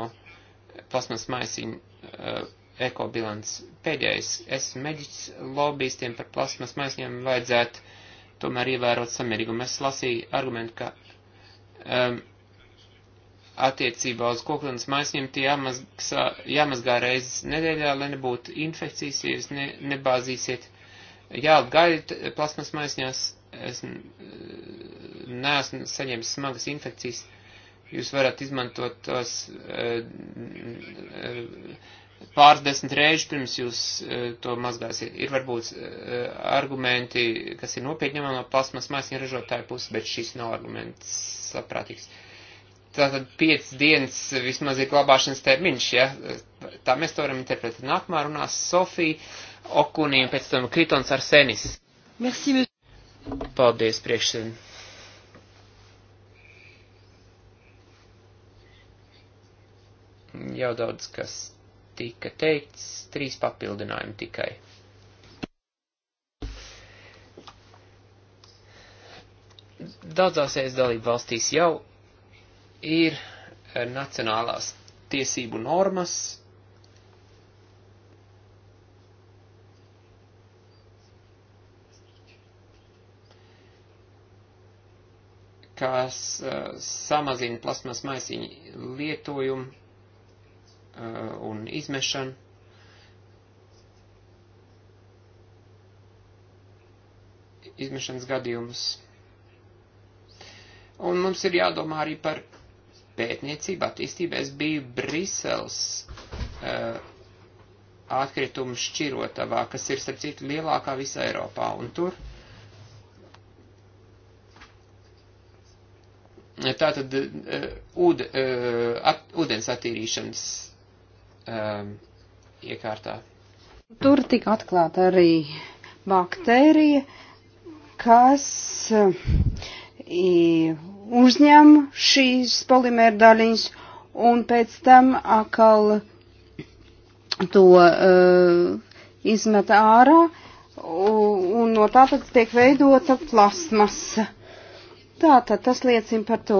Speaker 1: plasmas maisiņu uh, eh, ekobilants. Pēdējais, es meģis lobbyistiem par plasmas maisiņiem vajadzētu tomēr ievērot samierīgumu. Es lasīju argumentu, ka um, attiecībā uz koklinas maisiņiem tie jāmazgā, jāmazgā reizes nedēļā, lai nebūtu infekcijas, ja jūs ne, nebāzīsiet. Jāatgaid plasmas maisiņās, es mm, neesmu saņēmis smagas infekcijas, jūs varat izmantot tos e, e, pāris desmit reižu pirms jūs e, to mazgāsiet. Ir varbūt argumenti, kas ir nopietņamā no plasmas maisiņu ražotāju puses, bet šis nav arguments saprātīgs. Uh, tātad 5 dienas vismaz ir glabāšanas termiņš, ja? Tā mēs to varam interpretēt. Nākamā runās Sofija Okunī un pēc tam Kritons Arsenis. Merci, monsieur. Paldies, priekšsēdien. Jau daudz kas tika teikts, trīs papildinājumi tikai. Daudzās ēst dalību valstīs jau ir eh, nacionālās tiesību normas, kas uh, samazina plasmas maisiņu lietojumu uh, un izmešanu. Izmešanas gadījumus. Un mums ir jādomā arī par pētniecību, attīstību. Es biju Brisels uh, eh, atkritumu šķirotavā, kas ir, starp citu, lielākā visā Eiropā. Un tur tātad uh, eh, ūd, uh, eh, at, ūdens attīrīšanas um, iekārtā.
Speaker 3: Tur tika atklāta arī baktērija, kas uh, uzņem šīs polimēra daļiņas un pēc tam atkal to uh, izmet ārā un, un no tā tad tiek veidota plasmasa. Tātad tas liecina par to,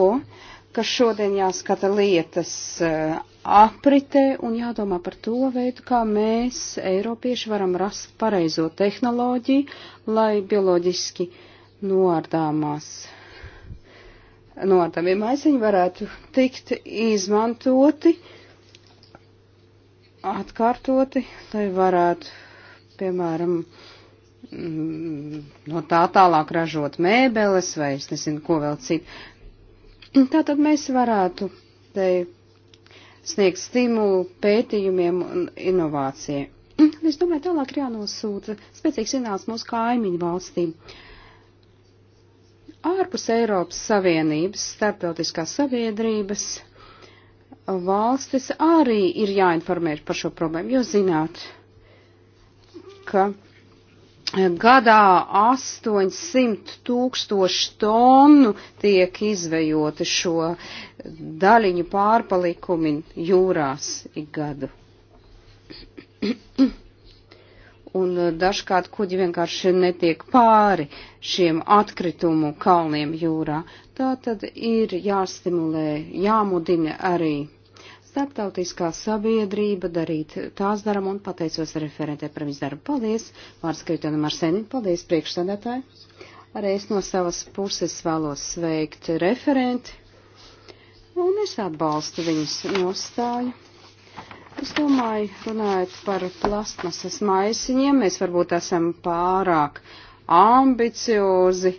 Speaker 3: ka šodien jāskata lietas uh, apritē un jādomā par to veidu, kā mēs, Eiropieši, varam rast pareizo tehnoloģiju, lai bioloģiski noārdāmās notamiem aiziņi varētu tikt izmantoti, atkārtoti, lai varētu, piemēram, mm, no tā tālāk ražot mēbeles vai es nezinu, ko vēl citu. Tātad mēs varētu te sniegt stimulu pētījumiem un inovācijai. Es domāju, tālāk ir jānosūta spēcīgs signāls mūsu kaimiņu valstīm. Uh, ārpus Eiropas Savienības starptautiskās sabiedrības valstis arī ir jāinformē par šo problēmu, jo zināt, ka gadā 800 tūkstoši tonu tiek izvejoti šo daļiņu pārpalikumi jūrās ik gadu. un eh, dažkārt kuģi vienkārši netiek pāri šiem atkritumu kalniem jūrā. Tā tad ir jāstimulē, jāmudina arī starptautiskā sabiedrība darīt tās daram un pateicos referentē par visu darbu. Paldies, Vārskaitona Marseni, paldies priekšsēdētāji. Arī es no savas puses vēlos sveikt referenti un es atbalstu viņas nostāju. Es domāju, runājot par plastmasas maisiņiem, mēs varbūt esam pārāk ambiciozi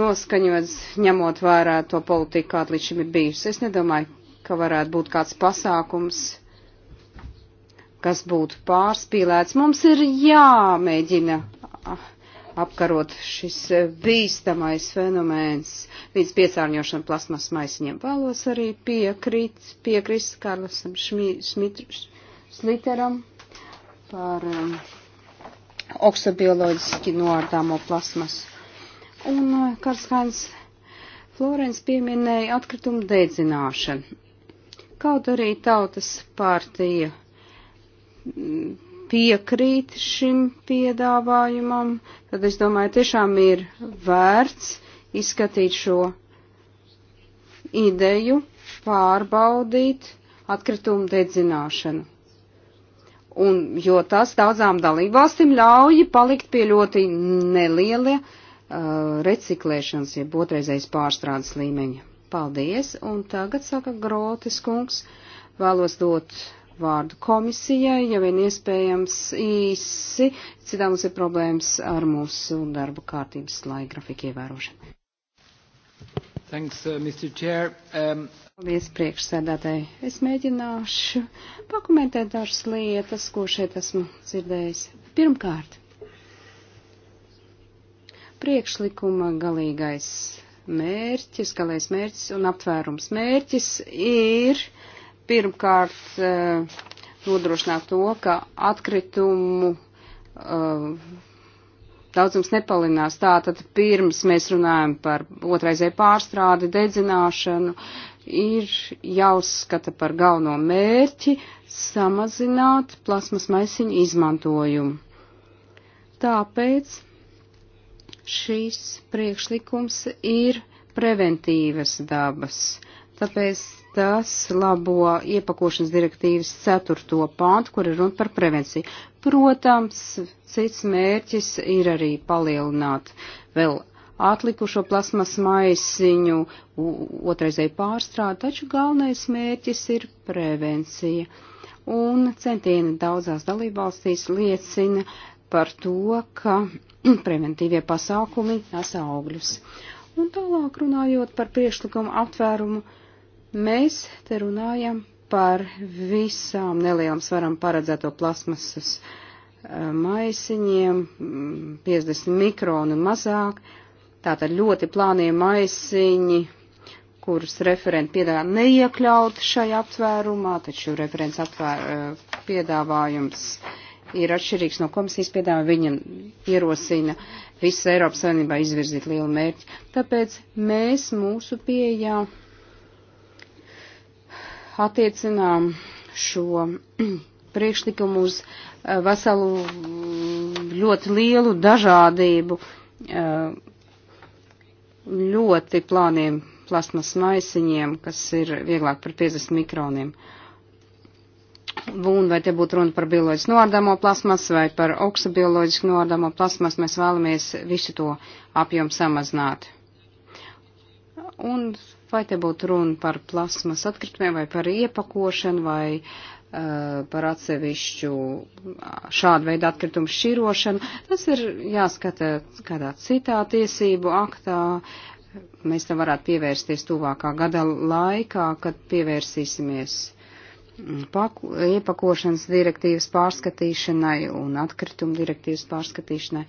Speaker 3: noskaņots, ņemot vērā to politiku, kāda līdz šim ir bijusi. Es nedomāju, ka varētu būt kāds pasākums, kas būtu pārspīlēts. Mums ir jāmēģina apkarot šis bīstamais fenomens līdz piesārņošana plasmas maisiņiem. Vēlos arī piekrīt, piekrist Karlasam Šmitrušam Sliteram par um, oksobioloģiski noārdāmo plasmasu. Un uh, Karskains Florens pieminēja atkritumu dedzināšanu. Kaut arī tautas partija mm, piekrīt šim piedāvājumam, tad es domāju, tiešām ir vērts izskatīt šo ideju, pārbaudīt atkritumu dedzināšanu un, jo tas daudzām dalībvalstīm ļauj palikt pie ļoti neliela uh, reciklēšanas, jeb otrreizējas pārstrādes līmeņa. Paldies, un tagad saka Grotis kungs, vēlos dot vārdu komisijai, ja vien iespējams īsi, citā mums ir problēmas ar mūsu darba kārtības laika grafiku ievērošanu.
Speaker 1: Thanks, uh, Mr. Chair. Um, Paldies
Speaker 3: priekšsēdētāji. Es mēģināšu pakomentēt dažas lietas, ko šeit esmu dzirdējis. Pirmkārt, priekšlikuma galīgais mērķis, galais mērķis un aptvērums mērķis ir pirmkārt eh, nodrošināt to, ka atkritumu eh, daudzums nepalinās. Tātad pirms mēs runājam par otraizēju pārstrādi, dedzināšanu, ir jāuzskata par galveno mērķi samazināt plasmas maisiņu izmantojumu. Tāpēc šīs priekšlikums ir preventīvas dabas, tāpēc tas labo iepakošanas direktīvas ceturto pāntu, kur ir runa par prevenciju. Protams, cits mērķis ir arī palielināt vēl atlikušo plasmas maisiņu otraizēju pārstrādi, taču galvenais mērķis ir prevencija. Un centieni daudzās dalībvalstīs liecina par to, ka preventīvie pasākumi nes augļus. Un tālāk runājot par priekšlikumu aptvērumu, mēs te runājam par visām nelielam svaram paredzēto plasmasas eh, maisiņiem, 50 mm, mikronu un mazāk, Tātad ļoti plānie maisiņi, kurus referenti piedāvā neiekļaut šajā aptvērumā, taču referents aptvēr, eh, piedāvājums ir atšķirīgs no komisijas piedāvājuma. Viņam ierosina visas Eiropas Savienībā izvirzīt lielu mērķi. Tāpēc mēs mūsu pieejā attiecinām šo priekšlikumu uz eh, veselu ļoti lielu dažādību eh, ļoti plāniem plasmas maisiņiem, kas ir vieglāk par 50 mikroniem. Un vai te būtu runa par bioloģiski noardamo plasmas vai par oksabioloģiski noardamo plasmas, mēs vēlamies visu to apjomu samazināt. Un vai te būtu runa par plasmas atkritumiem vai par iepakošanu vai uh, Uh, par atsevišķu uh, šādu veidu atkritumu šķirošanu. Tas ir jāskata kādā citā tiesību aktā. Mēs tam varētu pievērsties tuvākā gada laikā, kad pievērsīsimies mm, paku, iepakošanas direktīvas pārskatīšanai un atkritumu direktīvas pārskatīšanai.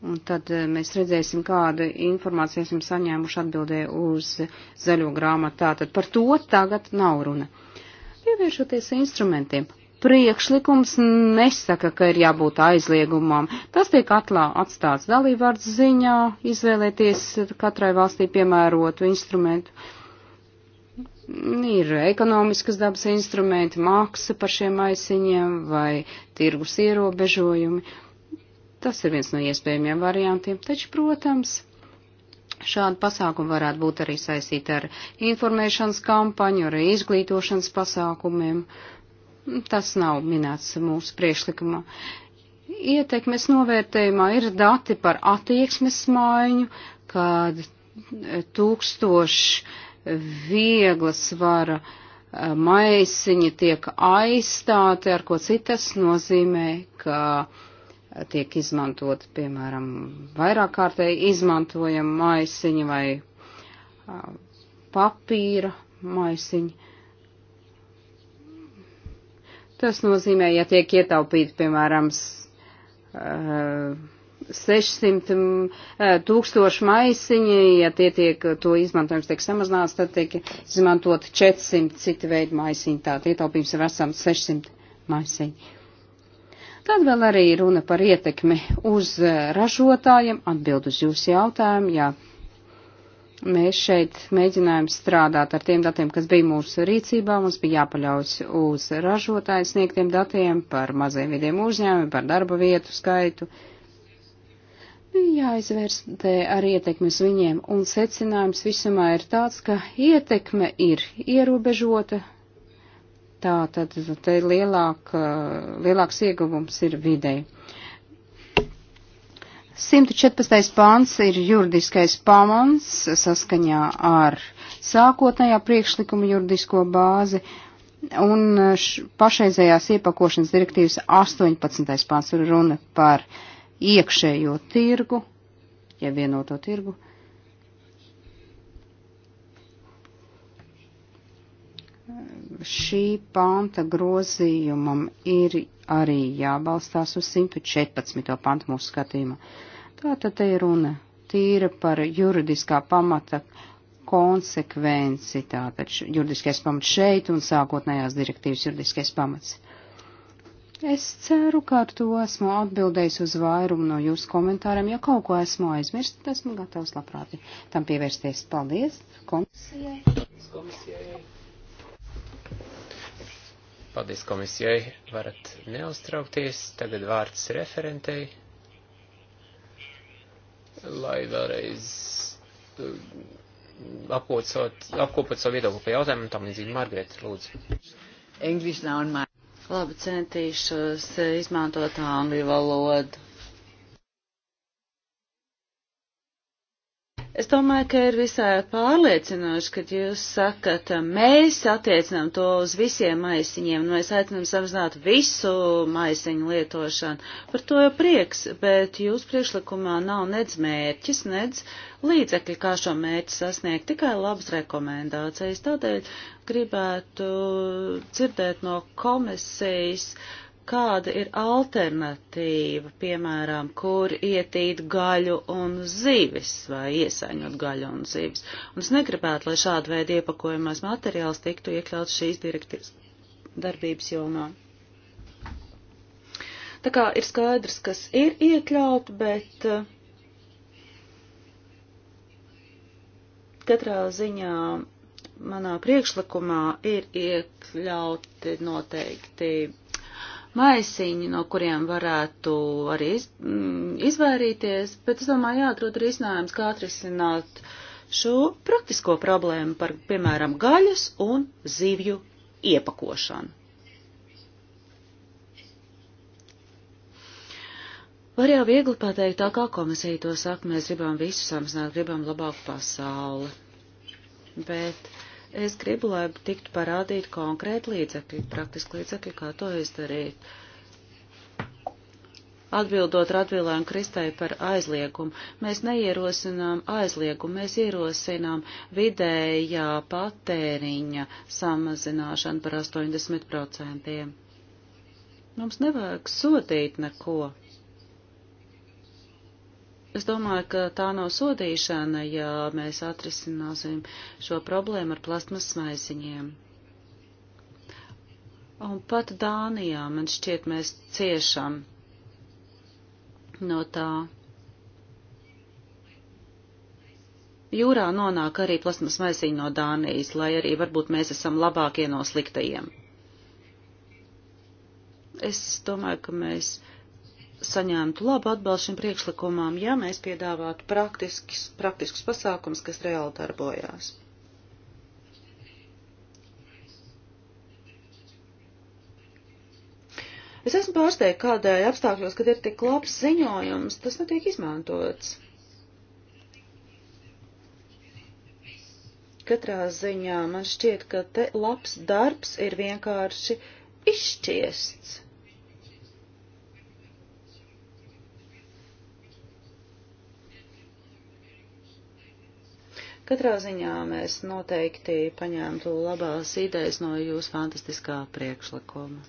Speaker 3: Un tad eh, mēs redzēsim, kāda informācija esam saņēmuši atbildē uz zaļo grāmatu. Tātad par to tagad nav runa. Pievēršoties instrumentiem. Priekšlikums nesaka, ka ir jābūt aizliegumam. Tas tiek atlā atstāts dalībvārds ziņā, izvēlēties katrai valstī piemērotu instrumentu. Ir ekonomiskas dabas instrumenti, māksla par šiem aisiņiem vai tirgus ierobežojumi Tas ir viens no iespējamiem variantiem, taču, protams, Šāda pasākuma varētu būt arī saistīta ar informēšanas kampaņu, ar izglītošanas pasākumiem. Tas nav minēts mūsu priekšlikumā. Ietekmes novērtējumā ir dati par attieksmes maiņu, kad e, tūkstoši vieglas vara e, maisiņi tiek aizstāti ar ko citas nozīmē, ka uh, tiek izmantot, piemēram, vairāk kārtēji izmantojama maisiņa vai papīra maisiņa. Tas nozīmē, ja tiek ietaupīti, piemēram, 600 tūkstoši maisiņi, ja tie tiek, to izmantojums tiek samazināts, tad tiek izmantot 400 citi veidi maisiņi. Tā ietaupījums ir esam 600 maisiņi. Tad vēl arī runa par ietekmi uz eh, ražotājiem, atbild uz jūsu jautājumu, jā. Mēs šeit mēģinājām strādāt ar tiem datiem, kas bija mūsu rīcībā. Mums bija jāpaļaujas uz ražotāju sniegtiem datiem par maziem vidiem uzņēmumiem, par darba vietu skaitu. Bija jāizvērstē ar ietekmes viņiem, un secinājums visumā ir tāds, ka ietekme ir ierobežota, Tā tad te lielāk, eh, lielāks ieguvums ir videi. 114. pāns ir juridiskais pamats saskaņā ar sākotnējā priekšlikuma juridisko bāzi un pašreizējās iepakošanas direktīvas 18. pāns ir runa par iekšējo tirgu, ja vienoto tirgu. šī panta grozījumam ir arī jābalstās uz 114. pantu mūsu skatījumā. Tā tad te ir runa tīra par juridiskā pamata konsekvenci, tātad juridiskais pamats šeit un sākotnējās direktīvas juridiskais pamats. Es ceru, ka ar to esmu atbildējis uz vairumu no jūsu komentāriem. Ja kaut ko esmu aizmirst, tad esmu gatavs labprāt tam pievērsties. Paldies komisijai.
Speaker 1: Komisijai. Paldies komisijai, varat neuztraukties. Tagad vārds referentei, lai vēlreiz uh, apkopot savu viedokli par jautājumu, tam līdzīgi Margarita, lūdzu.
Speaker 2: English nav man. Labi, centīšos izmantot angļu valodu. Es domāju, ka ir visai pārliecinoši, kad jūs sakat, mēs attiecinām to uz visiem maisiņiem, un nu, mēs aicinām samazināt visu maisiņu lietošanu. Par to jau prieks, bet jūs priekšlikumā nav nedz mērķis, nedz līdzekļi, kā šo mērķi sasniegt, tikai labas rekomendācijas. Tādēļ gribētu dzirdēt no komisijas. Uh, kāda ir alternatīva, piemēram, kur ietīt gaļu un zivis vai iesaņot gaļu un zivis. Un es negribētu, lai šāda veida iepakojumais materiāls tiktu iekļauts šīs direktīvas darbības jomā. Tā kā ir skaidrs, kas ir iekļaut, bet eh, katrā ziņā manā priekšlikumā ir iekļauti noteikti maisiņi, no kuriem varētu arī iz, mm, izvairīties, bet es domāju, jāatrod risinājums, kā atrisināt šo praktisko problēmu par, piemēram, gaļas un zivju iepakošanu. Var jau viegli pateikt, tā kā komisija to saka, mēs gribam visu samazināt, gribam labāku pasauli. Bet Es gribu, lai tiktu parādīti konkrēti līdzekļi, praktiski līdzekļi, kā to izdarīt. Atbildot Radvilai un Kristai par aizliegumu, mēs neierosinām aizliegumu, mēs ierosinām vidējā patēriņa samazināšanu par 80%. Mums nevajag sodīt neko. Es domāju, ka tā nav sodīšana, ja mēs atrisināsim šo problēmu ar plasmas maiziņiem. Un pat Dānijā, man šķiet, mēs ciešam no tā. Jūrā nonāk arī plasmas maisiņi no Dānijas, lai arī varbūt mēs esam labākie no sliktajiem. Es domāju, ka mēs saņemtu labu atbalstu šim priekšlikumam, ja mēs piedāvātu praktiskus, praktiskus pasākums, kas reāli darbojās. Es esmu pārsteigta, kādēļ apstākļos, kad ir tik labs ziņojums, tas netiek izmantots. Katrā ziņā man šķiet, ka te labs darbs ir vienkārši izšķiests. Katrā ziņā mēs noteikti paņēmtu labās idejas no jūsu fantastiskā priekšlikuma.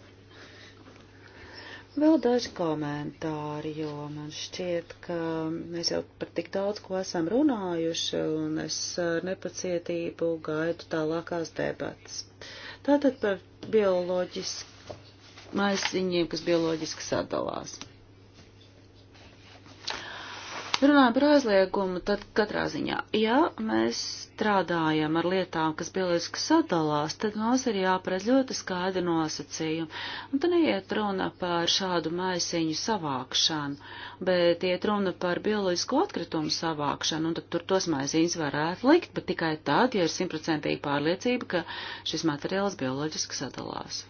Speaker 2: Vēl daži komentāri, jo man šķiet, ka mēs jau par tik daudz ko esam runājuši, un es ar nepacietību gaidu tālākās debatas. Tātad par bioloģisku maisiņiem, kas bioloģiski sadalās. Runājot par aizliegumu, tad katrā ziņā, ja mēs strādājam ar lietām, kas bioloģiski sadalās, tad mums ir jāparedz ļoti skaidri nosacījumi. Un tad neiet runa par šādu maisiņu savākšanu, bet iet runa par bioloģisko atkritumu savākšanu, un tad tur tos maisiņus varētu likt, bet tikai tad, ja ir simtprocentīgi pārliecība, ka šis materiāls bioloģiski sadalās.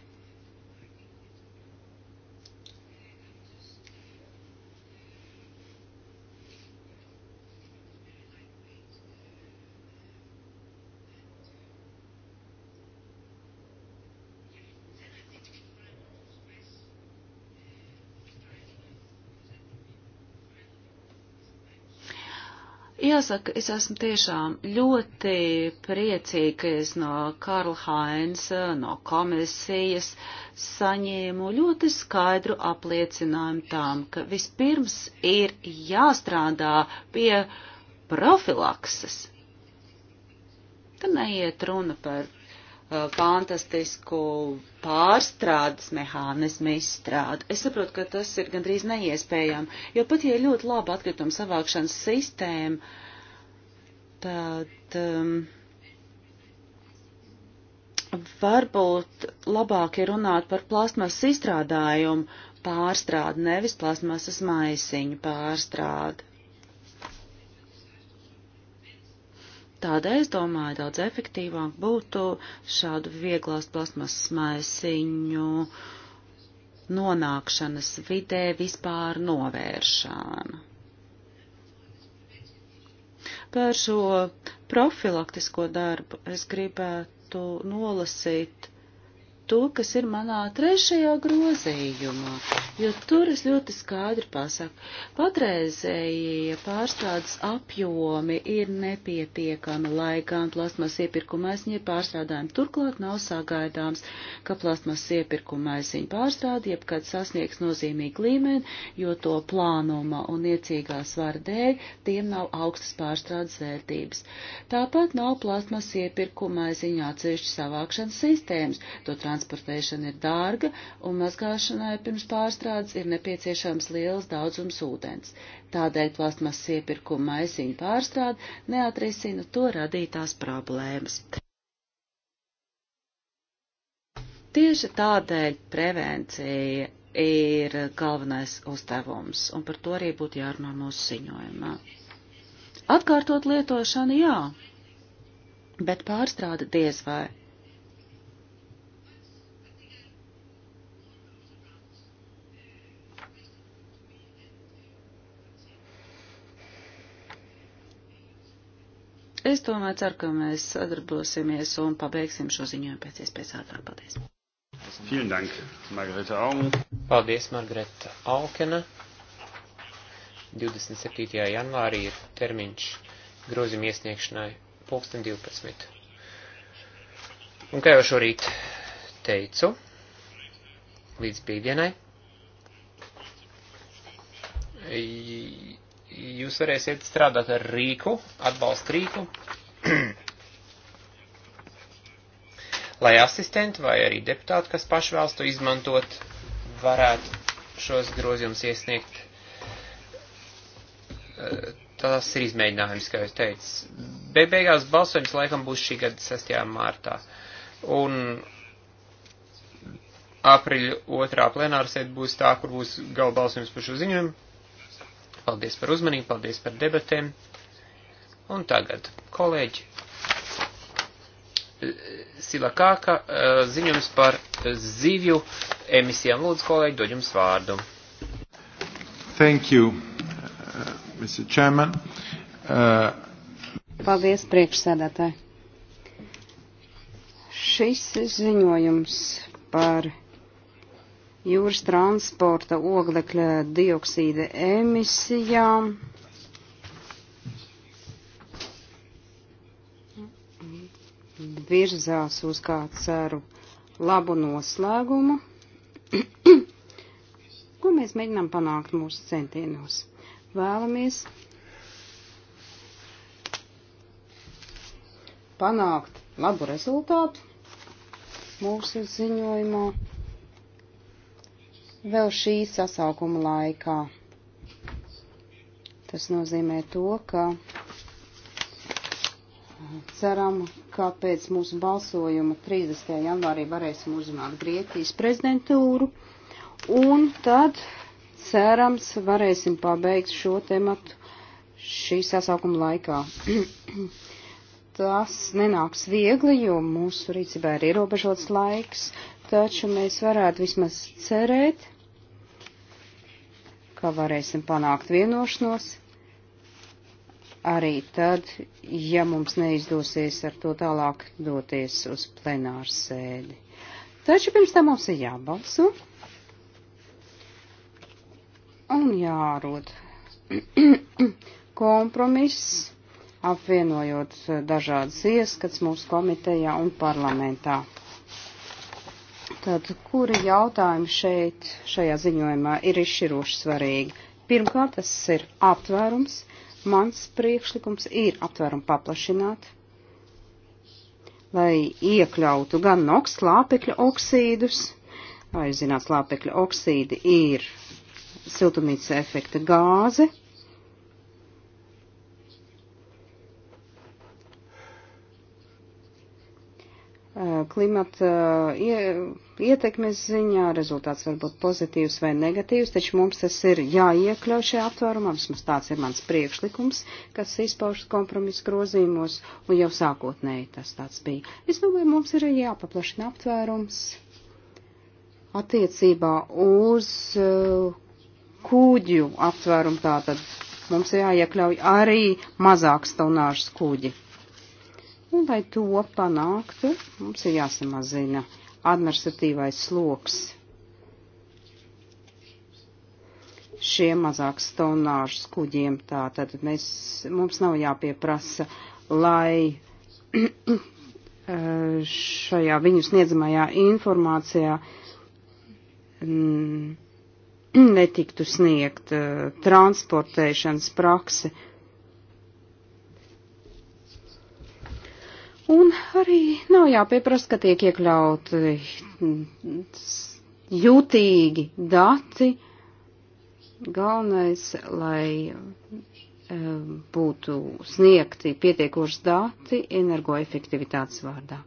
Speaker 2: Jāsaka, es esmu tiešām ļoti priecīgs no Karla Hainsa, no komisijas saņēmu ļoti skaidru apliecinājumu tām, ka vispirms ir jāstrādā pie profilakses. Te neiet runa par Uh, fantastisku pārstrādes mehānismu izstrādi. Es saprotu, ka tas ir gandrīz neiespējami, jo pat ja ir ļoti laba atkrituma savākšanas sistēma, tad um, varbūt labāk ir runāt par plasmasas izstrādājumu pārstrādi, nevis plasmasas maisiņu pārstrādi. Tādēļ es domāju, daudz efektīvāk būtu šādu vieglās plasmas maisiņu nonākšanas vidē vispār novēršana. Par šo profilaktisko darbu es gribētu nolasīt to, kas ir manā trešajā grozījumā, jo tur es ļoti skaidri pasaku, patreizējie pārstrādes apjomi ir nepietiekami, lai gan plasmas iepirkumaisiņi ir pārstrādājumi. Turklāt nav sagaidāms, ka plasmas iepirkumaisiņu pārstrāde jebkad sasniegs nozīmīgu līmeni, jo to plānuma un iecīgā svara dēļ tiem nav augstas pārstrādes vērtības. Tāpat nav plasmas iepirkumaiziņu atsevišķu savākšanas sistēmas, to trans transportēšana ir dārga un mazgāšanai pirms pārstrādes ir nepieciešams liels daudzums ūdens. Tādēļ plastmasas iepirkuma maisiņu pārstrāde neatrisina to radītās problēmas. Tieši tādēļ prevencija ir galvenais uzdevums, un par to arī būtu jārunā mūsu ziņojumā. Atkārtot lietošanu jā, bet pārstrāde diez vai. Es tomēr ceru, ka mēs sadarbosimies un pabeigsim šo ziņojumu pēc iespējas ātrāk. Paldies!
Speaker 1: Vielen Dank, Margareta Augen. Paldies, Margareta Aukena. 27. janvārī ir termiņš grozījuma iesniegšanai pulksten 12. Un kā jau šorīt teicu, līdz brīvdienai jūs varēsiet strādāt ar rīku, atbalstu rīku, lai asistenti vai arī deputāti, kas paši vēlas to izmantot, varētu šos grozījumus iesniegt. Eh, tas ir izmēģinājums, kā jūs teicu. Be beigās balsojums laikam būs šī gada 6. martā. Un aprīļa otrā plenārsēd būs tā, kur būs galbalsojums par šo ziņojumu Paldies par uzmanību, paldies par debatēm. Un tagad, kolēģi, Silakāka eh, ziņojums par zivju emisijām. Lūdzu, kolēģi, dod jums vārdu.
Speaker 3: Thank you, uh,
Speaker 2: Mr. Chairman. Uh...
Speaker 3: Paldies, priekšsēdētāji. Šis ziņojums par jūras transporta oglekļa dioksīda emisijām. Virzās uz kā ceru labu noslēgumu. Ko mēs mēģinām panākt mūsu centienos? Vēlamies panākt labu rezultātu mūsu ziņojumā vēl šī sasaukuma laikā. Tas nozīmē to, ka ceram, ka pēc mūsu balsojuma 30. janvārī varēsim uzrunāt Grieķijas prezidentūru, un tad cerams varēsim pabeigt šo tematu šī sasaukuma laikā. Tas nenāks viegli, jo mūsu rīcībā ir ierobežots laiks, taču mēs varētu vismaz cerēt, ka varēsim panākt vienošanos arī tad, ja mums neizdosies ar to tālāk doties uz plenāru sēdi. Taču pirms tam mums ir jābalso un jārod kompromiss, apvienojot dažādas ieskats mūsu komitejā un parlamentā. Tad, kura jautājuma šeit, šajā ziņojumā, ir izšķiroši svarīgi? Pirmkārt, tas ir aptvērums. Mans priekšlikums ir aptvērumu paplašināt, lai iekļautu gan NOX lāpekļa oksīdus, lai zināt, lāpekļa oksīdi ir siltumnīca efekta gāze, Uh, klimata uh, ietekmes ziņā rezultāts var būt pozitīvs vai negatīvs, taču mums tas ir jāiekļauj šajā aptvērumā, vismaz tāds ir mans priekšlikums, kas izpaužas kompromisu grozījumos, un jau sākotnēji tas tāds bija. Es domāju, mums ir jāpaplašina aptvērums attiecībā uz uh, kūģu aptvērumu, tātad mums jāiekļauj arī mazāks tonāžas kūģi. Un, lai to panāktu, mums ir jāsamazina administratīvais sloks šiem mazāks tonāžas kuģiem. Tātad mēs, mums nav jāpieprasa, lai eh, šajā viņu sniedzamajā informācijā mm, netiktu sniegt eh, transportēšanas praksi Un arī nav jāpieprasa, ka tiek iekļauti jūtīgi dati. Galvenais, lai e, būtu sniegti pietiekoši dati energoefektivitātes vārdā.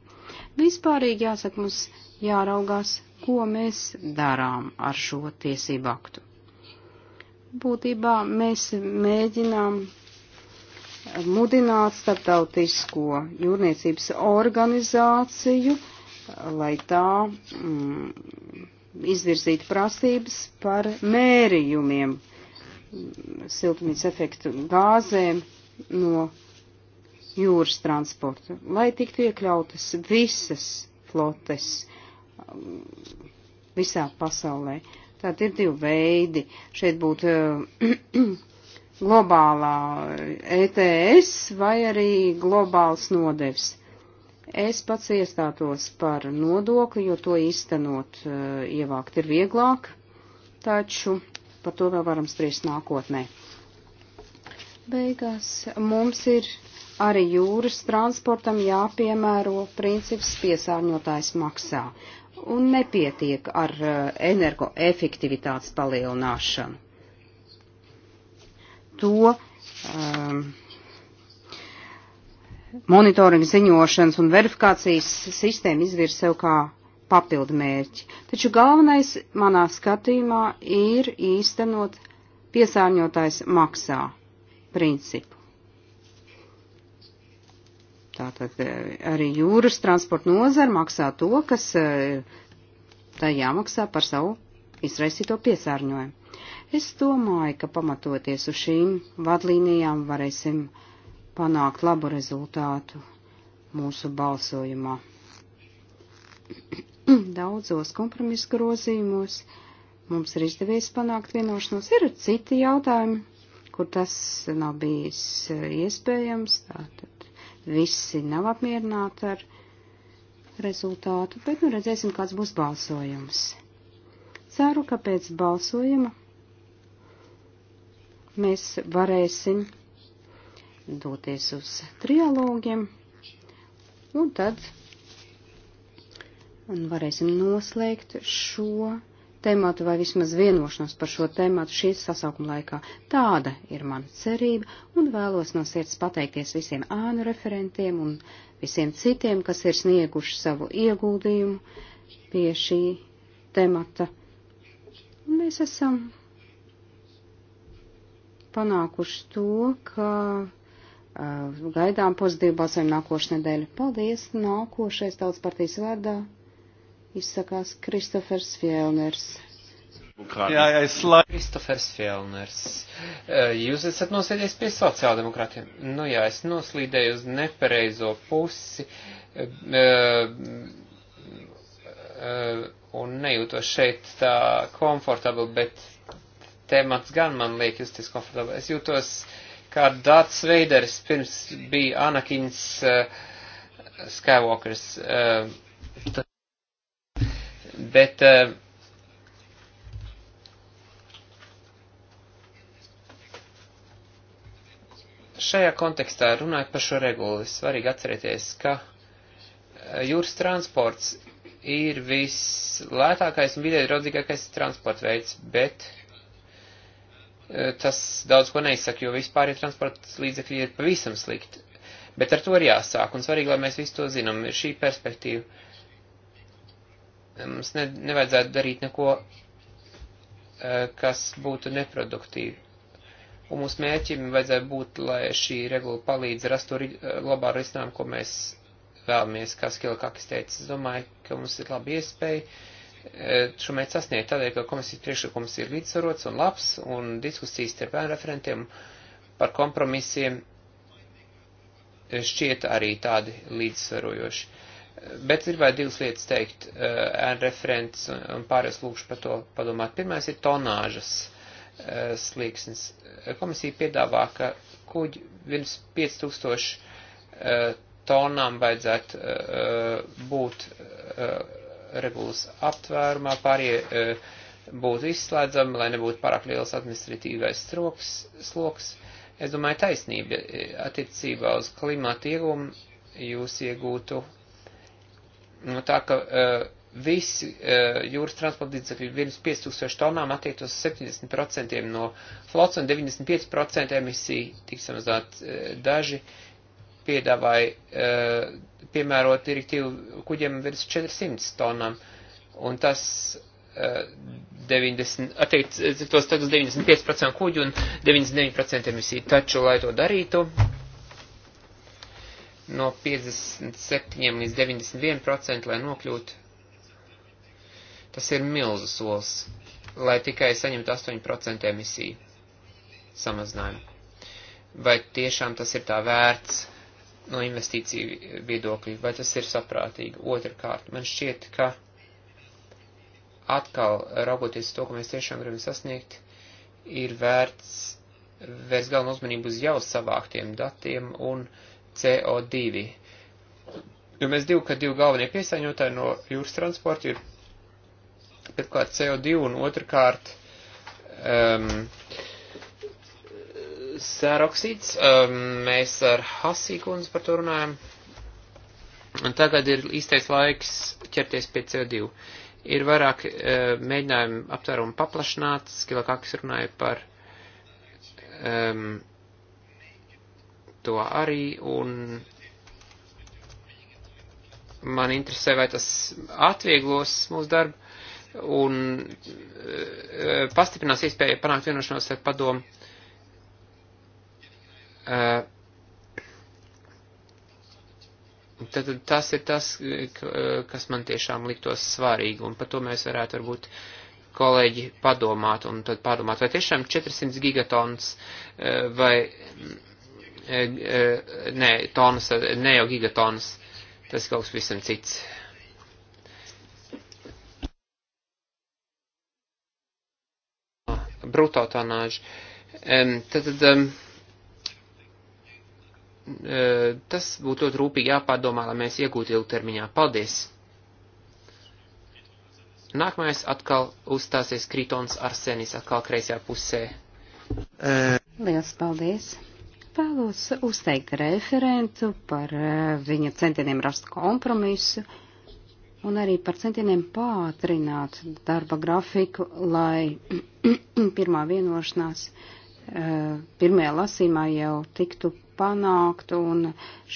Speaker 3: Vispārīgi jāsaka, mums jāraugās, ko mēs darām ar šo tiesību aktu. Būtībā mēs mēģinām mudināt starptautisko jūrniecības organizāciju, lai tā mm, izvirzītu prasības par mērījumiem siltumnīca efektu gāzēm no jūras transporta, lai tiktu iekļautas visas flotes mm, visā pasaulē. Tātad ir divi veidi. Šeit būtu globālā ETS vai arī globāls nodevs. Es pats iestātos par nodokli, jo to īstenot uh, ievākt ir vieglāk, taču par to vēl varam spriest nākotnē. Beigās mums ir arī jūras transportam jāpiemēro princips piesārņotājs maksā un nepietiek ar uh, energoefektivitātes palielināšanu to um, monitoringa ziņošanas un verifikācijas sistēma izvirs sev kā papildu mērķi. Taču galvenais manā skatījumā ir īstenot piesārņotājs maksā principu. Tātad eh, arī jūras transporta nozara maksā to, kas eh, tā jāmaksā par savu izraisīto piesārņojumu. Es domāju, ka pamatoties uz šīm vadlīnijām varēsim panākt labu rezultātu mūsu balsojumā. Daudzos kompromisu grozījumos mums ir izdevies panākt vienošanos. Ir citi jautājumi, kur tas nav bijis iespējams. Tātad visi nav apmierināti ar rezultātu, bet nu redzēsim, kāds būs balsojums. Ceru, ka pēc balsojuma mēs varēsim doties uz trialogiem un tad un varēsim noslēgt šo tematu vai vismaz vienošanos par šo tematu šīs sasaukuma laikā. Tāda ir mana cerība un vēlos no sirds pateikties visiem ānu referentiem un visiem citiem, kas ir snieguši savu ieguldījumu pie šī temata. Un mēs esam panākuši to, ka uh, gaidām pozitīvu balsojumu nākošu nedēļu. Paldies! Nākošais tautas partijas vārdā izsakās Kristofers
Speaker 1: Fjellners. Jā, jā, es laiku. Kristofers Fjellners. Eh, jūs esat nosēdies pie sociāldemokrātiem. Nu jā, es noslīdēju uz nepareizo pusi. Uh, uh, un nejūtos šeit tā komfortabli, bet temats gan man liek justies komfortabli. Es jūtos kā Dārts Veiders, pirms bija Anakins uh, Skywalkers. Uh, bet. Uh, Šajā kontekstā runājot par šo regulu, svarīgi atcerēties, ka jūras transports ir vislētākais un vidē draudzīgākais transporta veids, bet uh, tas daudz ko neizsaka, jo vispār ir transporta līdzekļi ir pavisam slikti. Bet ar to ir jāsāk, un svarīgi, lai mēs visu to zinām, ir šī perspektīva. Mums ne, nevajadzētu darīt neko, eh, kas būtu neproduktīvi. Un mūsu mērķim vajadzētu būt, lai šī regula palīdz rastu eh, labā risinājumu, ko mēs vēlamies, kā Skilakakis teica. Es domāju, ka mums ir laba iespēja Eh, šo mērķi sasniegt tādēļ, ka komisijas priekšlikums ir līdzsvarots un labs, un diskusijas starp referentiem par kompromisiem eh, šķiet arī tādi līdzsvarojoši. Eh, bet gribētu divas lietas teikt, ēn referents un pārējais lūkšu par to padomāt. Pirmais ir tonāžas slīksnis. Komisija piedāvā, ka kuģi virs 5000 tonām vajadzētu būt regulas aptvērumā, pārie e, būtu izslēdzami, lai nebūtu pārāk liels administratīvais stroks, sloks. Es domāju, taisnība e, attiecībā uz klimatu iegūmu jūs iegūtu no nu, tā, ka uh, visi uh, jūras transporta līdzekļi virs 5000 tonām attiektos 70% no flots un 95% emisiju tiks samazināt uh, daži. Uh, piedāvāja eh, piemērot direktīvu kuģiem virs 400 tonām, un tas 90, atteikt, tos tagad 95% kuģu un 99% emisiju. Taču, lai to darītu, no 57 līdz 91%, lai nokļūtu, tas ir milzu solis, lai tikai saņemtu 8% emisiju samazinājumu. Vai tiešām tas ir tā vērts? no investīciju viedokļa, vai tas ir saprātīgi. Otrakārt, man šķiet, ka atkal raugoties to, ko mēs tiešām gribam sasniegt, ir vērts vērst galvenu uzmanību uz jau savāktiem datiem un CO2. Jo mēs divu, ka divi galvenie piesaņotāji no jūras transporta ir pirmkārt CO2 un otrkārt um, uh, sēroksīds. Ehm, mēs ar Hasīkundzi par to runājam. Un tagad ir īstais laiks ķerties pie CO2. Ir vairāk ehm, mēģinājumu aptvērumu paplašināt. Skilakakis runāja par um, to arī. Un man interesē, vai tas atvieglos mūsu darbu un e, e pastiprinās iespēju panākt vienošanos ar padomu Tad tas ir tas, kas man tiešām liktos svarīgi, un par to mēs varētu varbūt kolēģi padomāt, un tad padomāt, vai tiešām 400 gigatons vai, nē, tonas, ne jau gigatons, tas kaut kas visam cits. Brutotonāžu. Tad, tad E, tas būtu ļoti rūpīgi jāpārdomā, lai mēs iegūtu ilgtermiņā. Paldies! Nākamais atkal uzstāsies Kritons Arsenis, atkal kreisajā pusē. E.
Speaker 3: Liels paldies! Vēlos uzteikt referentu par e, viņa centieniem rast kompromisu un arī par centieniem pātrināt darba grafiku, lai pirmā vienošanās uh, Eh, pirmajā lasīmā jau tiktu panākt un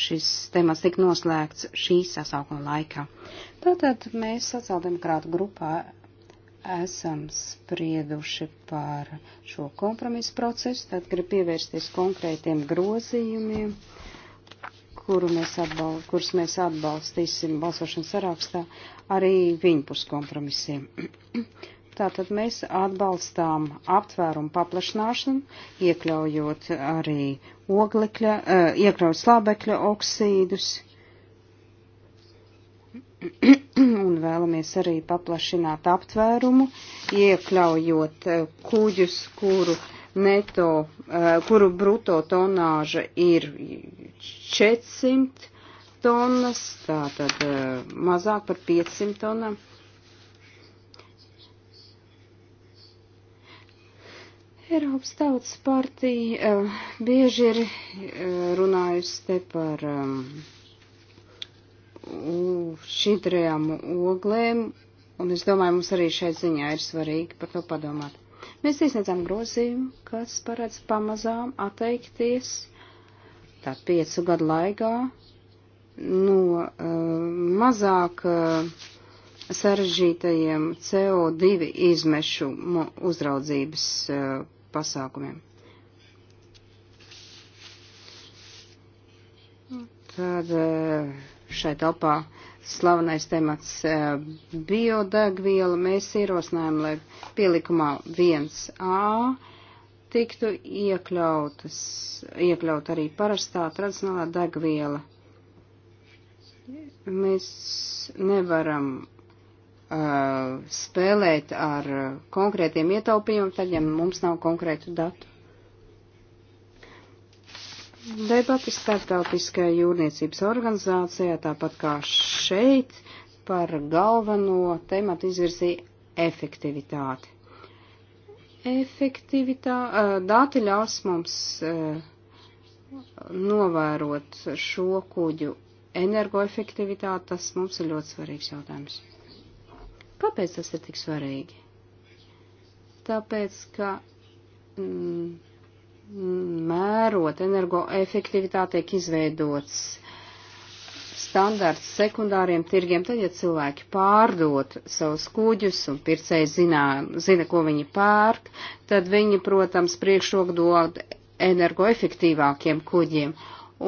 Speaker 3: šis temats tik noslēgts šī sasaukuma laikā. Tātad mēs sociāldemokrātu grupā esam sprieduši par šo kompromisu procesu, tad grib pievērsties konkrētiem grozījumiem, kuru mēs atbal, kurus mēs atbalstīsim balsošanas sarakstā, arī viņpus kompromisiem. Tātad mēs atbalstām aptvērumu paplašināšanu, iekļaujot arī oglekļa, eh, iekļaut slābekļa oksīdus. Un vēlamies arī paplašināt aptvērumu, iekļaujot eh, kuģus, kuru neto, eh, kuru bruto tonāža ir 400 tonnas, tātad mazāk par 500 tonām Eiropas Tautas partija uh, bieži ir uh, runājusi te par um, ehm, šķidrajām oglēm, un es domāju, mums arī šai ziņā ir svarīgi par to padomāt. Mēs iesniedzām grozījumu, kas paredz pamazām atteikties tā piecu gadu laikā no uh, mazāk uh, sarežģītajiem CO2 izmešu uzraudzības uh, pasākumiem. Tad eh, šai telpā slavenais temats eh, biodegviela. Mēs ierosinājām, lai pielikumā 1A tiktu iekļautas, iekļaut arī parastā tradicionālā degviela. Mēs nevaram Uh, spēlēt ar konkrētiem ietaupījumiem, tad, ja mums nav konkrētu datu. Debates starptautiskajā jūrniecības organizācijā, tāpat kā šeit, par galveno tematu izvirzīja efektivitāti. Efektivitā, uh, dati ļaus mums uh, novērot šo kuģu energoefektivitāti, tas mums ir ļoti svarīgs jautājums. Kāpēc tas ir tik svarīgi? Tāpēc, ka mm, mērot energoefektivitāti tiek izveidots standarts sekundāriem tirgiem, tad, ja cilvēki pārdot savus kuģus un pircēji zinā, zina, ko viņi pērk, tad viņi, protams, priekšroku dod energoefektīvākiem kuģiem.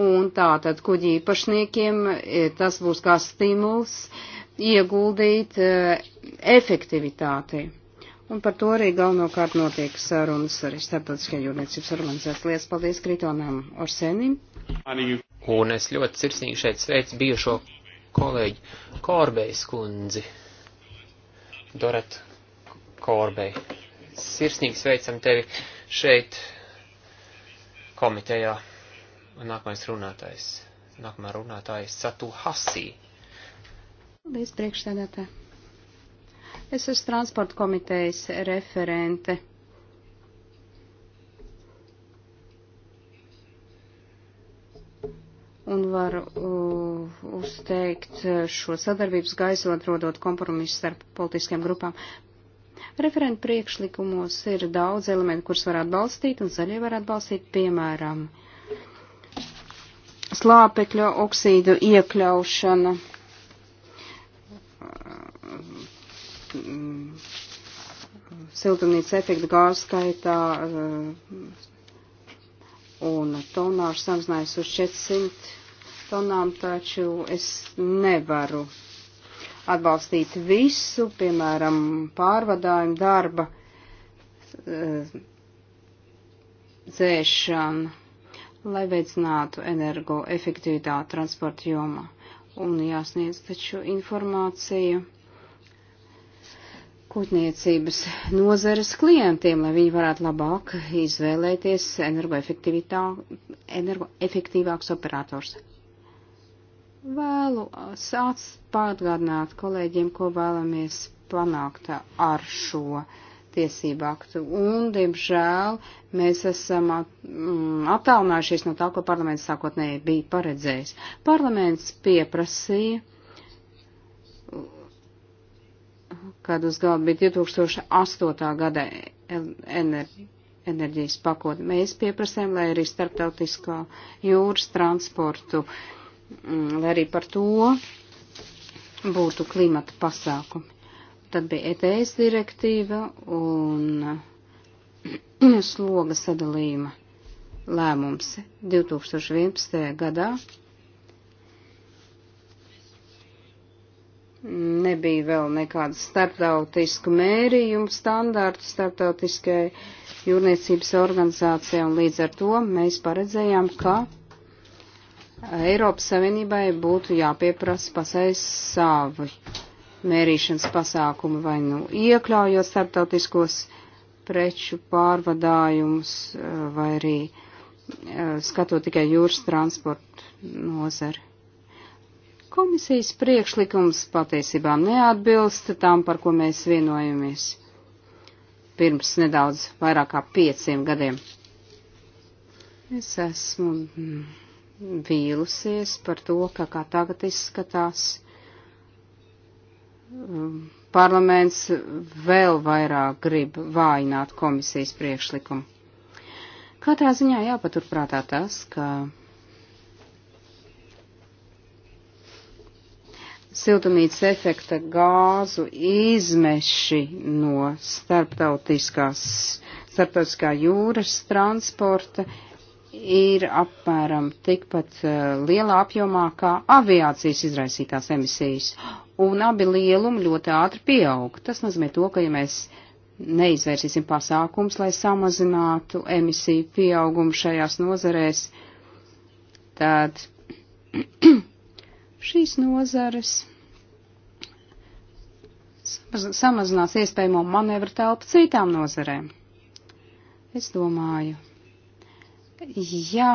Speaker 3: Un tā tad kuģi īpašniekiem eh, tas būs kā stimuls ieguldīt eh, efektivitāti. Un par to arī galvenokārt notiek sarunas arī starptautiskajā jūrniecības organizācijas lietas. Paldies Kritonam Orsenim.
Speaker 1: Un es ļoti sirsnīgi šeit sveicu bijušo kolēģi Korbejas kundzi. Dorat Korbej. Sirsnīgi sveicam tevi šeit komitejā. Un nākamais runātājs. Nākamā runātājs Satu Hasī.
Speaker 3: Paldies, priekšstādātā. Es esmu transporta komitejas referente. Un varu uh, uzteikt šo sadarbības gaisu, atrodot kompromisu starp politiskiem grupām. Referenta priekšlikumos ir daudz elementu, kurus var atbalstīt, un zaļie var atbalstīt, piemēram, slāpekļa oksīdu iekļaušana siltumnīca efekta gāzes skaitā eh, un tonāžu samazinājis uz 400 tonām, taču es nevaru atbalstīt visu, piemēram, pārvadājumu darba eh, dzēšanu, lai veicinātu energoefektivitāti transporta jomā. Un jāsniedz taču informāciju kūtniecības nozares klientiem, lai viņi varētu labāk izvēlēties energoefektīvāks operators. Vēlu sāc pārgādināt kolēģiem, ko vēlamies panākt ar šo tiesību aktu. Un, diemžēl, mēs esam at, mm, attālinājušies no tā, ko parlaments sākotnēji bija paredzējis. Parlaments pieprasīja kad uz galda bija 2008. gada enerģijas pakotne. Mēs pieprasām, lai arī starptautiskā jūras transportu, mm, lai arī par to būtu klimata pasākumi. Tad bija ETS direktīva un sloga sadalījuma lēmums 2011. gadā nebija vēl nekāda starptautisku mērījumu standārtu starptautiskai jūrniecības organizācijai, un līdz ar to mēs paredzējām, ka Eiropas Savienībai būtu jāpieprasa pasai savi mērīšanas pasākumi vai nu iekļaujot starptautiskos preču pārvadājumus eh, vai arī eh, skatot tikai jūras transportu nozari. Komisijas priekšlikums patiesībā neatbilst tam, par ko mēs vienojamies pirms nedaudz vairāk kā pieciem gadiem. Es esmu mm, vīlusies par to, ka kā tagad izskatās mm, parlaments vēl vairāk grib vājināt komisijas priekšlikumu. Katrā ziņā jāpaturprātā tas, ka siltumnīcas efekta gāzu izmeši no starptautiskās, starptautiskā jūras transporta ir apmēram tikpat uh, lielā apjomā kā aviācijas izraisītās emisijas. Un abi lielumi ļoti ātri pieaug. Tas nozīmē to, ka ja mēs neizvērsīsim pasākums, lai samazinātu emisiju pieaugumu šajās nozarēs, tad Šīs nozares samazinās iespējamo manevru telpu citām nozarēm. Es domāju, ja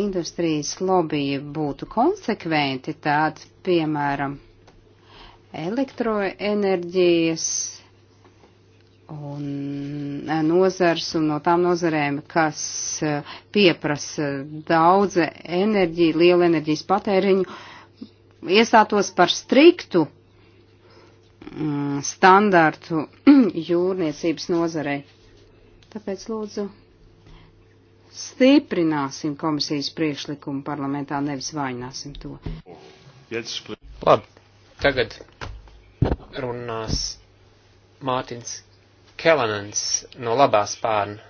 Speaker 3: industrijas lobija būtu konsekventi, tad, piemēram, elektroenerģijas un e, nozars un no tām nozarēm, kas e, pieprasa daudz enerģiju, lielu enerģijas patēriņu, iestātos par striktu mm, standārtu jūrniecības nozarei. Tāpēc lūdzu stiprināsim komisijas priekšlikumu parlamentā, nevis vaināsim to.
Speaker 1: Labi, tagad runās Mārtiņš Kelanans no labās pārna.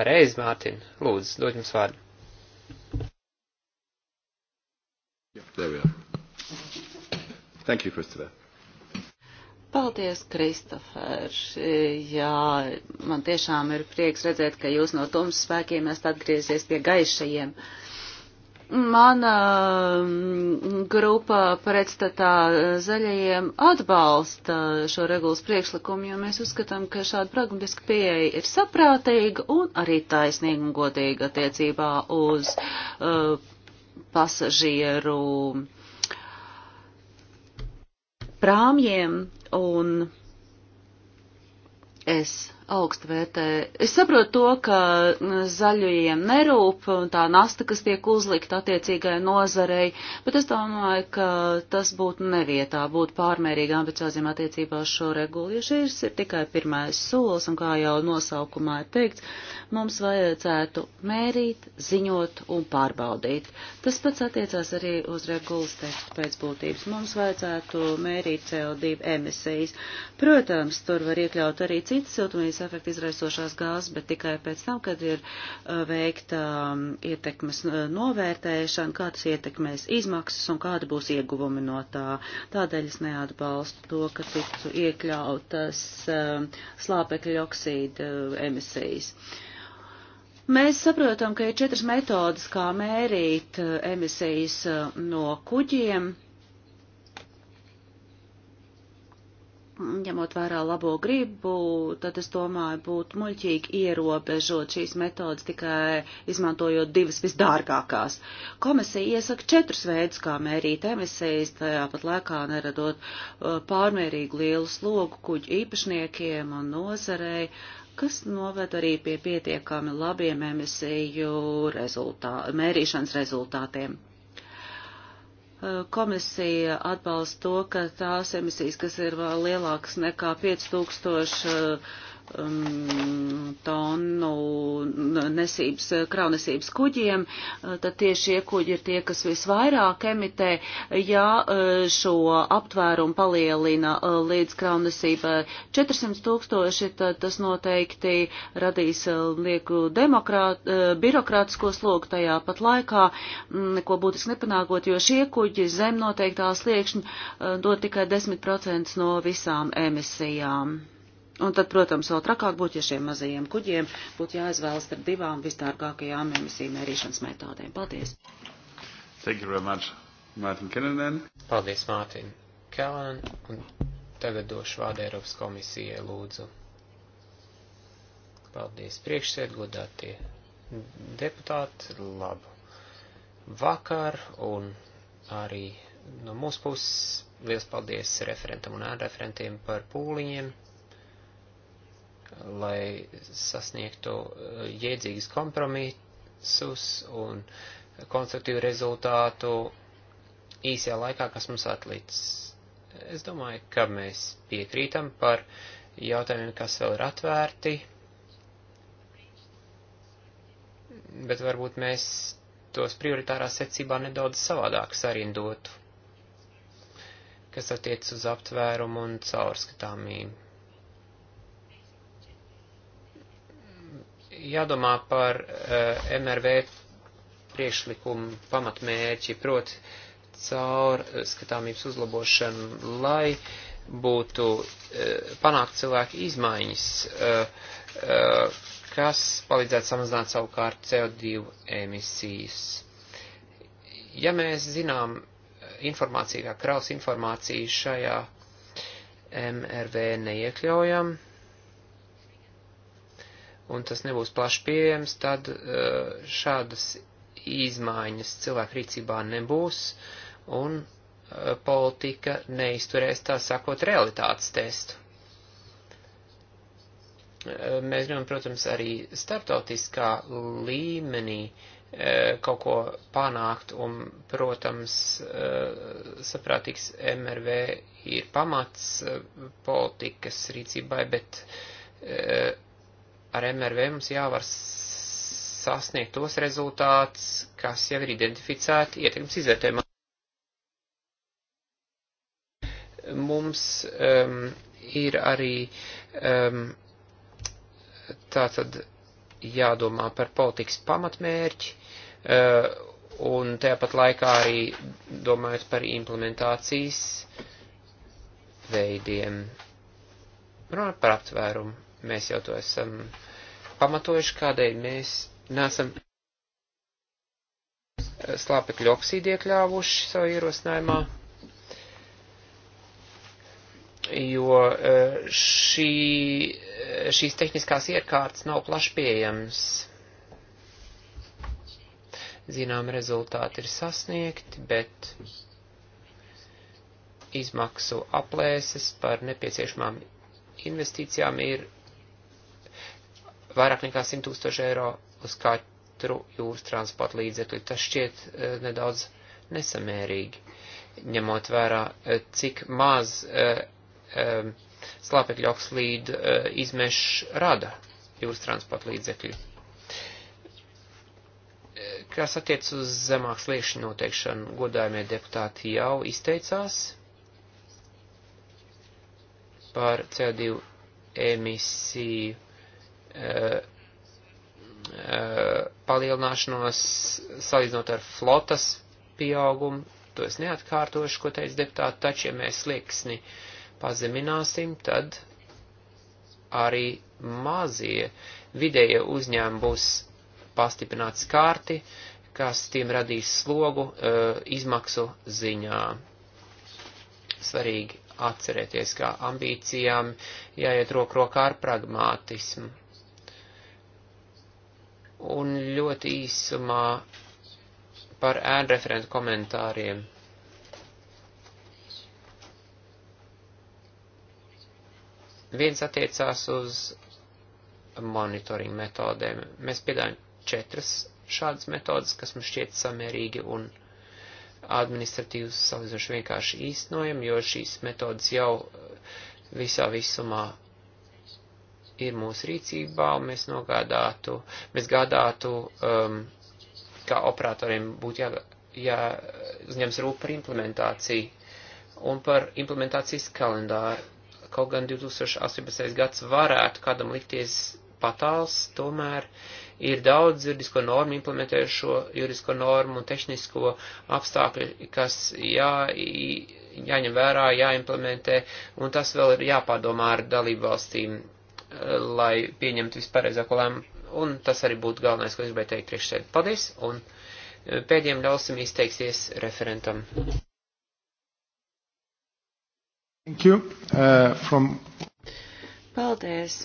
Speaker 1: Pareizi, Mārtiņ, lūdzu, dod jums vārdu. Thank you, Christopher.
Speaker 2: Paldies, Kristofers. Jā, man tiešām ir prieks redzēt, ka jūs no tumsas spēkiem esat atgriezies pie gaišajiem. Uh, Mana mm, grupa pretstatā zaļajiem atbalsta šo regulas priekšlikumu, jo mēs uzskatām, ka šāda pragmatiska pieeja ir saprātīga un arī taisnīga un godīga attiecībā uz uh, pasažieru prāmjiem. Un es augstu vērtē. Es saprotu to, ka zaļajiem nerūp un tā nasta, kas tiek uzlikta attiecīgai nozarei, bet es domāju, ka tas būtu nevietā, būtu pārmērīgi ambicioziem attiecībā uz šo regulu, jo šis ir tikai pirmais solis, un kā jau nosaukumā ir teikts, mums vajadzētu mērīt, ziņot un pārbaudīt. Tas pats attiecās arī uz regulas tekstu pēc būtības. Mums vajadzētu mērīt CO2 emisijas. Protams, tur var iekļaut arī citas siltumīs siltumnīcas efekta izraisošās gāzes, bet tikai pēc tam, kad ir uh, veikta um, ietekmes uh, novērtēšana, kā tas ietekmēs izmaksas un kāda būs ieguvumi no tā. Tādēļ es neatbalstu to, ka tiktu iekļautas um, slāpekļa oksīda uh, emisijas. Mēs saprotam, ka ir četras metodas, kā mērīt emisijas no kuģiem ņemot vērā labo gribu, tad es domāju, būtu muļķīgi ierobežot šīs metodas tikai izmantojot divas visdārgākās. Komisija iesaka četrus veidus, kā mērīt emisijas, tajāpat laikā neradot uh, pārmērīgu lielu slogu kuģu īpašniekiem un nozarei, kas noved arī pie pietiekami labiem emisiju rezultā, mērīšanas rezultātiem. Komisija atbalsta to, ka tās emisijas, kas ir vēl lielākas nekā 5000 um, tonu nesības, kraunesības kuģiem, uh, tad tieši šie kuģi ir tie, kas visvairāk emitē. Ja uh, šo aptvērumu palielina uh, līdz kraunesībai 400 tūkstoši, tad tas noteikti radīs lieku demokrāt, birokrātisko slogu tajā pat laikā, neko mm, būtiski nepanākot, jo šie kuģi zem noteiktā sliekšņa dod tikai 10% no visām emisijām. Un tad, protams, vēl trakāk būtu, ja šiem mazajiem kuģiem būtu jāizvēlas starp divām visdārgākajām emisiju mērīšanas metodēm. Paldies!
Speaker 1: Thank you very much, Mārtiņ Kenenen. Paldies, Mārtiņ Kelanen. Un tagad došu vārdu Eiropas komisijai lūdzu. Paldies, priekšsēd, godātie deputāti. Labu vakar un arī no mūsu puses liels paldies referentam un ārreferentiem par pūliņiem lai sasniegtu eh, jēdzīgas kompromisus un konstruktīvu rezultātu īsajā laikā, kas mums atlicis. Es domāju, ka mēs piekrītam par jautājumiem, kas vēl ir atvērti, bet varbūt mēs tos prioritārā secībā nedaudz savādāk sarindotu, kas attiec uz aptvērumu un caurskatāmību. jādomā par uh, eh, MRV priekšlikumu pamatmērķi, proti caur eh, skatāmības uzlabošanu, lai būtu uh, panākt cilvēku izmaiņas, uh, uh, kas palīdzētu samazināt savukārt CO2 emisijas. Ja mēs zinām informāciju, kā kraus informāciju šajā MRV neiekļaujam, uh, un tas nebūs plaši pieejams, tad eh, šādas izmaiņas cilvēku rīcībā nebūs, un eh, politika neizturēs tā sakot realitātes testu. Eh, mēs gribam, protams, arī starptautiskā līmenī kaut ko panākt, un, protams, saprātīgs MRV ir pamats politikas rīcībai, bet ar MRV mums jāvar sasniegt tos rezultātus, kas jau ir identificēti ietekmes izvērtējumā. Mums um, ir arī um, tātad jādomā par politikas pamatmērķi uh, un tāpat laikā arī domājot par implementācijas veidiem. Runājot par aptvērumu. Mēs jau to esam pamatojuši, kādēļ mēs nesam slāpekļu oksīdu iekļāvuši savā ierosinājumā, jo e, šī, e, šīs tehniskās iekārtas nav plaši pieejamas. Zinām, rezultāti ir sasniegti, bet izmaksu aplēses par nepieciešamām investīcijām ir vairāk nekā 100 tūkstoši eiro uz katru jūras transporta līdzekli. Tas šķiet e, nedaudz nesamērīgi, ņemot vērā, e, cik maz e, e, slāpekļu okslīdu e, izmeš rada jūras transporta līdzekļi. E, kas attiec uz zemāks liekšņu noteikšanu, godājumie deputāti jau izteicās par CO2 emisiju Eh, palielināšanos salīdzinot ar flotas pieaugumu. To es neatkārtošu, ko teica deputāti, taču, ja mēs slieksni pazemināsim, tad arī mazie vidējie uzņēmumi būs pastiprināts kārti, kas tiem radīs slogu uh, izmaksu ziņā. Svarīgi atcerēties, kā ambīcijām jāiet roku rokā ar pragmātismu Un ļoti īsumā par ēnreferentu komentāriem. Viens attiecās uz monitoringu metodēm. Mēs piedāvājam četras šādas metodas, kas mums šķiet samērīgi un administratīvas salīdzinoši vienkārši īstenojam, jo šīs metodas jau visā visumā ir mūsu rīcībā, un mēs nogādātu, mēs gādātu, um, kā operatoriem būtu jā, jāuzņems rūp par implementāciju un par implementācijas kalendāru. Kaut gan 2018. gads varētu kādam likties patāls, tomēr ir daudz juridisko normu, implementējušo juridisko normu un tehnisko apstākļu, kas jā, jāņem vērā, jāimplementē, un tas vēl ir jāpadomā ar dalību valstīm lai pieņemtu vispareizāko lēmumu. Un tas arī būtu galvenais, ko es gribēju teikt priekšsēdē. Paldies! Un e, pēdējiem ļausim izteiksies referentam. Thank you. Uh, from...
Speaker 2: Paldies!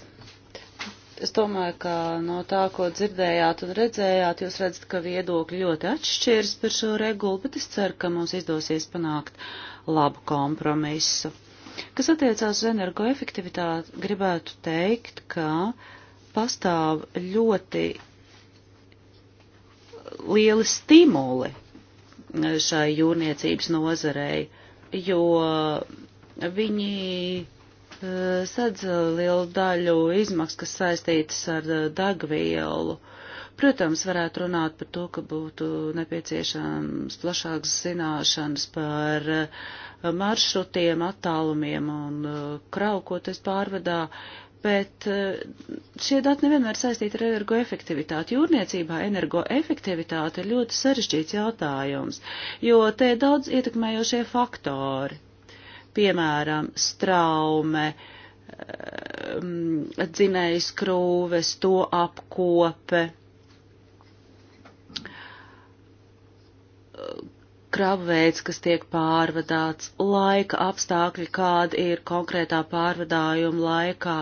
Speaker 2: Es domāju, ka no tā, ko dzirdējāt un redzējāt, jūs redzat, ka viedokļi ļoti atšķiras par šo regulu, bet es ceru, ka mums izdosies panākt labu kompromisu. Kas attiecās uz energoefektivitāti, gribētu teikt, ka pastāv ļoti lieli stimuli šai jūrniecības nozarei, jo viņi eh, sadz lielu daļu izmaksu, kas saistītas ar eh, dagvielu. Uh, Protams, varētu runāt par to, ka būtu nepieciešams plašāks zināšanas par eh, maršrutiem, attālumiem un eh, kravu, ko tas pārvedā, bet eh, šie dati nevienmēr saistīti ar energoefektivitāti. Jūrniecībā energoefektivitāte ir ļoti sarežģīts jautājums, jo te ir daudz ietekmējošie faktori, piemēram, straume, dzinējas krūves, to apkope kravu veids, kas tiek pārvadāts, laika apstākļi, kādi ir konkrētā pārvadājuma laikā.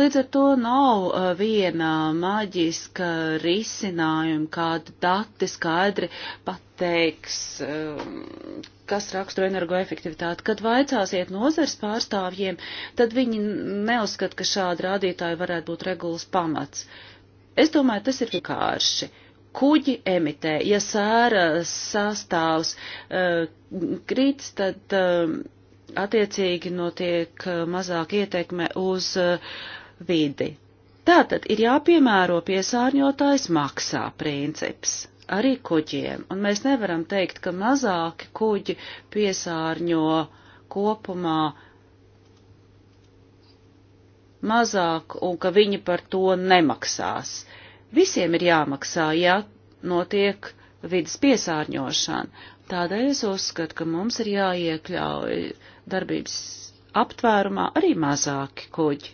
Speaker 2: Līdz ar to nav uh, viena maģiska risinājuma, kāda dati skaidri pateiks, um, kas raksturo energoefektivitāti. Kad vaicāsiet nozars pārstāvjiem, tad viņi neuzskata, ka šādi rādītāji varētu būt regulas pamats. Es domāju, tas ir vienkārši kuģi emitē. Ja sēra sastāvs uh, eh, krīts, tad uh, attiecīgi notiek eh, mazāk ietekme uz uh, vidi. Tātad ir jāpiemēro piesārņotājs maksā princips arī kuģiem, un mēs nevaram teikt, ka mazāki kuģi piesārņo kopumā mazāk un ka viņi par to nemaksās. Uh, Visiem ir jāmaksā, ja notiek vidas piesārņošana. Tādēļ es uzskatu, ka mums ir jāiekļauj darbības aptvērumā arī mazāki kuģi.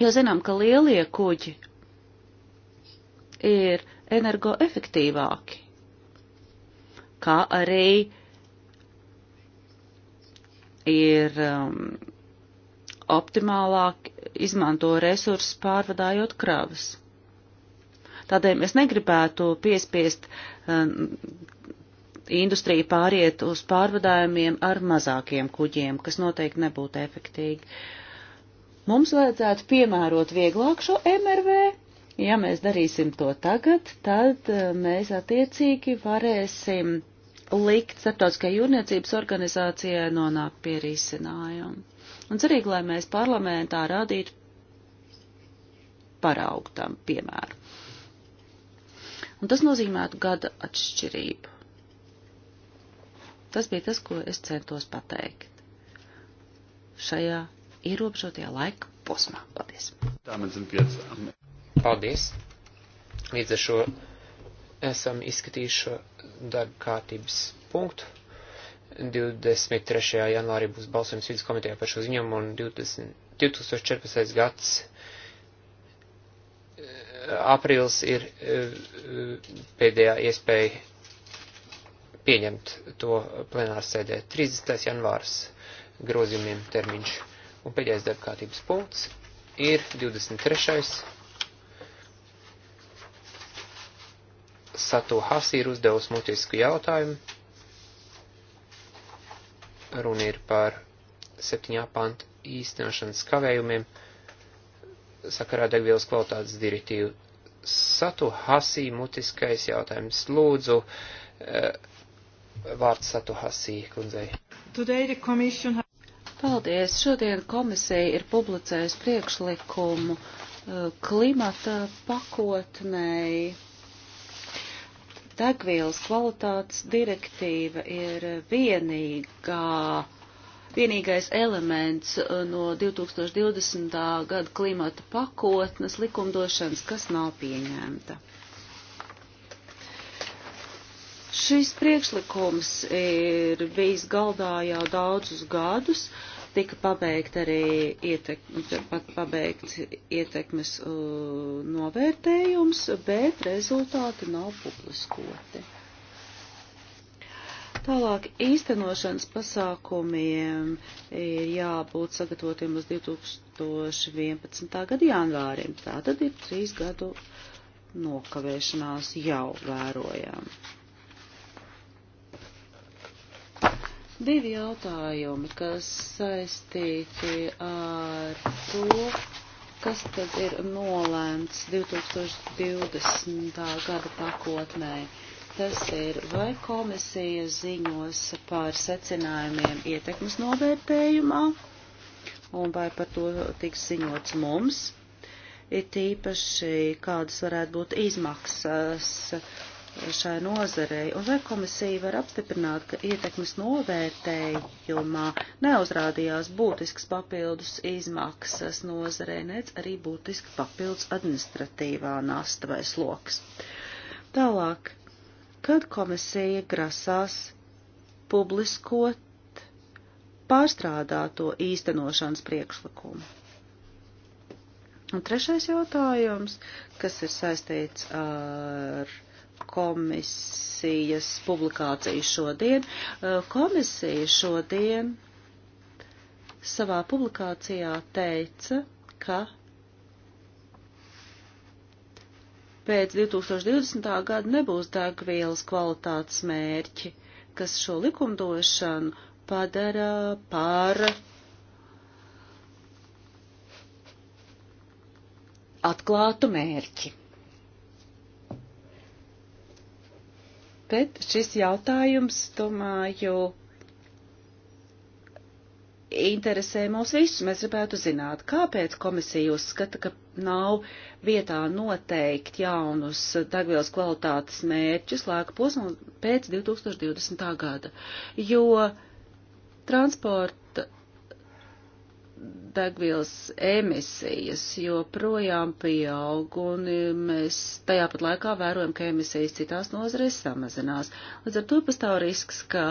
Speaker 2: Jo zinām, ka lielie kuģi ir energoefektīvāki, kā arī ir um, optimālāk izmanto resursus pārvadājot kravas. Tādēļ mēs negribētu piespiest um, industriju pāriet uz pārvadājumiem ar mazākiem kuģiem, kas noteikti nebūtu efektīgi. Mums vajadzētu piemērot vieglāk šo MRV. Ja mēs darīsim to tagad, tad uh, mēs attiecīgi varēsim likt starptautiskajai jūrniecības organizācijai nonākt pie risinājuma un cerīgi, lai mēs parlamentā rādītu paraugtam piemēru. Un tas nozīmētu gada atšķirību. Tas bija tas, ko es centos pateikt šajā ierobežotajā laika posmā. Paldies!
Speaker 1: Paldies! Līdz ar šo esam izskatījuši darba kārtības punktu. 23. janvārī būs balsojums vidas komitejā par šo ziņojumu un 20, 2014. gads eh, aprīls ir eh, pēdējā iespēja pieņemt to plenāru sēdē 30. janvārs grozījumiem termiņš. Un pēdējais darbkārtības punkts ir 23. Satu Hasi ir uzdevusi mutisku jautājumu Runa ir par 7. pantu īstenošanas kavējumiem sakarā degvielas kvalitātes direktīvu. Satu Hasī mutiskais jautājums. Lūdzu, eh, vārds Satu Hasī kundzei.
Speaker 2: Commission... Paldies. Šodien komisija ir publicējusi priekšlikumu eh, klimata pakotnēji Degvielas kvalitātes direktīva ir vienīgā, vienīgais elements uh, no 2020. gada klimata pakotnes likumdošanas, kas nav pieņemta. Šis priekšlikums ir bijis galdā jau daudzus gadus. Uh, Tika pabeigt arī ietek, pabeigt ietekmes uh, novērtējums, bet rezultāti nav publiskoti. Tālāk īstenošanas pasākumiem ir jābūt sagatavotiem uz 2011. gada janvārim. Tā tad ir trīs gadu nokavēšanās jau vērojama. Divi jautājumi, kas saistīti ar to, kas tad ir nolēmts 2020. gada pakotnē. Tas ir, vai komisija ziņos par secinājumiem ietekmes novērtējumā, un vai par to tiks ziņots mums, ir tīpaši, kādas varētu būt izmaksas šai nozarei, un vai komisija var apstiprināt, ka ietekmes novērtējumā neuzrādījās būtisks papildus izmaksas nozarei, nec arī būtiski papildus administratīvā nasta vai sloks. Tālāk, kad komisija grasās publiskot pārstrādāto īstenošanas priekšlikumu? Un trešais jautājums, kas ir saistīts ar komisijas publikāciju šodien. Uh, komisija šodien savā publikācijā teica, ka pēc 2020. gada nebūs degvielas kvalitātes mērķi, kas šo likumdošanu padara par atklātu mērķi. bet šis jautājums, domāju, interesē mūs visus. Mēs gribētu zināt, kāpēc komisija uzskata, ka nav vietā noteikt jaunus degvielas kvalitātes mērķus laika posmā pēc 2020. gada, jo transporta degvielas emisijas joprojām pieaug, un mēs tajā pat laikā vērojam, ka emisijas citās nozarēs samazinās. Līdz ar to pastāv risks, ka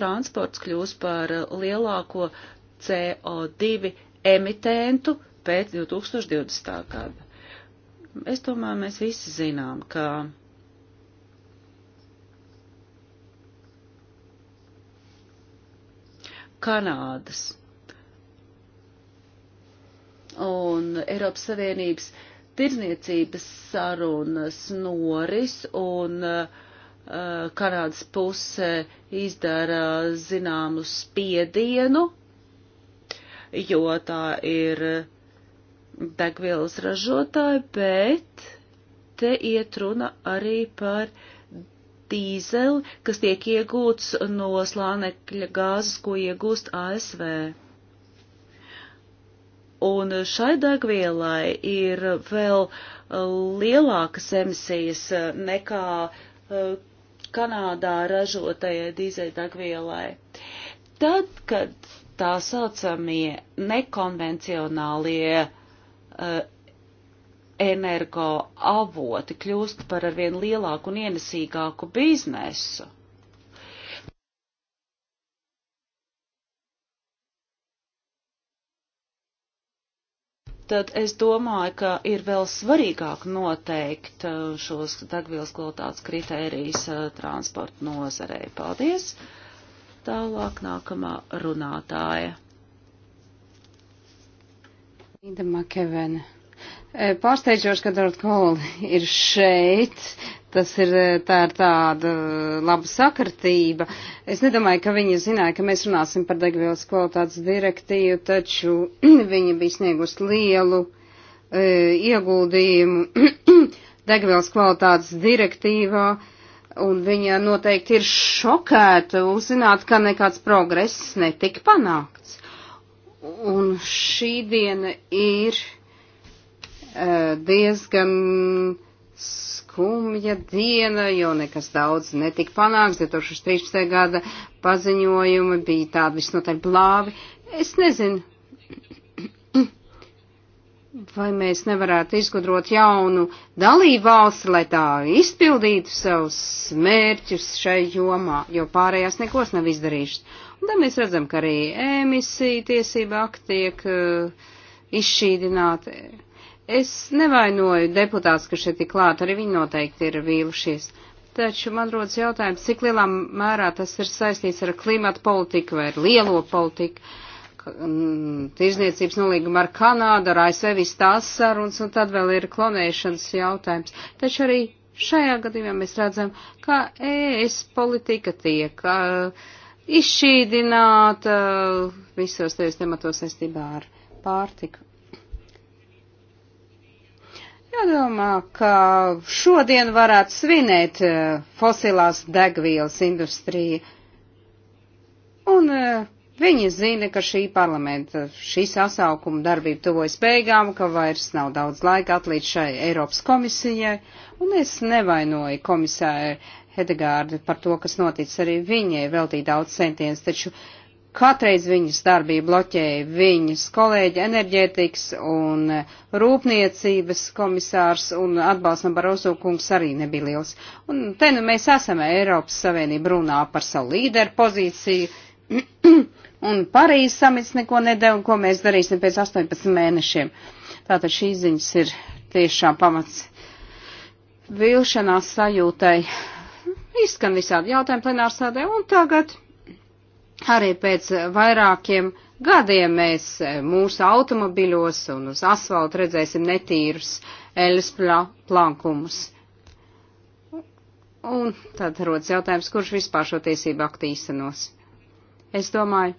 Speaker 2: transports kļūs par lielāko CO2 emitentu pēc 2020. gada. Es domāju, mēs visi zinām, ka Kanādas. Un Eiropas Savienības tirzniecības sarunas noris un uh, Kanādas puse izdara zināmu spiedienu, jo tā ir degvielas ražotāja, bet te iet runa arī par uh, dīzeli, kas tiek iegūts no slānekļa gāzes, ko iegūst ASV. Un šai degvielai ir vēl uh, lielākas emisijas uh, nekā uh, Kanādā ražotajai dīzeļdegvielai. Tad, kad tā saucamie nekonvencionālie uh, energo avoti kļūst par arvien lielāku un ienesīgāku biznesu. Tad es domāju, ka ir vēl svarīgāk noteikt uh, šos degvielas kvalitātes kritērijas uh, transporta nozarei. Paldies! Tālāk nākamā runātāja.
Speaker 3: Linda Makevene. E, Pārsteidžos, ka Dārta Kola ir šeit. Tas ir, e, tā ir tāda e, laba sakartība. Es nedomāju, ka viņa zināja, ka mēs runāsim par degvielas kvalitātes direktīvu, taču viņa bija sniegusi lielu e, ieguldījumu degvielas kvalitātes direktīvā, un viņa noteikti ir šokēta uzzināt, ka nekāds progress netika panākts. Un šī diena ir Eh, diezgan skumja diena, jo nekas daudz netika panāks. 2013. gada paziņojumi bija tādi visnotaļ blāvi. Es nezinu, vai mēs nevarētu izgudrot jaunu dalību valsti, lai tā izpildītu savus mērķus šai jomā, jo pārējās nekos nav izdarījušas. Un tad mēs redzam, ka arī emisija tiesība akti tiek uh, izšķīdināti Es nevainoju deputāts, ka šeit ir klāt, arī viņi noteikti ir vīlušies. Taču man rodas jautājums, cik lielā mērā tas ir saistīts ar klimatu politiku vai ar lielo politiku, mm, tirzniecības nolīgumu ar Kanādu, ar ASV viss tās sarunas, un tad vēl ir klonēšanas jautājums. Taču arī šajā gadījumā mēs redzam, ka ES politika tiek uh, izšķīdināta uh, visos tajos tematos saistībā ar pārtiku Jādomā, ka šodien varētu svinēt eh, fosilās degvielas industriju. Un eh, Viņi zina, ka šī parlamenta, šī sasaukuma darbība tuvojas beigām, ka vairs nav daudz laika atlīdz šai Eiropas komisijai, un es nevainoju komisāru Hedegārdu par to, kas noticis arī viņai, veltīja daudz centienus, taču Katreiz viņas darbību bloķēja viņas kolēģi enerģētikas un rūpniecības komisārs un atbalsts no Barozo kungs arī nebija liels. Un te nu mēs esam Eiropas Savienība runā par savu līderu pozīciju. un Parīzes samits neko nedēļ, un ko mēs darīsim pēc 18 mēnešiem. Tātad šīs ziņas ir tiešām pamats vilšanās sajūtai. Izskan visādi jautājumi plenārsādē, un tagad Arī pēc vairākiem gadiem mēs e, mūsu automobiļos un uz asfaltu redzēsim netīrus eļas plankumus. Un tad rodas jautājums, kurš vispār šo tiesību aktu īstenos. Es domāju,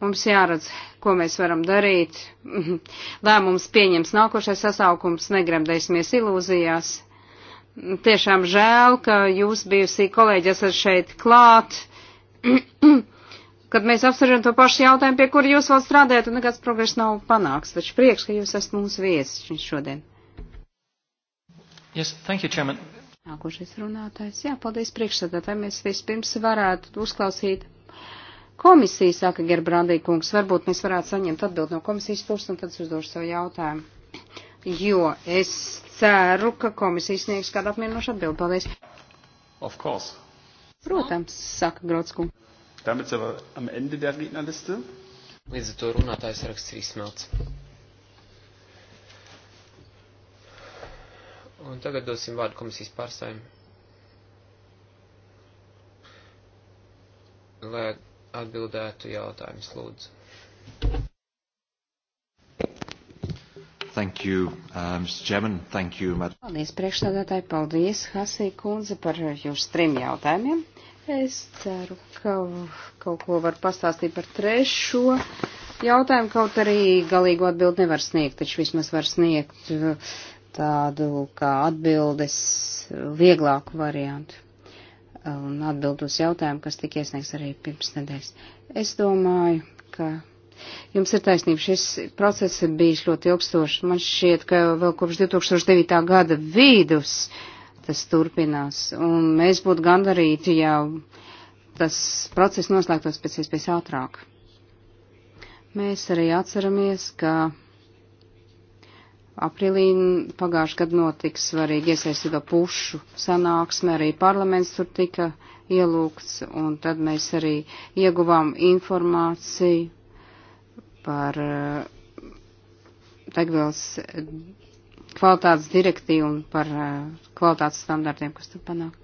Speaker 3: mums jāredz, ko mēs varam darīt. Lēmums pieņems nākošais sasaukums, negremdēsimies ilūzijās. Tiešām žēl, ka jūs bijusī kolēģi esat šeit klāt. kad mēs apsveram to pašu jautājumu, pie kura jūs vēl strādājat, un nekāds progress nav panāks. Taču prieks, ka jūs esat mūsu viesis šodien. Yes, thank you, Chairman. Nākošais runātājs. Jā, paldies priekšsēdētāji. Mēs vispirms varētu uzklausīt komisiju, saka Gerbrandī kungs. Varbūt mēs varētu saņemt atbildi no komisijas puses, un tad es uzdošu savu jautājumu. Jo es ceru, ka komisija sniegs kādu apmierinošu atbildi. Paldies. Of course. Protams, saka Grotskungs.
Speaker 1: Damit sind wir am Ende der Rednerliste. Līdz ar to runātājs raksts ir izsmelts. Un tagad dosim vārdu komisijas pārstāvjiem. Lai atbildētu jautājumus, lūdzu. Thank you, uh, Mr. Chairman. Thank you, Madam.
Speaker 3: Paldies, priekšstādātāji. Paldies, Hasī kundze, par jūsu trim jautājumiem. Es ceru, ka kaut ko var pastāstīt par trešo jautājumu, kaut arī galīgu atbildi nevar sniegt, taču vismaz var sniegt uh, tādu kā atbildes vieglāku variantu. Un atbild uz jautājumu, kas tika iesniegts arī pirms nedēļas. Es domāju, ka Jums ir taisnība, šis process ir bijis ļoti ilgstošs. Man šķiet, ka vēl kopš 2009. gada vidus tas turpinās. Un mēs būtu gandarīti, ja tas process noslēgtos pēc iespējas ātrāk. Mēs arī atceramies, ka aprīlī pagājušajā gadā notiks svarīgi iesaistīto pušu sanāksme, arī parlaments tur tika ielūgts, un tad mēs arī ieguvām informāciju par eh, Degvielas kvalitātes direktīvu un par eh, kvalitātes standartiem, kas tur panāk.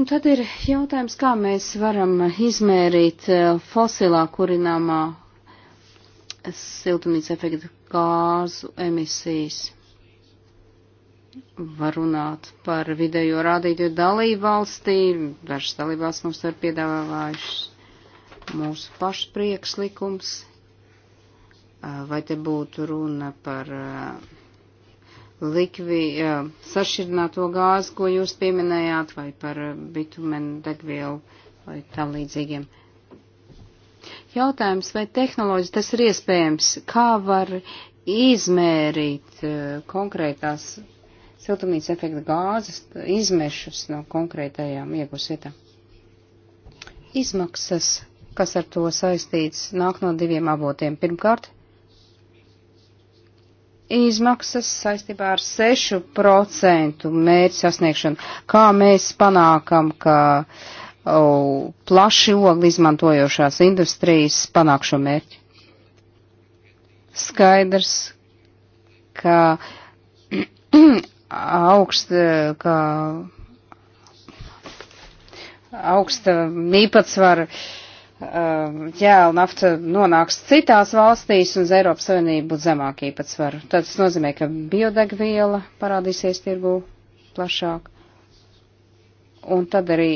Speaker 3: Un tad ir jautājums, kā mēs varam izmērīt eh, fosilā kurināmā siltumnīca efekta gāzu emisijas. Var runāt par vidējo rādītāju dalību valstī. Dažas dalībās mums ir piedāvājušas mūsu pašu priekšlikums, vai te būtu runa par likvi, sašķirināto gāzi, ko jūs pieminējāt, vai par bitumenu degvielu vai tam līdzīgiem. Jautājums, vai tehnoloģiski tas ir iespējams, kā var izmērīt konkrētās siltumnīca efekta gāzes izmešus no konkrētajām iegūs vietām. Izmaksas, kas ar to saistīts, nāk no diviem avotiem. Pirmkārt, izmaksas saistībā ar 6% mērķu sasniegšanu. Kā mēs panākam, ka o, plaši ogli izmantojošās industrijas panāk šo mērķi? Skaidrs, ka augst, ka augsta īpatsvara uh, ķēla um, nafta nonāks citās valstīs un uz Eiropas Savienību būtu zemāk īpatsvaru. Tad tas nozīmē, ka biodegviela parādīsies tirgu plašāk. Un tad arī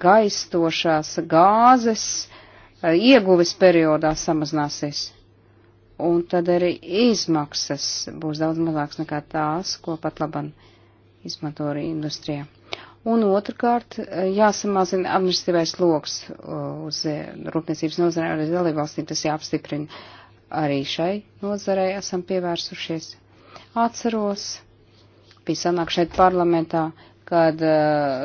Speaker 3: gaistošās gāzes uh, ieguves periodā samazināsies. Un tad arī izmaksas būs daudz mazākas nekā tās, ko pat laban izmanto arī industrijā un otrkārt eh, jāsamazina administratīvais loks eh, uz eh, rūpniecības nozarē un dalībvalstīm, tas jāapstiprina. Arī šai nozarei esam pievērsušies. Atceros, bija sanāk šeit parlamentā, kad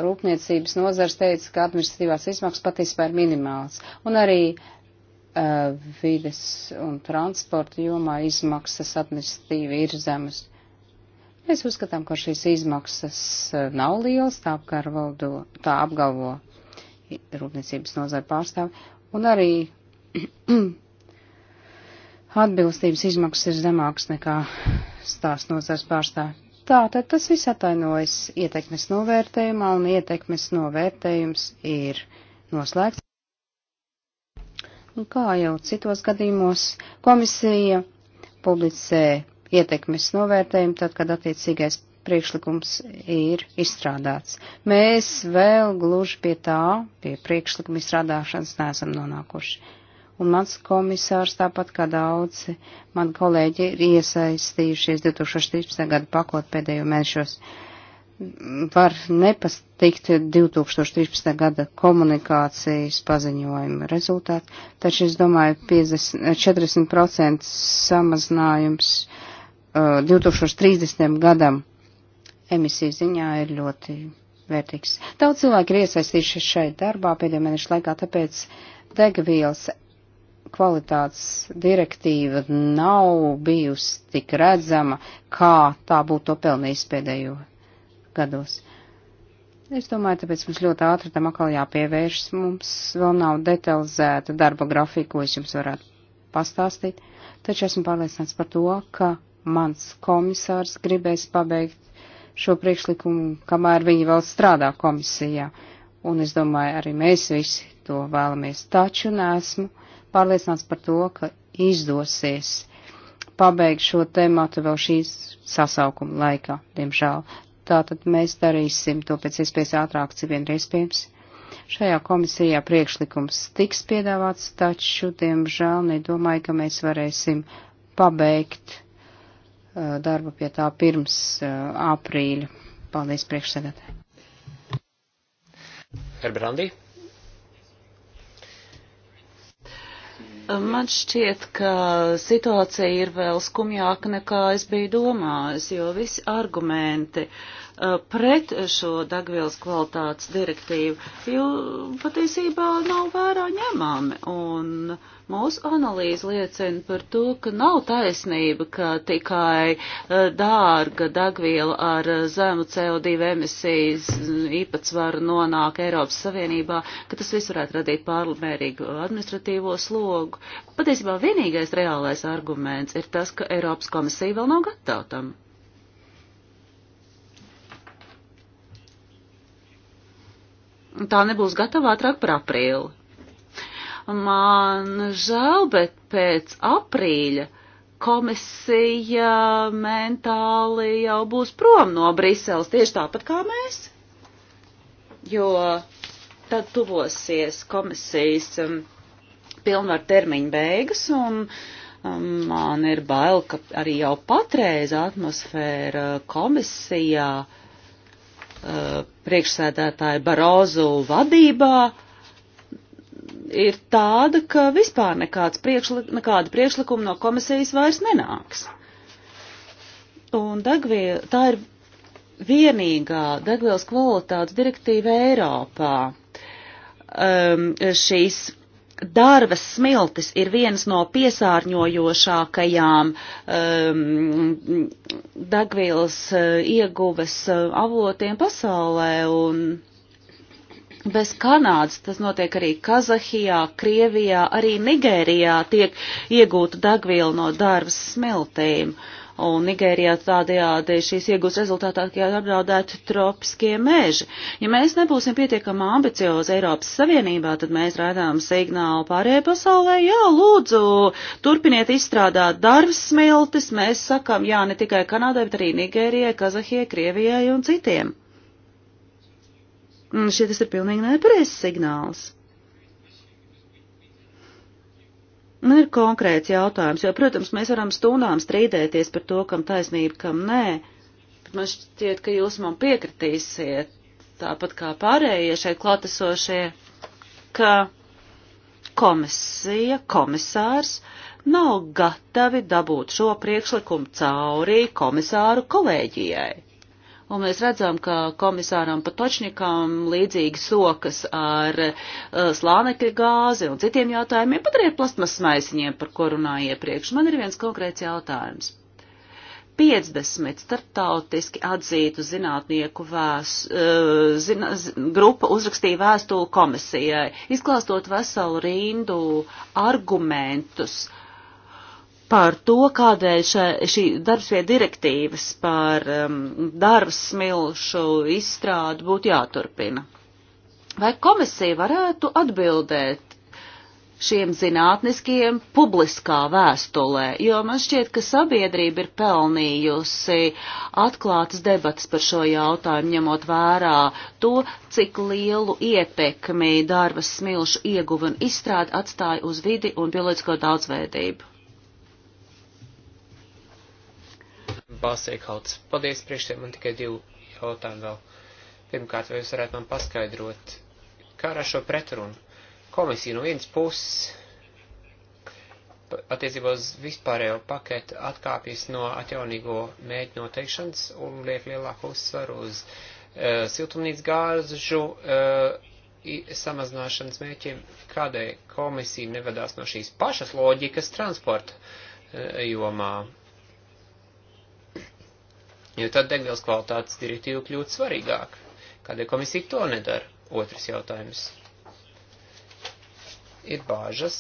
Speaker 3: rūpniecības nozars teica, ka administratīvās izmaksas patiesībā ir minimāls. Un arī uh, vides un transporta jomā izmaksas administratīvi ir zemes Mēs uzskatām, ka šīs izmaksas eh, nav lielas, tā, apgalvo, tā apgalvo rūpniecības nozara pārstāvi, un arī atbilstības izmaksas ir zemākas nekā stāsts nozars pārstāvi. Tātad tas viss atainojas ietekmes novērtējumā, un ietekmes novērtējums ir noslēgts. Un kā jau citos gadījumos, komisija publicē ietekmes novērtējumu, tad, kad attiecīgais priekšlikums ir izstrādāts. Mēs vēl gluži pie tā, pie priekšlikuma izstrādāšanas neesam nonākuši. Un mans komisārs, tāpat kā daudzi mani kolēģi, ir iesaistījušies 2013. gada pakot pēdējo mēnešos. Var nepastikt 2013. gada komunikācijas paziņojuma rezultātu, taču es domāju, 50, 40% samazinājums uh, 2030. Uh, gadam emisiju ziņā ir ļoti vērtīgs. Daudz cilvēku ir iesaistījušies šeit darbā pēdējo mēnešu laikā, tāpēc degvielas kvalitātes direktīva nav bijusi tik redzama, kā tā būtu to pelnījis pēdējo gados. Es domāju, tāpēc mums ļoti ātri tam atkal jāpievēršas. Mums vēl nav detalizēta darba grafika, ko es jums varētu pastāstīt, taču esmu pārliecināts par to, ka mans komisārs gribēs pabeigt šo priekšlikumu, kamēr viņi vēl strādā komisijā. Un es domāju, arī mēs visi to vēlamies. Taču nesmu pārliecināts par to, ka izdosies pabeigt šo tēmātu vēl šīs sasaukuma laikā, diemžēl. Tātad mēs darīsim to pēc iespējas ātrāk, cik vien iespējams. Šajā komisijā priekšlikums tiks piedāvāts, taču, diemžēl, nedomāju, ka mēs varēsim pabeigt Eh, darbu pie tā pirms eh, aprīļa. Paldies priekšsēdētāji.
Speaker 1: Herbrandī.
Speaker 2: Man šķiet, ka situācija ir vēl skumjāka nekā es biju domājis, jo visi argumenti eh, pret šo degvielas kvalitātes direktīvu jau patiesībā nav vērā ņemami. Un, uh, Mūsu analīze liecina par to, ka nav taisnība, ka tikai e, dārga degviela ar e, zemu CO2 emisijas īpatsvaru nonāk Eiropas Savienībā, ka tas viss varētu radīt pārmērīgu administratīvo slogu. Patiesībā vienīgais reālais arguments ir tas, ka Eiropas komisija vēl nav gatava tam. Tā nebūs gatava ātrāk par aprīli. Man žēl, bet pēc aprīļa komisija mentāli jau būs prom no Briseles, tieši tāpat kā mēs. Jo tad tuvosies komisijas um, pilnvaru termiņu beigas un um, man ir bail, ka arī jau patreiz atmosfēra komisijā uh, priekšsēdētāja Barozu vadībā ir tāda, ka vispār nekāds priekšlik, nekāda priekšlikuma no komisijas vairs nenāks. Un degviel, tā ir vienīgā degvielas kvalitātes direktīva Eiropā. Um, šīs Darvas smiltis ir viens no piesārņojošākajām um, degvielas uh, ieguves uh, avotiem pasaulē, un Bez Kanādas tas notiek arī Kazahijā, Krievijā, arī Nigērijā tiek iegūta degviela no darbas smeltīm. Un Nigērijā tādējādi šīs iegūtas rezultātā tiek apdraudēti tropiskie meži. Ja mēs nebūsim pietiekami ambiciozi Eiropas Savienībā, tad mēs raidām signālu pārējai pasaulē, jā, lūdzu, turpiniet izstrādāt darbas smiltis, mēs sakam jā ne tikai Kanādai, bet arī Nigērijai, Kazahijai, Krievijai un citiem. Mm, šie tas ir pilnīgi nepareizs signāls. Nu, ir konkrēts jautājums, jo, protams, mēs varam stundām strīdēties par to, kam taisnība, kam nē, bet man šķiet, ka jūs man piekritīsiet, tāpat kā pārējie šeit klātesošie, ka komisija, komisārs nav gatavi dabūt šo priekšlikumu caurī komisāru kolēģijai. Un mēs redzam, ka komisāram Patočnikam līdzīgi sokas ar uh, slānekļa gāzi un citiem jautājumiem, pat arī ar plasmas maisiņiem, par ko runāju iepriekš. Man ir viens konkrēts jautājums. 50 starptautiski atzītu zinātnieku vēs, uh, zina, grupa uzrakstīja vēstuli komisijai, izklāstot veselu rindu argumentus, uh, par to, kādēļ šā, šī darbsvieta direktīvas par um, darbs smilšu izstrādu būtu jāturpina. Vai komisija varētu atbildēt šiem zinātniskiem publiskā vēstulē, jo man šķiet, ka sabiedrība ir pelnījusi atklātas debatas par šo jautājumu, ņemot vērā to, cik lielu ietekmi darbas smilšu ieguva un izstrāde atstāja uz vidi un bioloģisko daudzveidību.
Speaker 1: Balsēkauts. Paldies, priekšsēm, man tikai divi jautājumi vēl. Pirmkārt, vai jūs varētu man paskaidrot, kā ar šo pretrunu? Komisija no vienas puses attiecībā uz vispārējo paketu atkāpjas no atjaunīgo mēģi noteikšanas un liek lielāku uzsvaru uz uh, siltumnīcas gāžu uh, samazināšanas mēķiem, kādēļ komisija nevadās no šīs pašas loģikas transporta uh, jomā. Uh, jo tad degvielas kvalitātes direktīva kļūtu svarīgāk. Kādēļ komisija to nedara? Otrs jautājums. Ir bāžas,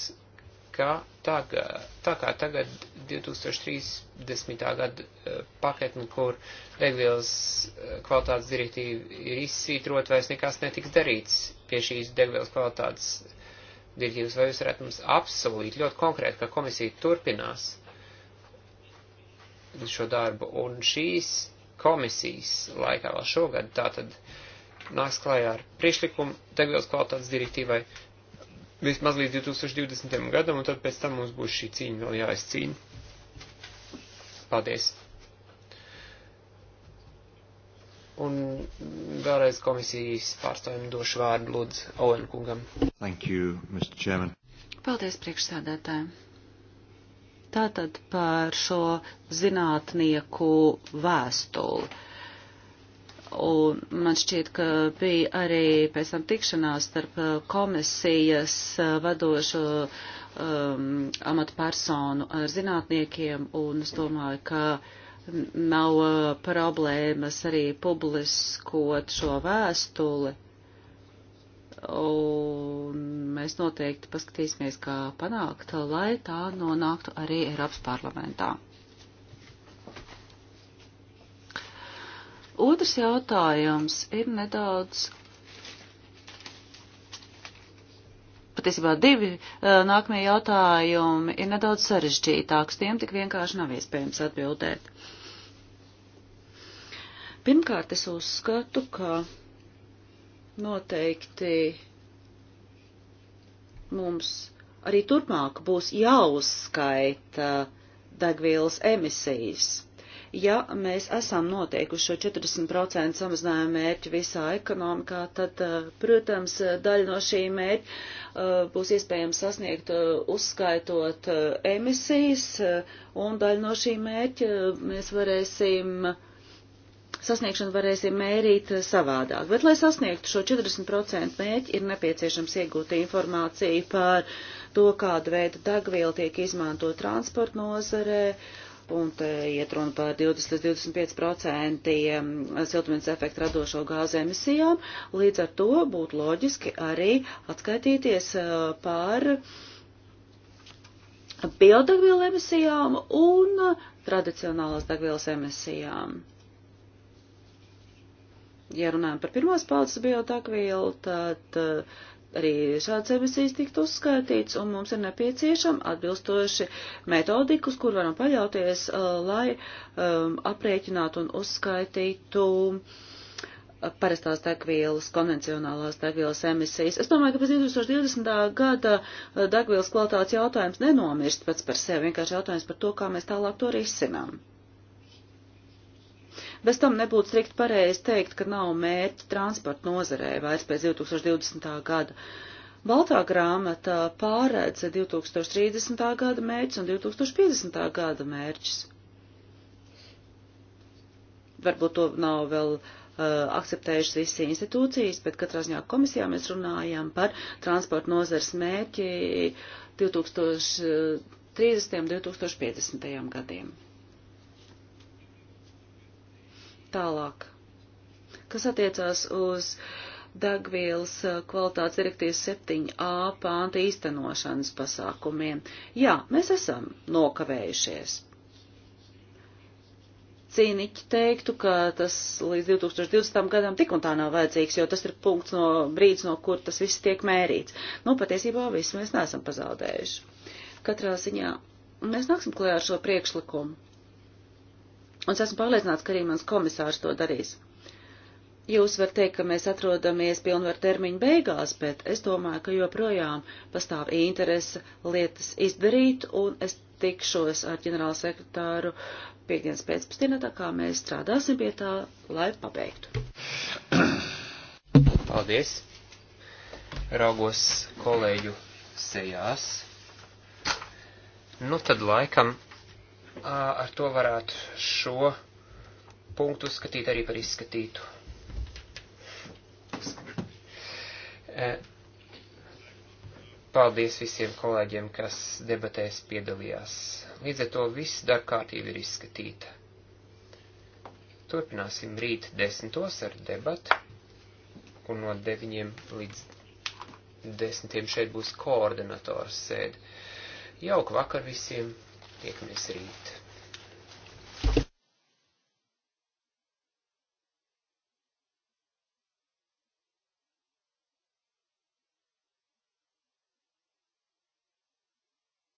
Speaker 1: ka tagad, tā kā tagad 2030. gada e, paketni, kur degvielas e, kvalitātes direktīva ir izsvītrot, vairs nekas netiks darīts pie šīs degvielas kvalitātes direktīvas, vai jūs varētu mums apsolīt ļoti konkrēti, ka komisija turpinās šo darbu. Un šīs komisijas laikā vēl šogad tātad nāks klājā ar priekšlikumu degvielas kvalitātes direktīvai vismaz līdz 2020. gadam, un tad pēc tam mums būs šī cīņa vēl jāizcīņa. Paldies! Un vēlreiz komisijas pārstāvjiem došu vārdu Lūdzu Owen kungam. Thank you, Mr. Chairman.
Speaker 2: Paldies priekšsādātājiem. Tātad par šo zinātnieku vēstuli. Un man šķiet, ka bija arī pēc tam tikšanās starp uh, komisijas uh, vadošo um, amatpersonu ar zinātniekiem, un es domāju, ka nav uh, problēmas arī publiskot šo vēstuli Un mēs noteikti paskatīsimies, kā panākt, lai tā nonāktu arī Eiropas parlamentā. Otrs jautājums ir nedaudz. Patiesībā divi eh, nākamie jautājumi ir nedaudz sarežģītāks, tiem tik vienkārši nav iespējams atbildēt. Pirmkārt, es uzskatu, ka Noteikti mums arī turpmāk būs jāuzskaita degvielas emisijas. Ja mēs esam noteikuši šo 40% samazinājumu mērķi visā ekonomikā, tad, eh, protams, eh, daļa no šī mērķa eh, būs iespējams sasniegt uzskaitot emisijas, un daļa no šī mērķa mēs varēsim uh, sasniegšanu varēsim mērīt eh, savādāk. Bet, lai sasniegtu šo 40% mērķi, ir nepieciešams iegūt informāciju par to, kāda veida degviela tiek izmanto transporta nozarē, un te iet runa par 20-25% siltumnīca efektu radošo gāzu emisijām. Līdz ar to būtu loģiski arī atskaitīties eh, par biodegvielu emisijām un eh, tradicionālās degvielas emisijām. Ja runājam par pirmās paudzes biotakvīlu, tad uh, arī šāds emisijas tiktu uzskaitīts, un mums ir nepieciešama atbilstoši metodikas, kur varam paļauties, eh, lai um, aprēķinātu un uzskaitītu eh, parastās degvielas, konvencionālās degvielas emisijas. Es domāju, ka pēc 2020. gada degvielas kvalitātes jautājums nenomirst pats par sevi, vienkārši jautājums par to, kā mēs tālāk to risinām. Bez tam nebūtu strikt pareizi teikt, ka nav mērķi transporta nozarē vairs pēc 2020. gada. Baltā grāmata pārēdz 2030. gada mērķis un 2050. gada mērķis. Varbūt to nav vēl uh, akceptējušas visas institūcijas, bet katrā ziņā komisijā mēs runājam par transporta nozars mērķi 2030. un 2050. gadiem. Tālāk, kas attiecās uz degvielas eh, kvalitātes direktīvas 7a pānta īstenošanas pasākumiem. Jā, mēs esam nokavējušies. Cīniķi teiktu, ka tas līdz 2020. gadam tik un tā nav vajadzīgs, jo tas ir punkts no brīdis, no kur tas viss tiek mērīts. Nu, patiesībā visu mēs neesam pazaudējuši. Katrā ziņā mēs nāksim klajā ar šo priekšlikumu. Un es esmu pārliecināts, ka arī mans komisārs to darīs. Jūs varat teikt, ka mēs atrodamies pilnvaru termiņu beigās, bet es domāju, ka joprojām pastāv interese lietas izdarīt, un es tikšos ar ģenerālu sekretāru piekdienas pēcpusdienā, tā kā mēs strādāsim pie tā, lai pabeigtu.
Speaker 1: Paldies! Raugos kolēģu sejās. Nu tad laikam Ar to varētu šo punktu skatīt arī par izskatītu. Paldies visiem kolēģiem, kas debatēs piedalījās. Līdz ar to viss darbkārtība ir izskatīta. Turpināsim rīt desmitos ar debatu, un no deviņiem līdz desmitiem šeit būs koordinators sēde. Jauka vakar visiem! tiekamies rīt.